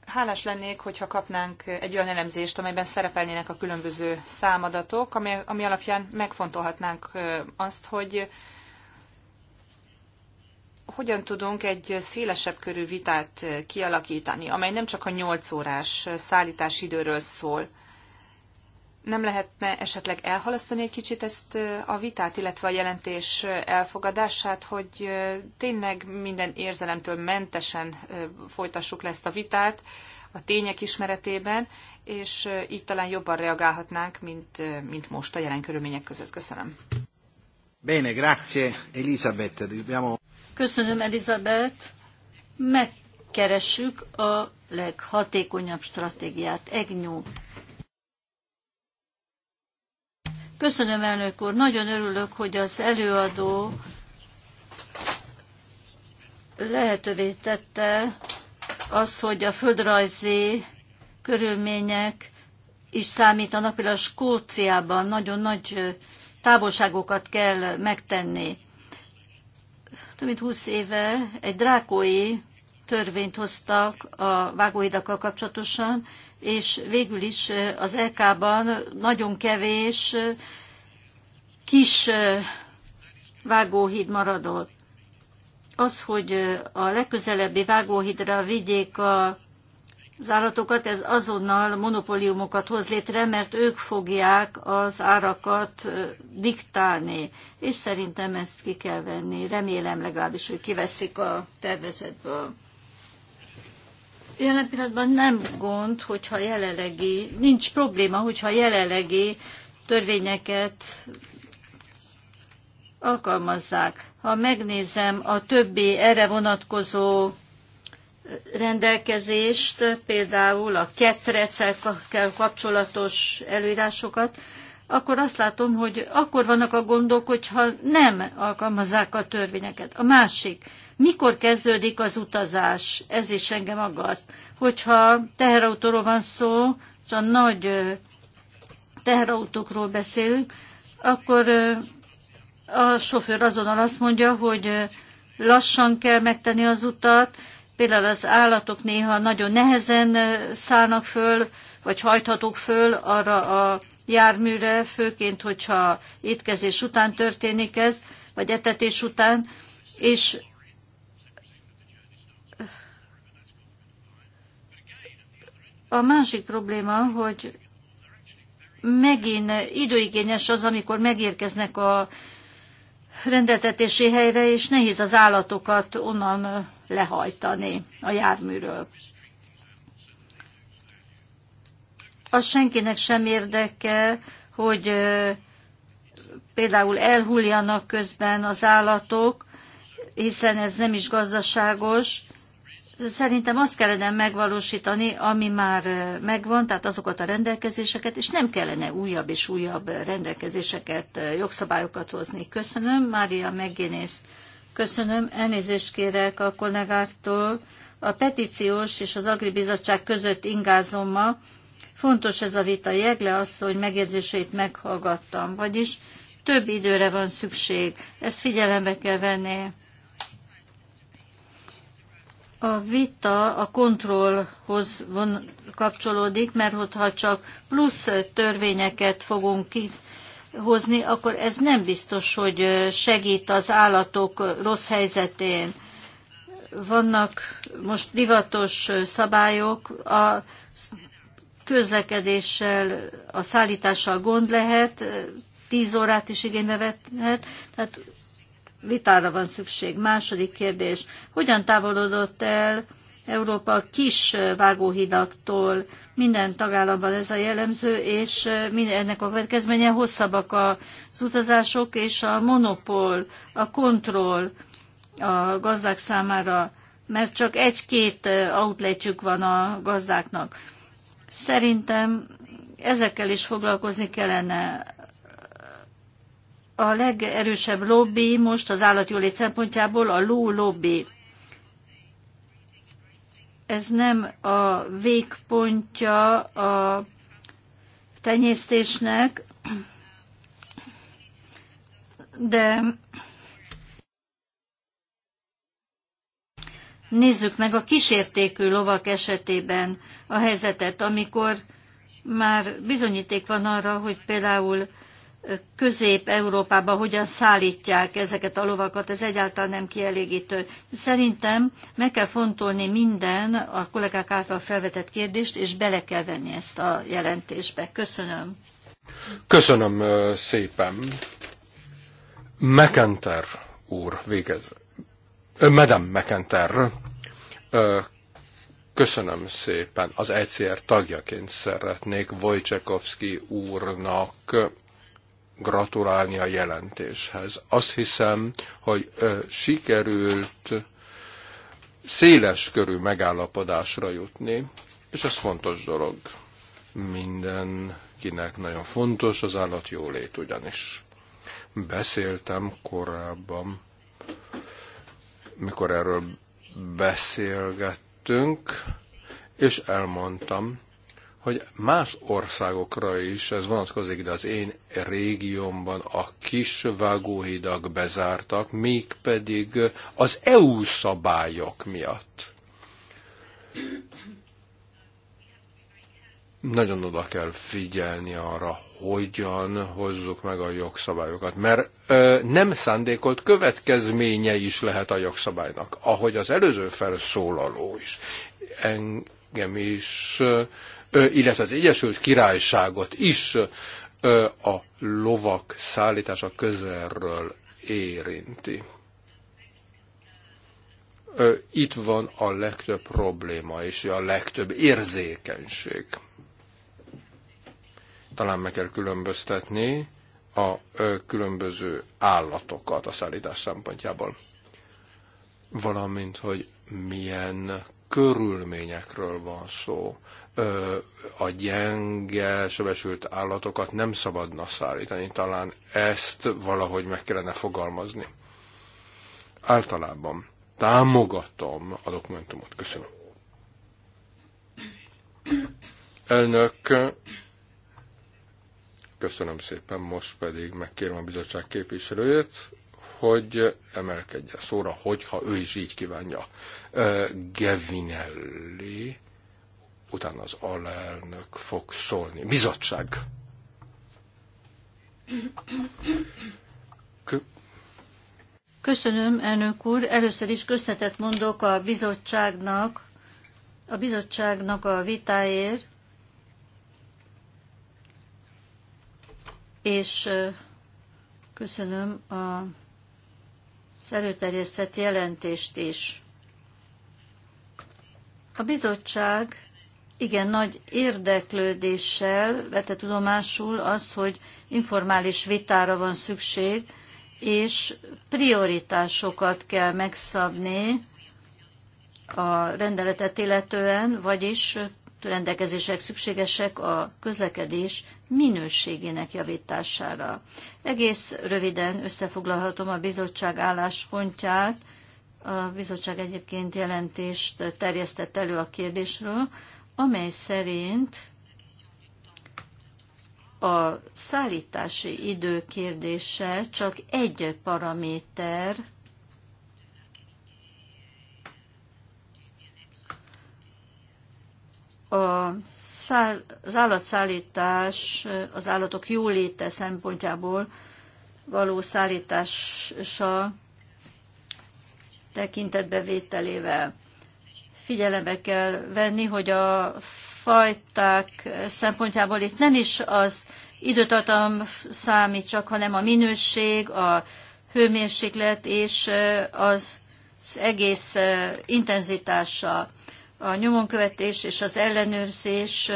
S2: Hálás lennék, hogyha kapnánk egy olyan elemzést, amelyben szerepelnének a különböző számadatok, ami, ami alapján megfontolhatnánk azt, hogy hogyan tudunk egy szélesebb körű vitát kialakítani, amely nem csak a 8 órás szállítási időről szól, nem lehetne esetleg elhalasztani egy kicsit ezt a vitát, illetve a jelentés elfogadását, hogy tényleg minden érzelemtől mentesen folytassuk le ezt a vitát a tények ismeretében, és így talán jobban reagálhatnánk, mint, mint most a jelen körülmények között. Köszönöm.
S3: Bene, grazie Elisabeth. Dobbiamo...
S2: Köszönöm
S4: Elisabeth. Megkeressük a leghatékonyabb stratégiát. Egnyú. Köszönöm, elnök úr. Nagyon örülök, hogy az előadó lehetővé tette az, hogy a földrajzi körülmények is számítanak, például Skóciában nagyon nagy távolságokat kell megtenni. Több mint 20 éve egy drákói törvényt hoztak a vágóhidakkal kapcsolatosan, és végül is az LK-ban nagyon kevés kis vágóhíd maradott. Az, hogy a legközelebbi vágóhídra vigyék a az állatokat, ez azonnal monopóliumokat hoz létre, mert ők fogják az árakat diktálni, és szerintem ezt ki kell venni. Remélem legalábbis, hogy kiveszik a tervezetből jelen pillanatban nem gond, hogyha jelenlegi, nincs probléma, hogyha jelenlegi törvényeket alkalmazzák. Ha megnézem a többi erre vonatkozó rendelkezést, például a ketrecekkel kapcsolatos előírásokat, akkor azt látom, hogy akkor vannak a gondok, hogyha nem alkalmazzák a törvényeket. A másik, mikor kezdődik az utazás? Ez is engem aggaszt. Hogyha teherautóról van szó, és a nagy teherautókról beszélünk, akkor a sofőr azonnal azt mondja, hogy lassan kell megtenni az utat, például az állatok néha nagyon nehezen szállnak föl, vagy hajthatók föl arra a járműre, főként, hogyha étkezés után történik ez, vagy etetés után, és A másik probléma, hogy megint időigényes az, amikor megérkeznek a rendeltetési helyre, és nehéz az állatokat onnan lehajtani a járműről. Az senkinek sem érdeke, hogy például elhulljanak közben az állatok, hiszen ez nem is gazdaságos, Szerintem azt kellene megvalósítani, ami már eh, megvan, tehát azokat a rendelkezéseket, és nem kellene újabb és újabb rendelkezéseket, eh, jogszabályokat hozni. Köszönöm, Mária Megénész. Köszönöm, elnézést kérek a kollégáktól. A petíciós és az Agribizottság között ingázom ma. Fontos ez a vita. Jegle asszony megjegyzéseit meghallgattam, vagyis több időre van szükség. Ezt figyelembe kell venni a vita a kontrollhoz von, kapcsolódik, mert hogyha csak plusz törvényeket fogunk kihozni, akkor ez nem biztos, hogy segít az állatok rossz helyzetén. Vannak most divatos szabályok, a közlekedéssel, a szállítással gond lehet, tíz órát is igénybe vethet, tehát vitára van szükség. Második kérdés, hogyan távolodott el Európa kis vágóhidaktól minden tagállamban ez a jellemző, és ennek a következménye hosszabbak az utazások, és a monopól, a kontroll a gazdák számára, mert csak egy-két outletjük van a gazdáknak. Szerintem ezekkel is foglalkozni kellene a legerősebb lobby most az állatjólét szempontjából a ló lobby. Ez nem a végpontja a tenyésztésnek, de nézzük meg a kísértékű lovak esetében a helyzetet, amikor már bizonyíték van arra, hogy például Közép-Európába hogyan szállítják ezeket a lovakat, ez egyáltalán nem kielégítő. Szerintem meg kell fontolni minden a kollégák által felvetett kérdést, és bele kell venni ezt a jelentésbe. Köszönöm.
S1: Köszönöm szépen. McEnter úr végez. medem McEnter. Köszönöm szépen. Az ECR tagjaként szeretnék Wojciechowski úrnak gratulálni a jelentéshez. Azt hiszem, hogy sikerült széles körű megállapodásra jutni, és ez fontos dolog. Mindenkinek nagyon fontos az állat jólét ugyanis. Beszéltem korábban, mikor erről beszélgettünk, és elmondtam, hogy más országokra is ez vonatkozik, de az én régiómban a kis vágóhidak bezártak, mégpedig az EU szabályok miatt. Nagyon oda kell figyelni arra, hogyan hozzuk meg a jogszabályokat, mert ö, nem szándékolt következménye is lehet a jogszabálynak, ahogy az előző felszólaló is. Engem is ö, illetve az Egyesült Királyságot is a lovak szállítása közelről érinti. Itt van a legtöbb probléma és a legtöbb érzékenység. Talán meg kell különböztetni a különböző állatokat a szállítás szempontjából, valamint hogy milyen körülményekről van szó, a gyenge sebesült állatokat nem szabadna szállítani. Talán ezt valahogy meg kellene fogalmazni. Általában támogatom a dokumentumot. Köszönöm. Elnök, köszönöm szépen, most pedig megkérem a bizottság képviselőjét, hogy emelkedjen szóra, hogyha ő is így kívánja. Gevinelli utána az alelnök fog szólni. Bizottság!
S4: Köszönöm, elnök úr. Először is köszönetet mondok a bizottságnak, a bizottságnak a vitáért, és köszönöm a szerőterjesztett jelentést is. A bizottság igen nagy érdeklődéssel vette tudomásul az, hogy informális vitára van szükség, és prioritásokat kell megszabni a rendeletet illetően, vagyis rendelkezések szükségesek a közlekedés minőségének javítására. Egész röviden összefoglalhatom a bizottság álláspontját. A bizottság egyébként jelentést terjesztett elő a kérdésről amely szerint a szállítási idő kérdése csak egy paraméter, a száll, az állatszállítás, az állatok jóléte szempontjából való szállítása tekintetbevételével figyelembe kell venni, hogy a fajták szempontjából itt nem is az időtartam számít csak, hanem a minőség, a hőmérséklet és az, az egész intenzitása. A nyomonkövetés és az ellenőrzés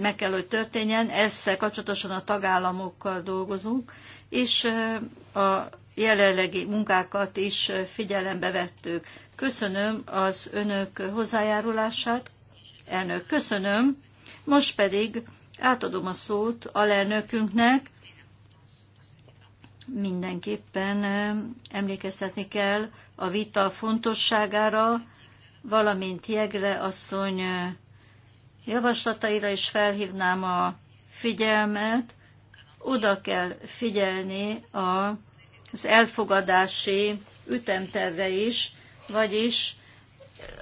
S4: meg kell, hogy történjen, ezzel kapcsolatosan a tagállamokkal dolgozunk, és a jelenlegi munkákat is figyelembe vettük. Köszönöm az önök hozzájárulását. Elnök, köszönöm. Most pedig átadom a szót alelnökünknek. Mindenképpen emlékeztetni kell a vita fontosságára, valamint Jegre asszony javaslataira is felhívnám a figyelmet. Oda kell figyelni az elfogadási ütemterve is, vagyis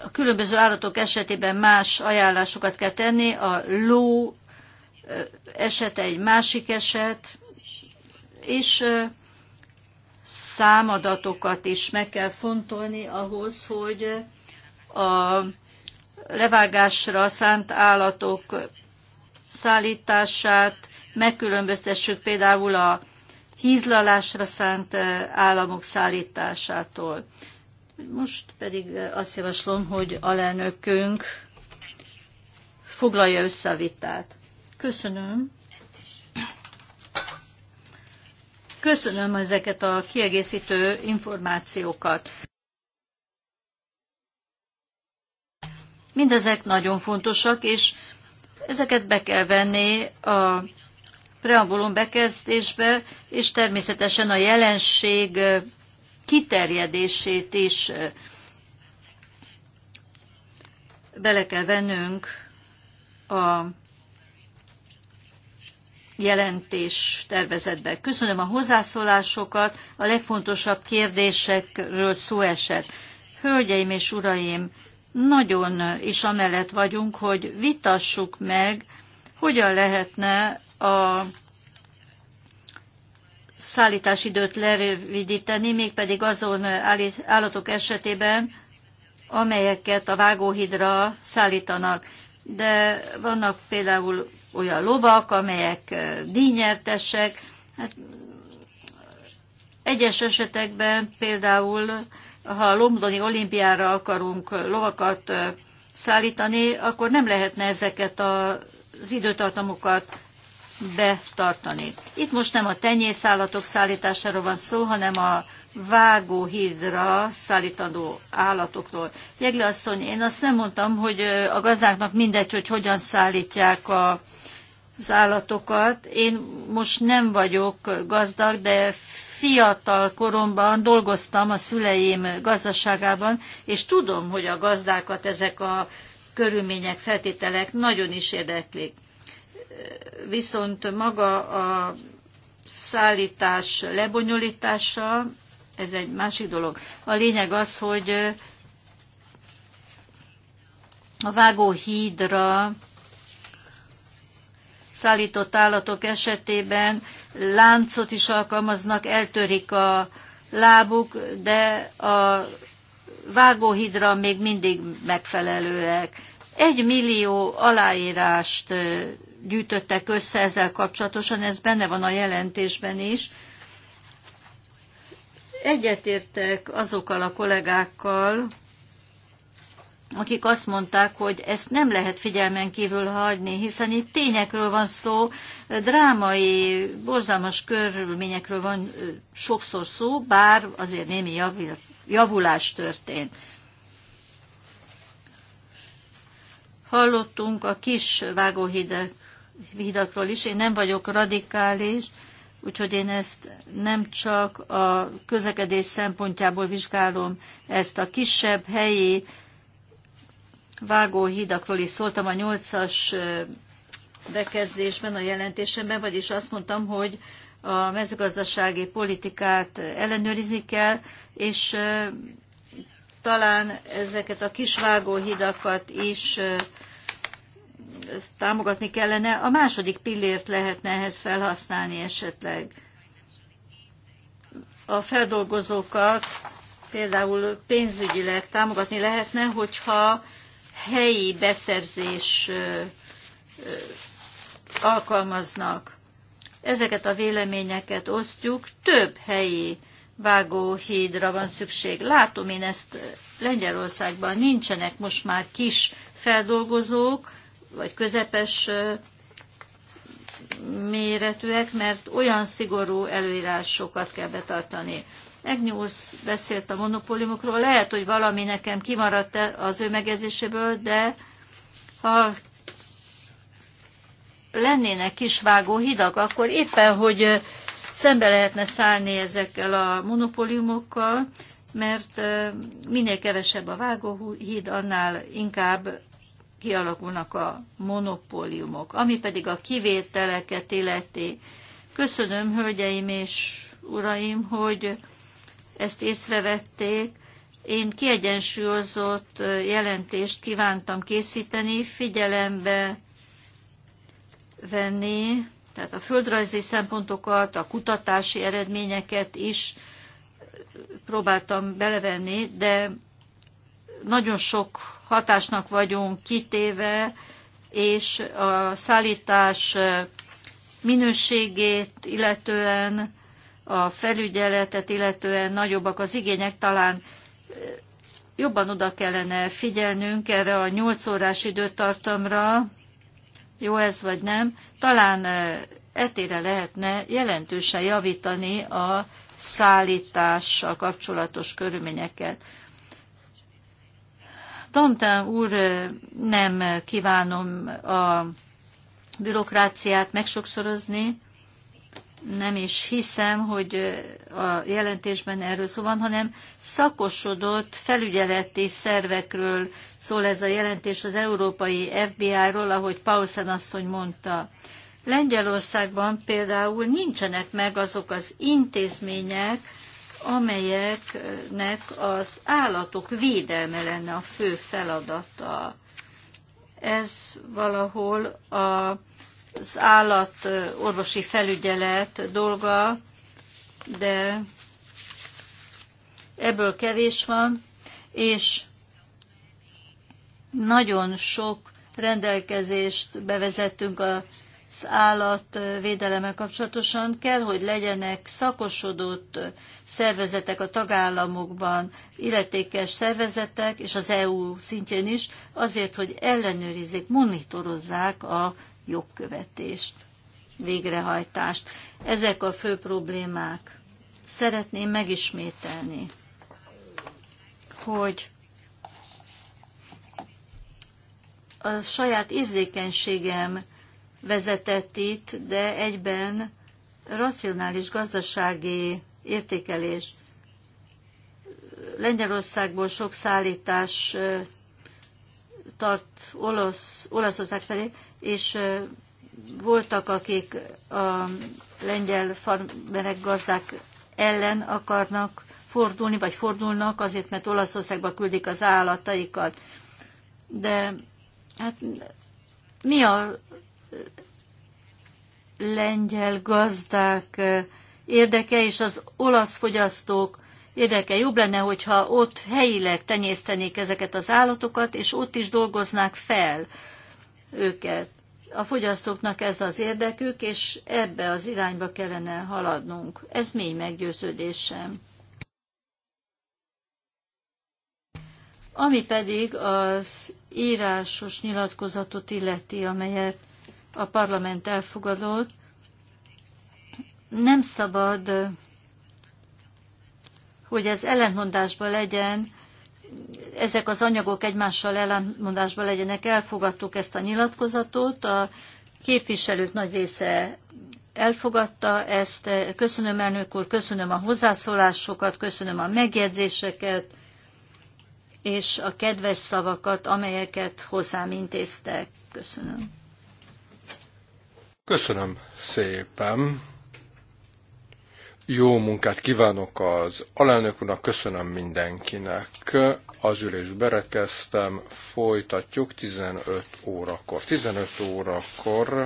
S4: a különböző állatok esetében más ajánlásokat kell tenni, a ló esete egy másik eset, és számadatokat is meg kell fontolni ahhoz, hogy a levágásra szánt állatok szállítását megkülönböztessük például a hízlalásra szánt államok szállításától. Most pedig azt javaslom, hogy alelnökünk foglalja össze a vitát. Köszönöm. Köszönöm ezeket a kiegészítő információkat. Mindezek nagyon fontosak, és ezeket be kell venni a preambulum bekezdésbe, és természetesen a jelenség kiterjedését is bele kell vennünk a jelentés tervezetbe. Köszönöm a hozzászólásokat, a legfontosabb kérdésekről szó esett. Hölgyeim és uraim, nagyon is amellett vagyunk, hogy vitassuk meg, hogyan lehetne a időt lerövidíteni, mégpedig azon állatok esetében, amelyeket a vágóhidra szállítanak. De vannak például olyan lovak, amelyek díjnyertesek. Hát egyes esetekben például, ha a londoni olimpiára akarunk lovakat szállítani, akkor nem lehetne ezeket az időtartamokat betartani. Itt most nem a tenyészállatok szállításáról van szó, hanem a vágóhídra szállítandó állatokról. Jegli asszony, én azt nem mondtam, hogy a gazdáknak mindegy, hogy hogyan szállítják a, az állatokat. Én most nem vagyok gazdag, de fiatal koromban dolgoztam a szüleim gazdaságában, és tudom, hogy a gazdákat ezek a körülmények, feltételek nagyon is érdeklik viszont maga a szállítás lebonyolítása, ez egy másik dolog. A lényeg az, hogy a vágóhídra szállított állatok esetében láncot is alkalmaznak, eltörik a lábuk, de a vágóhidra még mindig megfelelőek. Egy millió aláírást gyűjtöttek össze ezzel kapcsolatosan, ez benne van a jelentésben is. Egyetértek azokkal a kollégákkal, akik azt mondták, hogy ezt nem lehet figyelmen kívül hagyni, hiszen itt tényekről van szó, drámai, borzalmas körülményekről van sokszor szó, bár azért némi javulás történt. Hallottunk a kis vágóhidek hidakról is. Én nem vagyok radikális, úgyhogy én ezt nem csak a közlekedés szempontjából vizsgálom, ezt a kisebb helyi vágóhidakról is szóltam a nyolcas bekezdésben, a jelentésemben, vagyis azt mondtam, hogy a mezőgazdasági politikát ellenőrizni kell, és talán ezeket a kisvágóhidakat is támogatni kellene, a második pillért lehetne ehhez felhasználni esetleg. A feldolgozókat például pénzügyileg támogatni lehetne, hogyha helyi beszerzés alkalmaznak. Ezeket a véleményeket osztjuk, több helyi vágóhídra van szükség. Látom én ezt Lengyelországban, nincsenek most már kis feldolgozók, vagy közepes méretűek, mert olyan szigorú előírásokat kell betartani. Egnyúlsz beszélt a monopóliumokról, lehet, hogy valami nekem kimaradt e- az ő megjegyzéséből, de ha lennének kisvágó hidak, akkor éppen, hogy szembe lehetne szállni ezekkel a monopóliumokkal, mert minél kevesebb a vágóhíd, annál inkább kialakulnak a monopóliumok. Ami pedig a kivételeket illeti. Köszönöm, hölgyeim és uraim, hogy ezt észrevették. Én kiegyensúlyozott jelentést kívántam készíteni, figyelembe venni, tehát a földrajzi szempontokat, a kutatási eredményeket is próbáltam belevenni, de nagyon sok hatásnak vagyunk kitéve, és a szállítás minőségét illetően, a felügyeletet illetően nagyobbak az igények, talán jobban oda kellene figyelnünk erre a 8 órás időtartamra, jó ez vagy nem, talán etére lehetne jelentősen javítani a szállítással kapcsolatos körülményeket. Tantán úr, nem kívánom a bürokráciát megsokszorozni, nem is hiszem, hogy a jelentésben erről szó van, hanem szakosodott felügyeleti szervekről szól ez a jelentés az európai FBI-ról, ahogy Paulsen asszony mondta. Lengyelországban például nincsenek meg azok az intézmények, amelyeknek az állatok védelme lenne a fő feladata. Ez valahol a, az állatorvosi felügyelet dolga, de ebből kevés van, és nagyon sok rendelkezést bevezettünk a az állatvédelemmel kapcsolatosan kell, hogy legyenek szakosodott szervezetek a tagállamokban, illetékes szervezetek, és az EU szintjén is, azért, hogy ellenőrizzék, monitorozzák a jogkövetést, végrehajtást. Ezek a fő problémák. Szeretném megismételni, hogy a saját érzékenységem vezetett itt, de egyben racionális gazdasági értékelés. Lengyelországból sok szállítás tart olasz, Olaszország felé, és voltak, akik a lengyel farmerek gazdák ellen akarnak fordulni, vagy fordulnak azért, mert Olaszországba küldik az állataikat. De hát mi a lengyel gazdák érdeke és az olasz fogyasztók érdeke. Jobb lenne, hogyha ott helyileg tenyésztenék ezeket az állatokat, és ott is dolgoznák fel őket. A fogyasztóknak ez az érdekük, és ebbe az irányba kellene haladnunk. Ez mély meggyőződésem. Ami pedig az írásos nyilatkozatot illeti, amelyet a parlament elfogadott, nem szabad, hogy ez ellentmondásban legyen, ezek az anyagok egymással ellentmondásban legyenek. Elfogadtuk ezt a nyilatkozatot, a képviselők nagy része elfogadta ezt. Köszönöm, elnök úr, köszönöm a hozzászólásokat, köszönöm a megjegyzéseket, és a kedves szavakat, amelyeket hozzám intéztek. Köszönöm.
S1: Köszönöm szépen. Jó munkát kívánok az alelnök úrnak, köszönöm mindenkinek. Az ülés berekeztem, folytatjuk 15 órakor. 15 órakor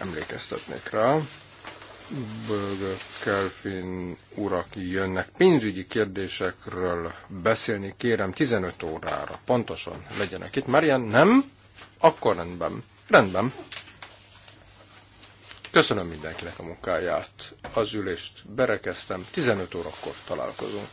S1: emlékeztetnék rá. Bögök Kelfin urak jönnek pénzügyi kérdésekről beszélni, kérem 15 órára. Pontosan legyenek itt. Marian, nem? Akkor rendben. Rendben. Köszönöm mindenkinek a munkáját. Az ülést berekeztem, 15 órakor találkozunk.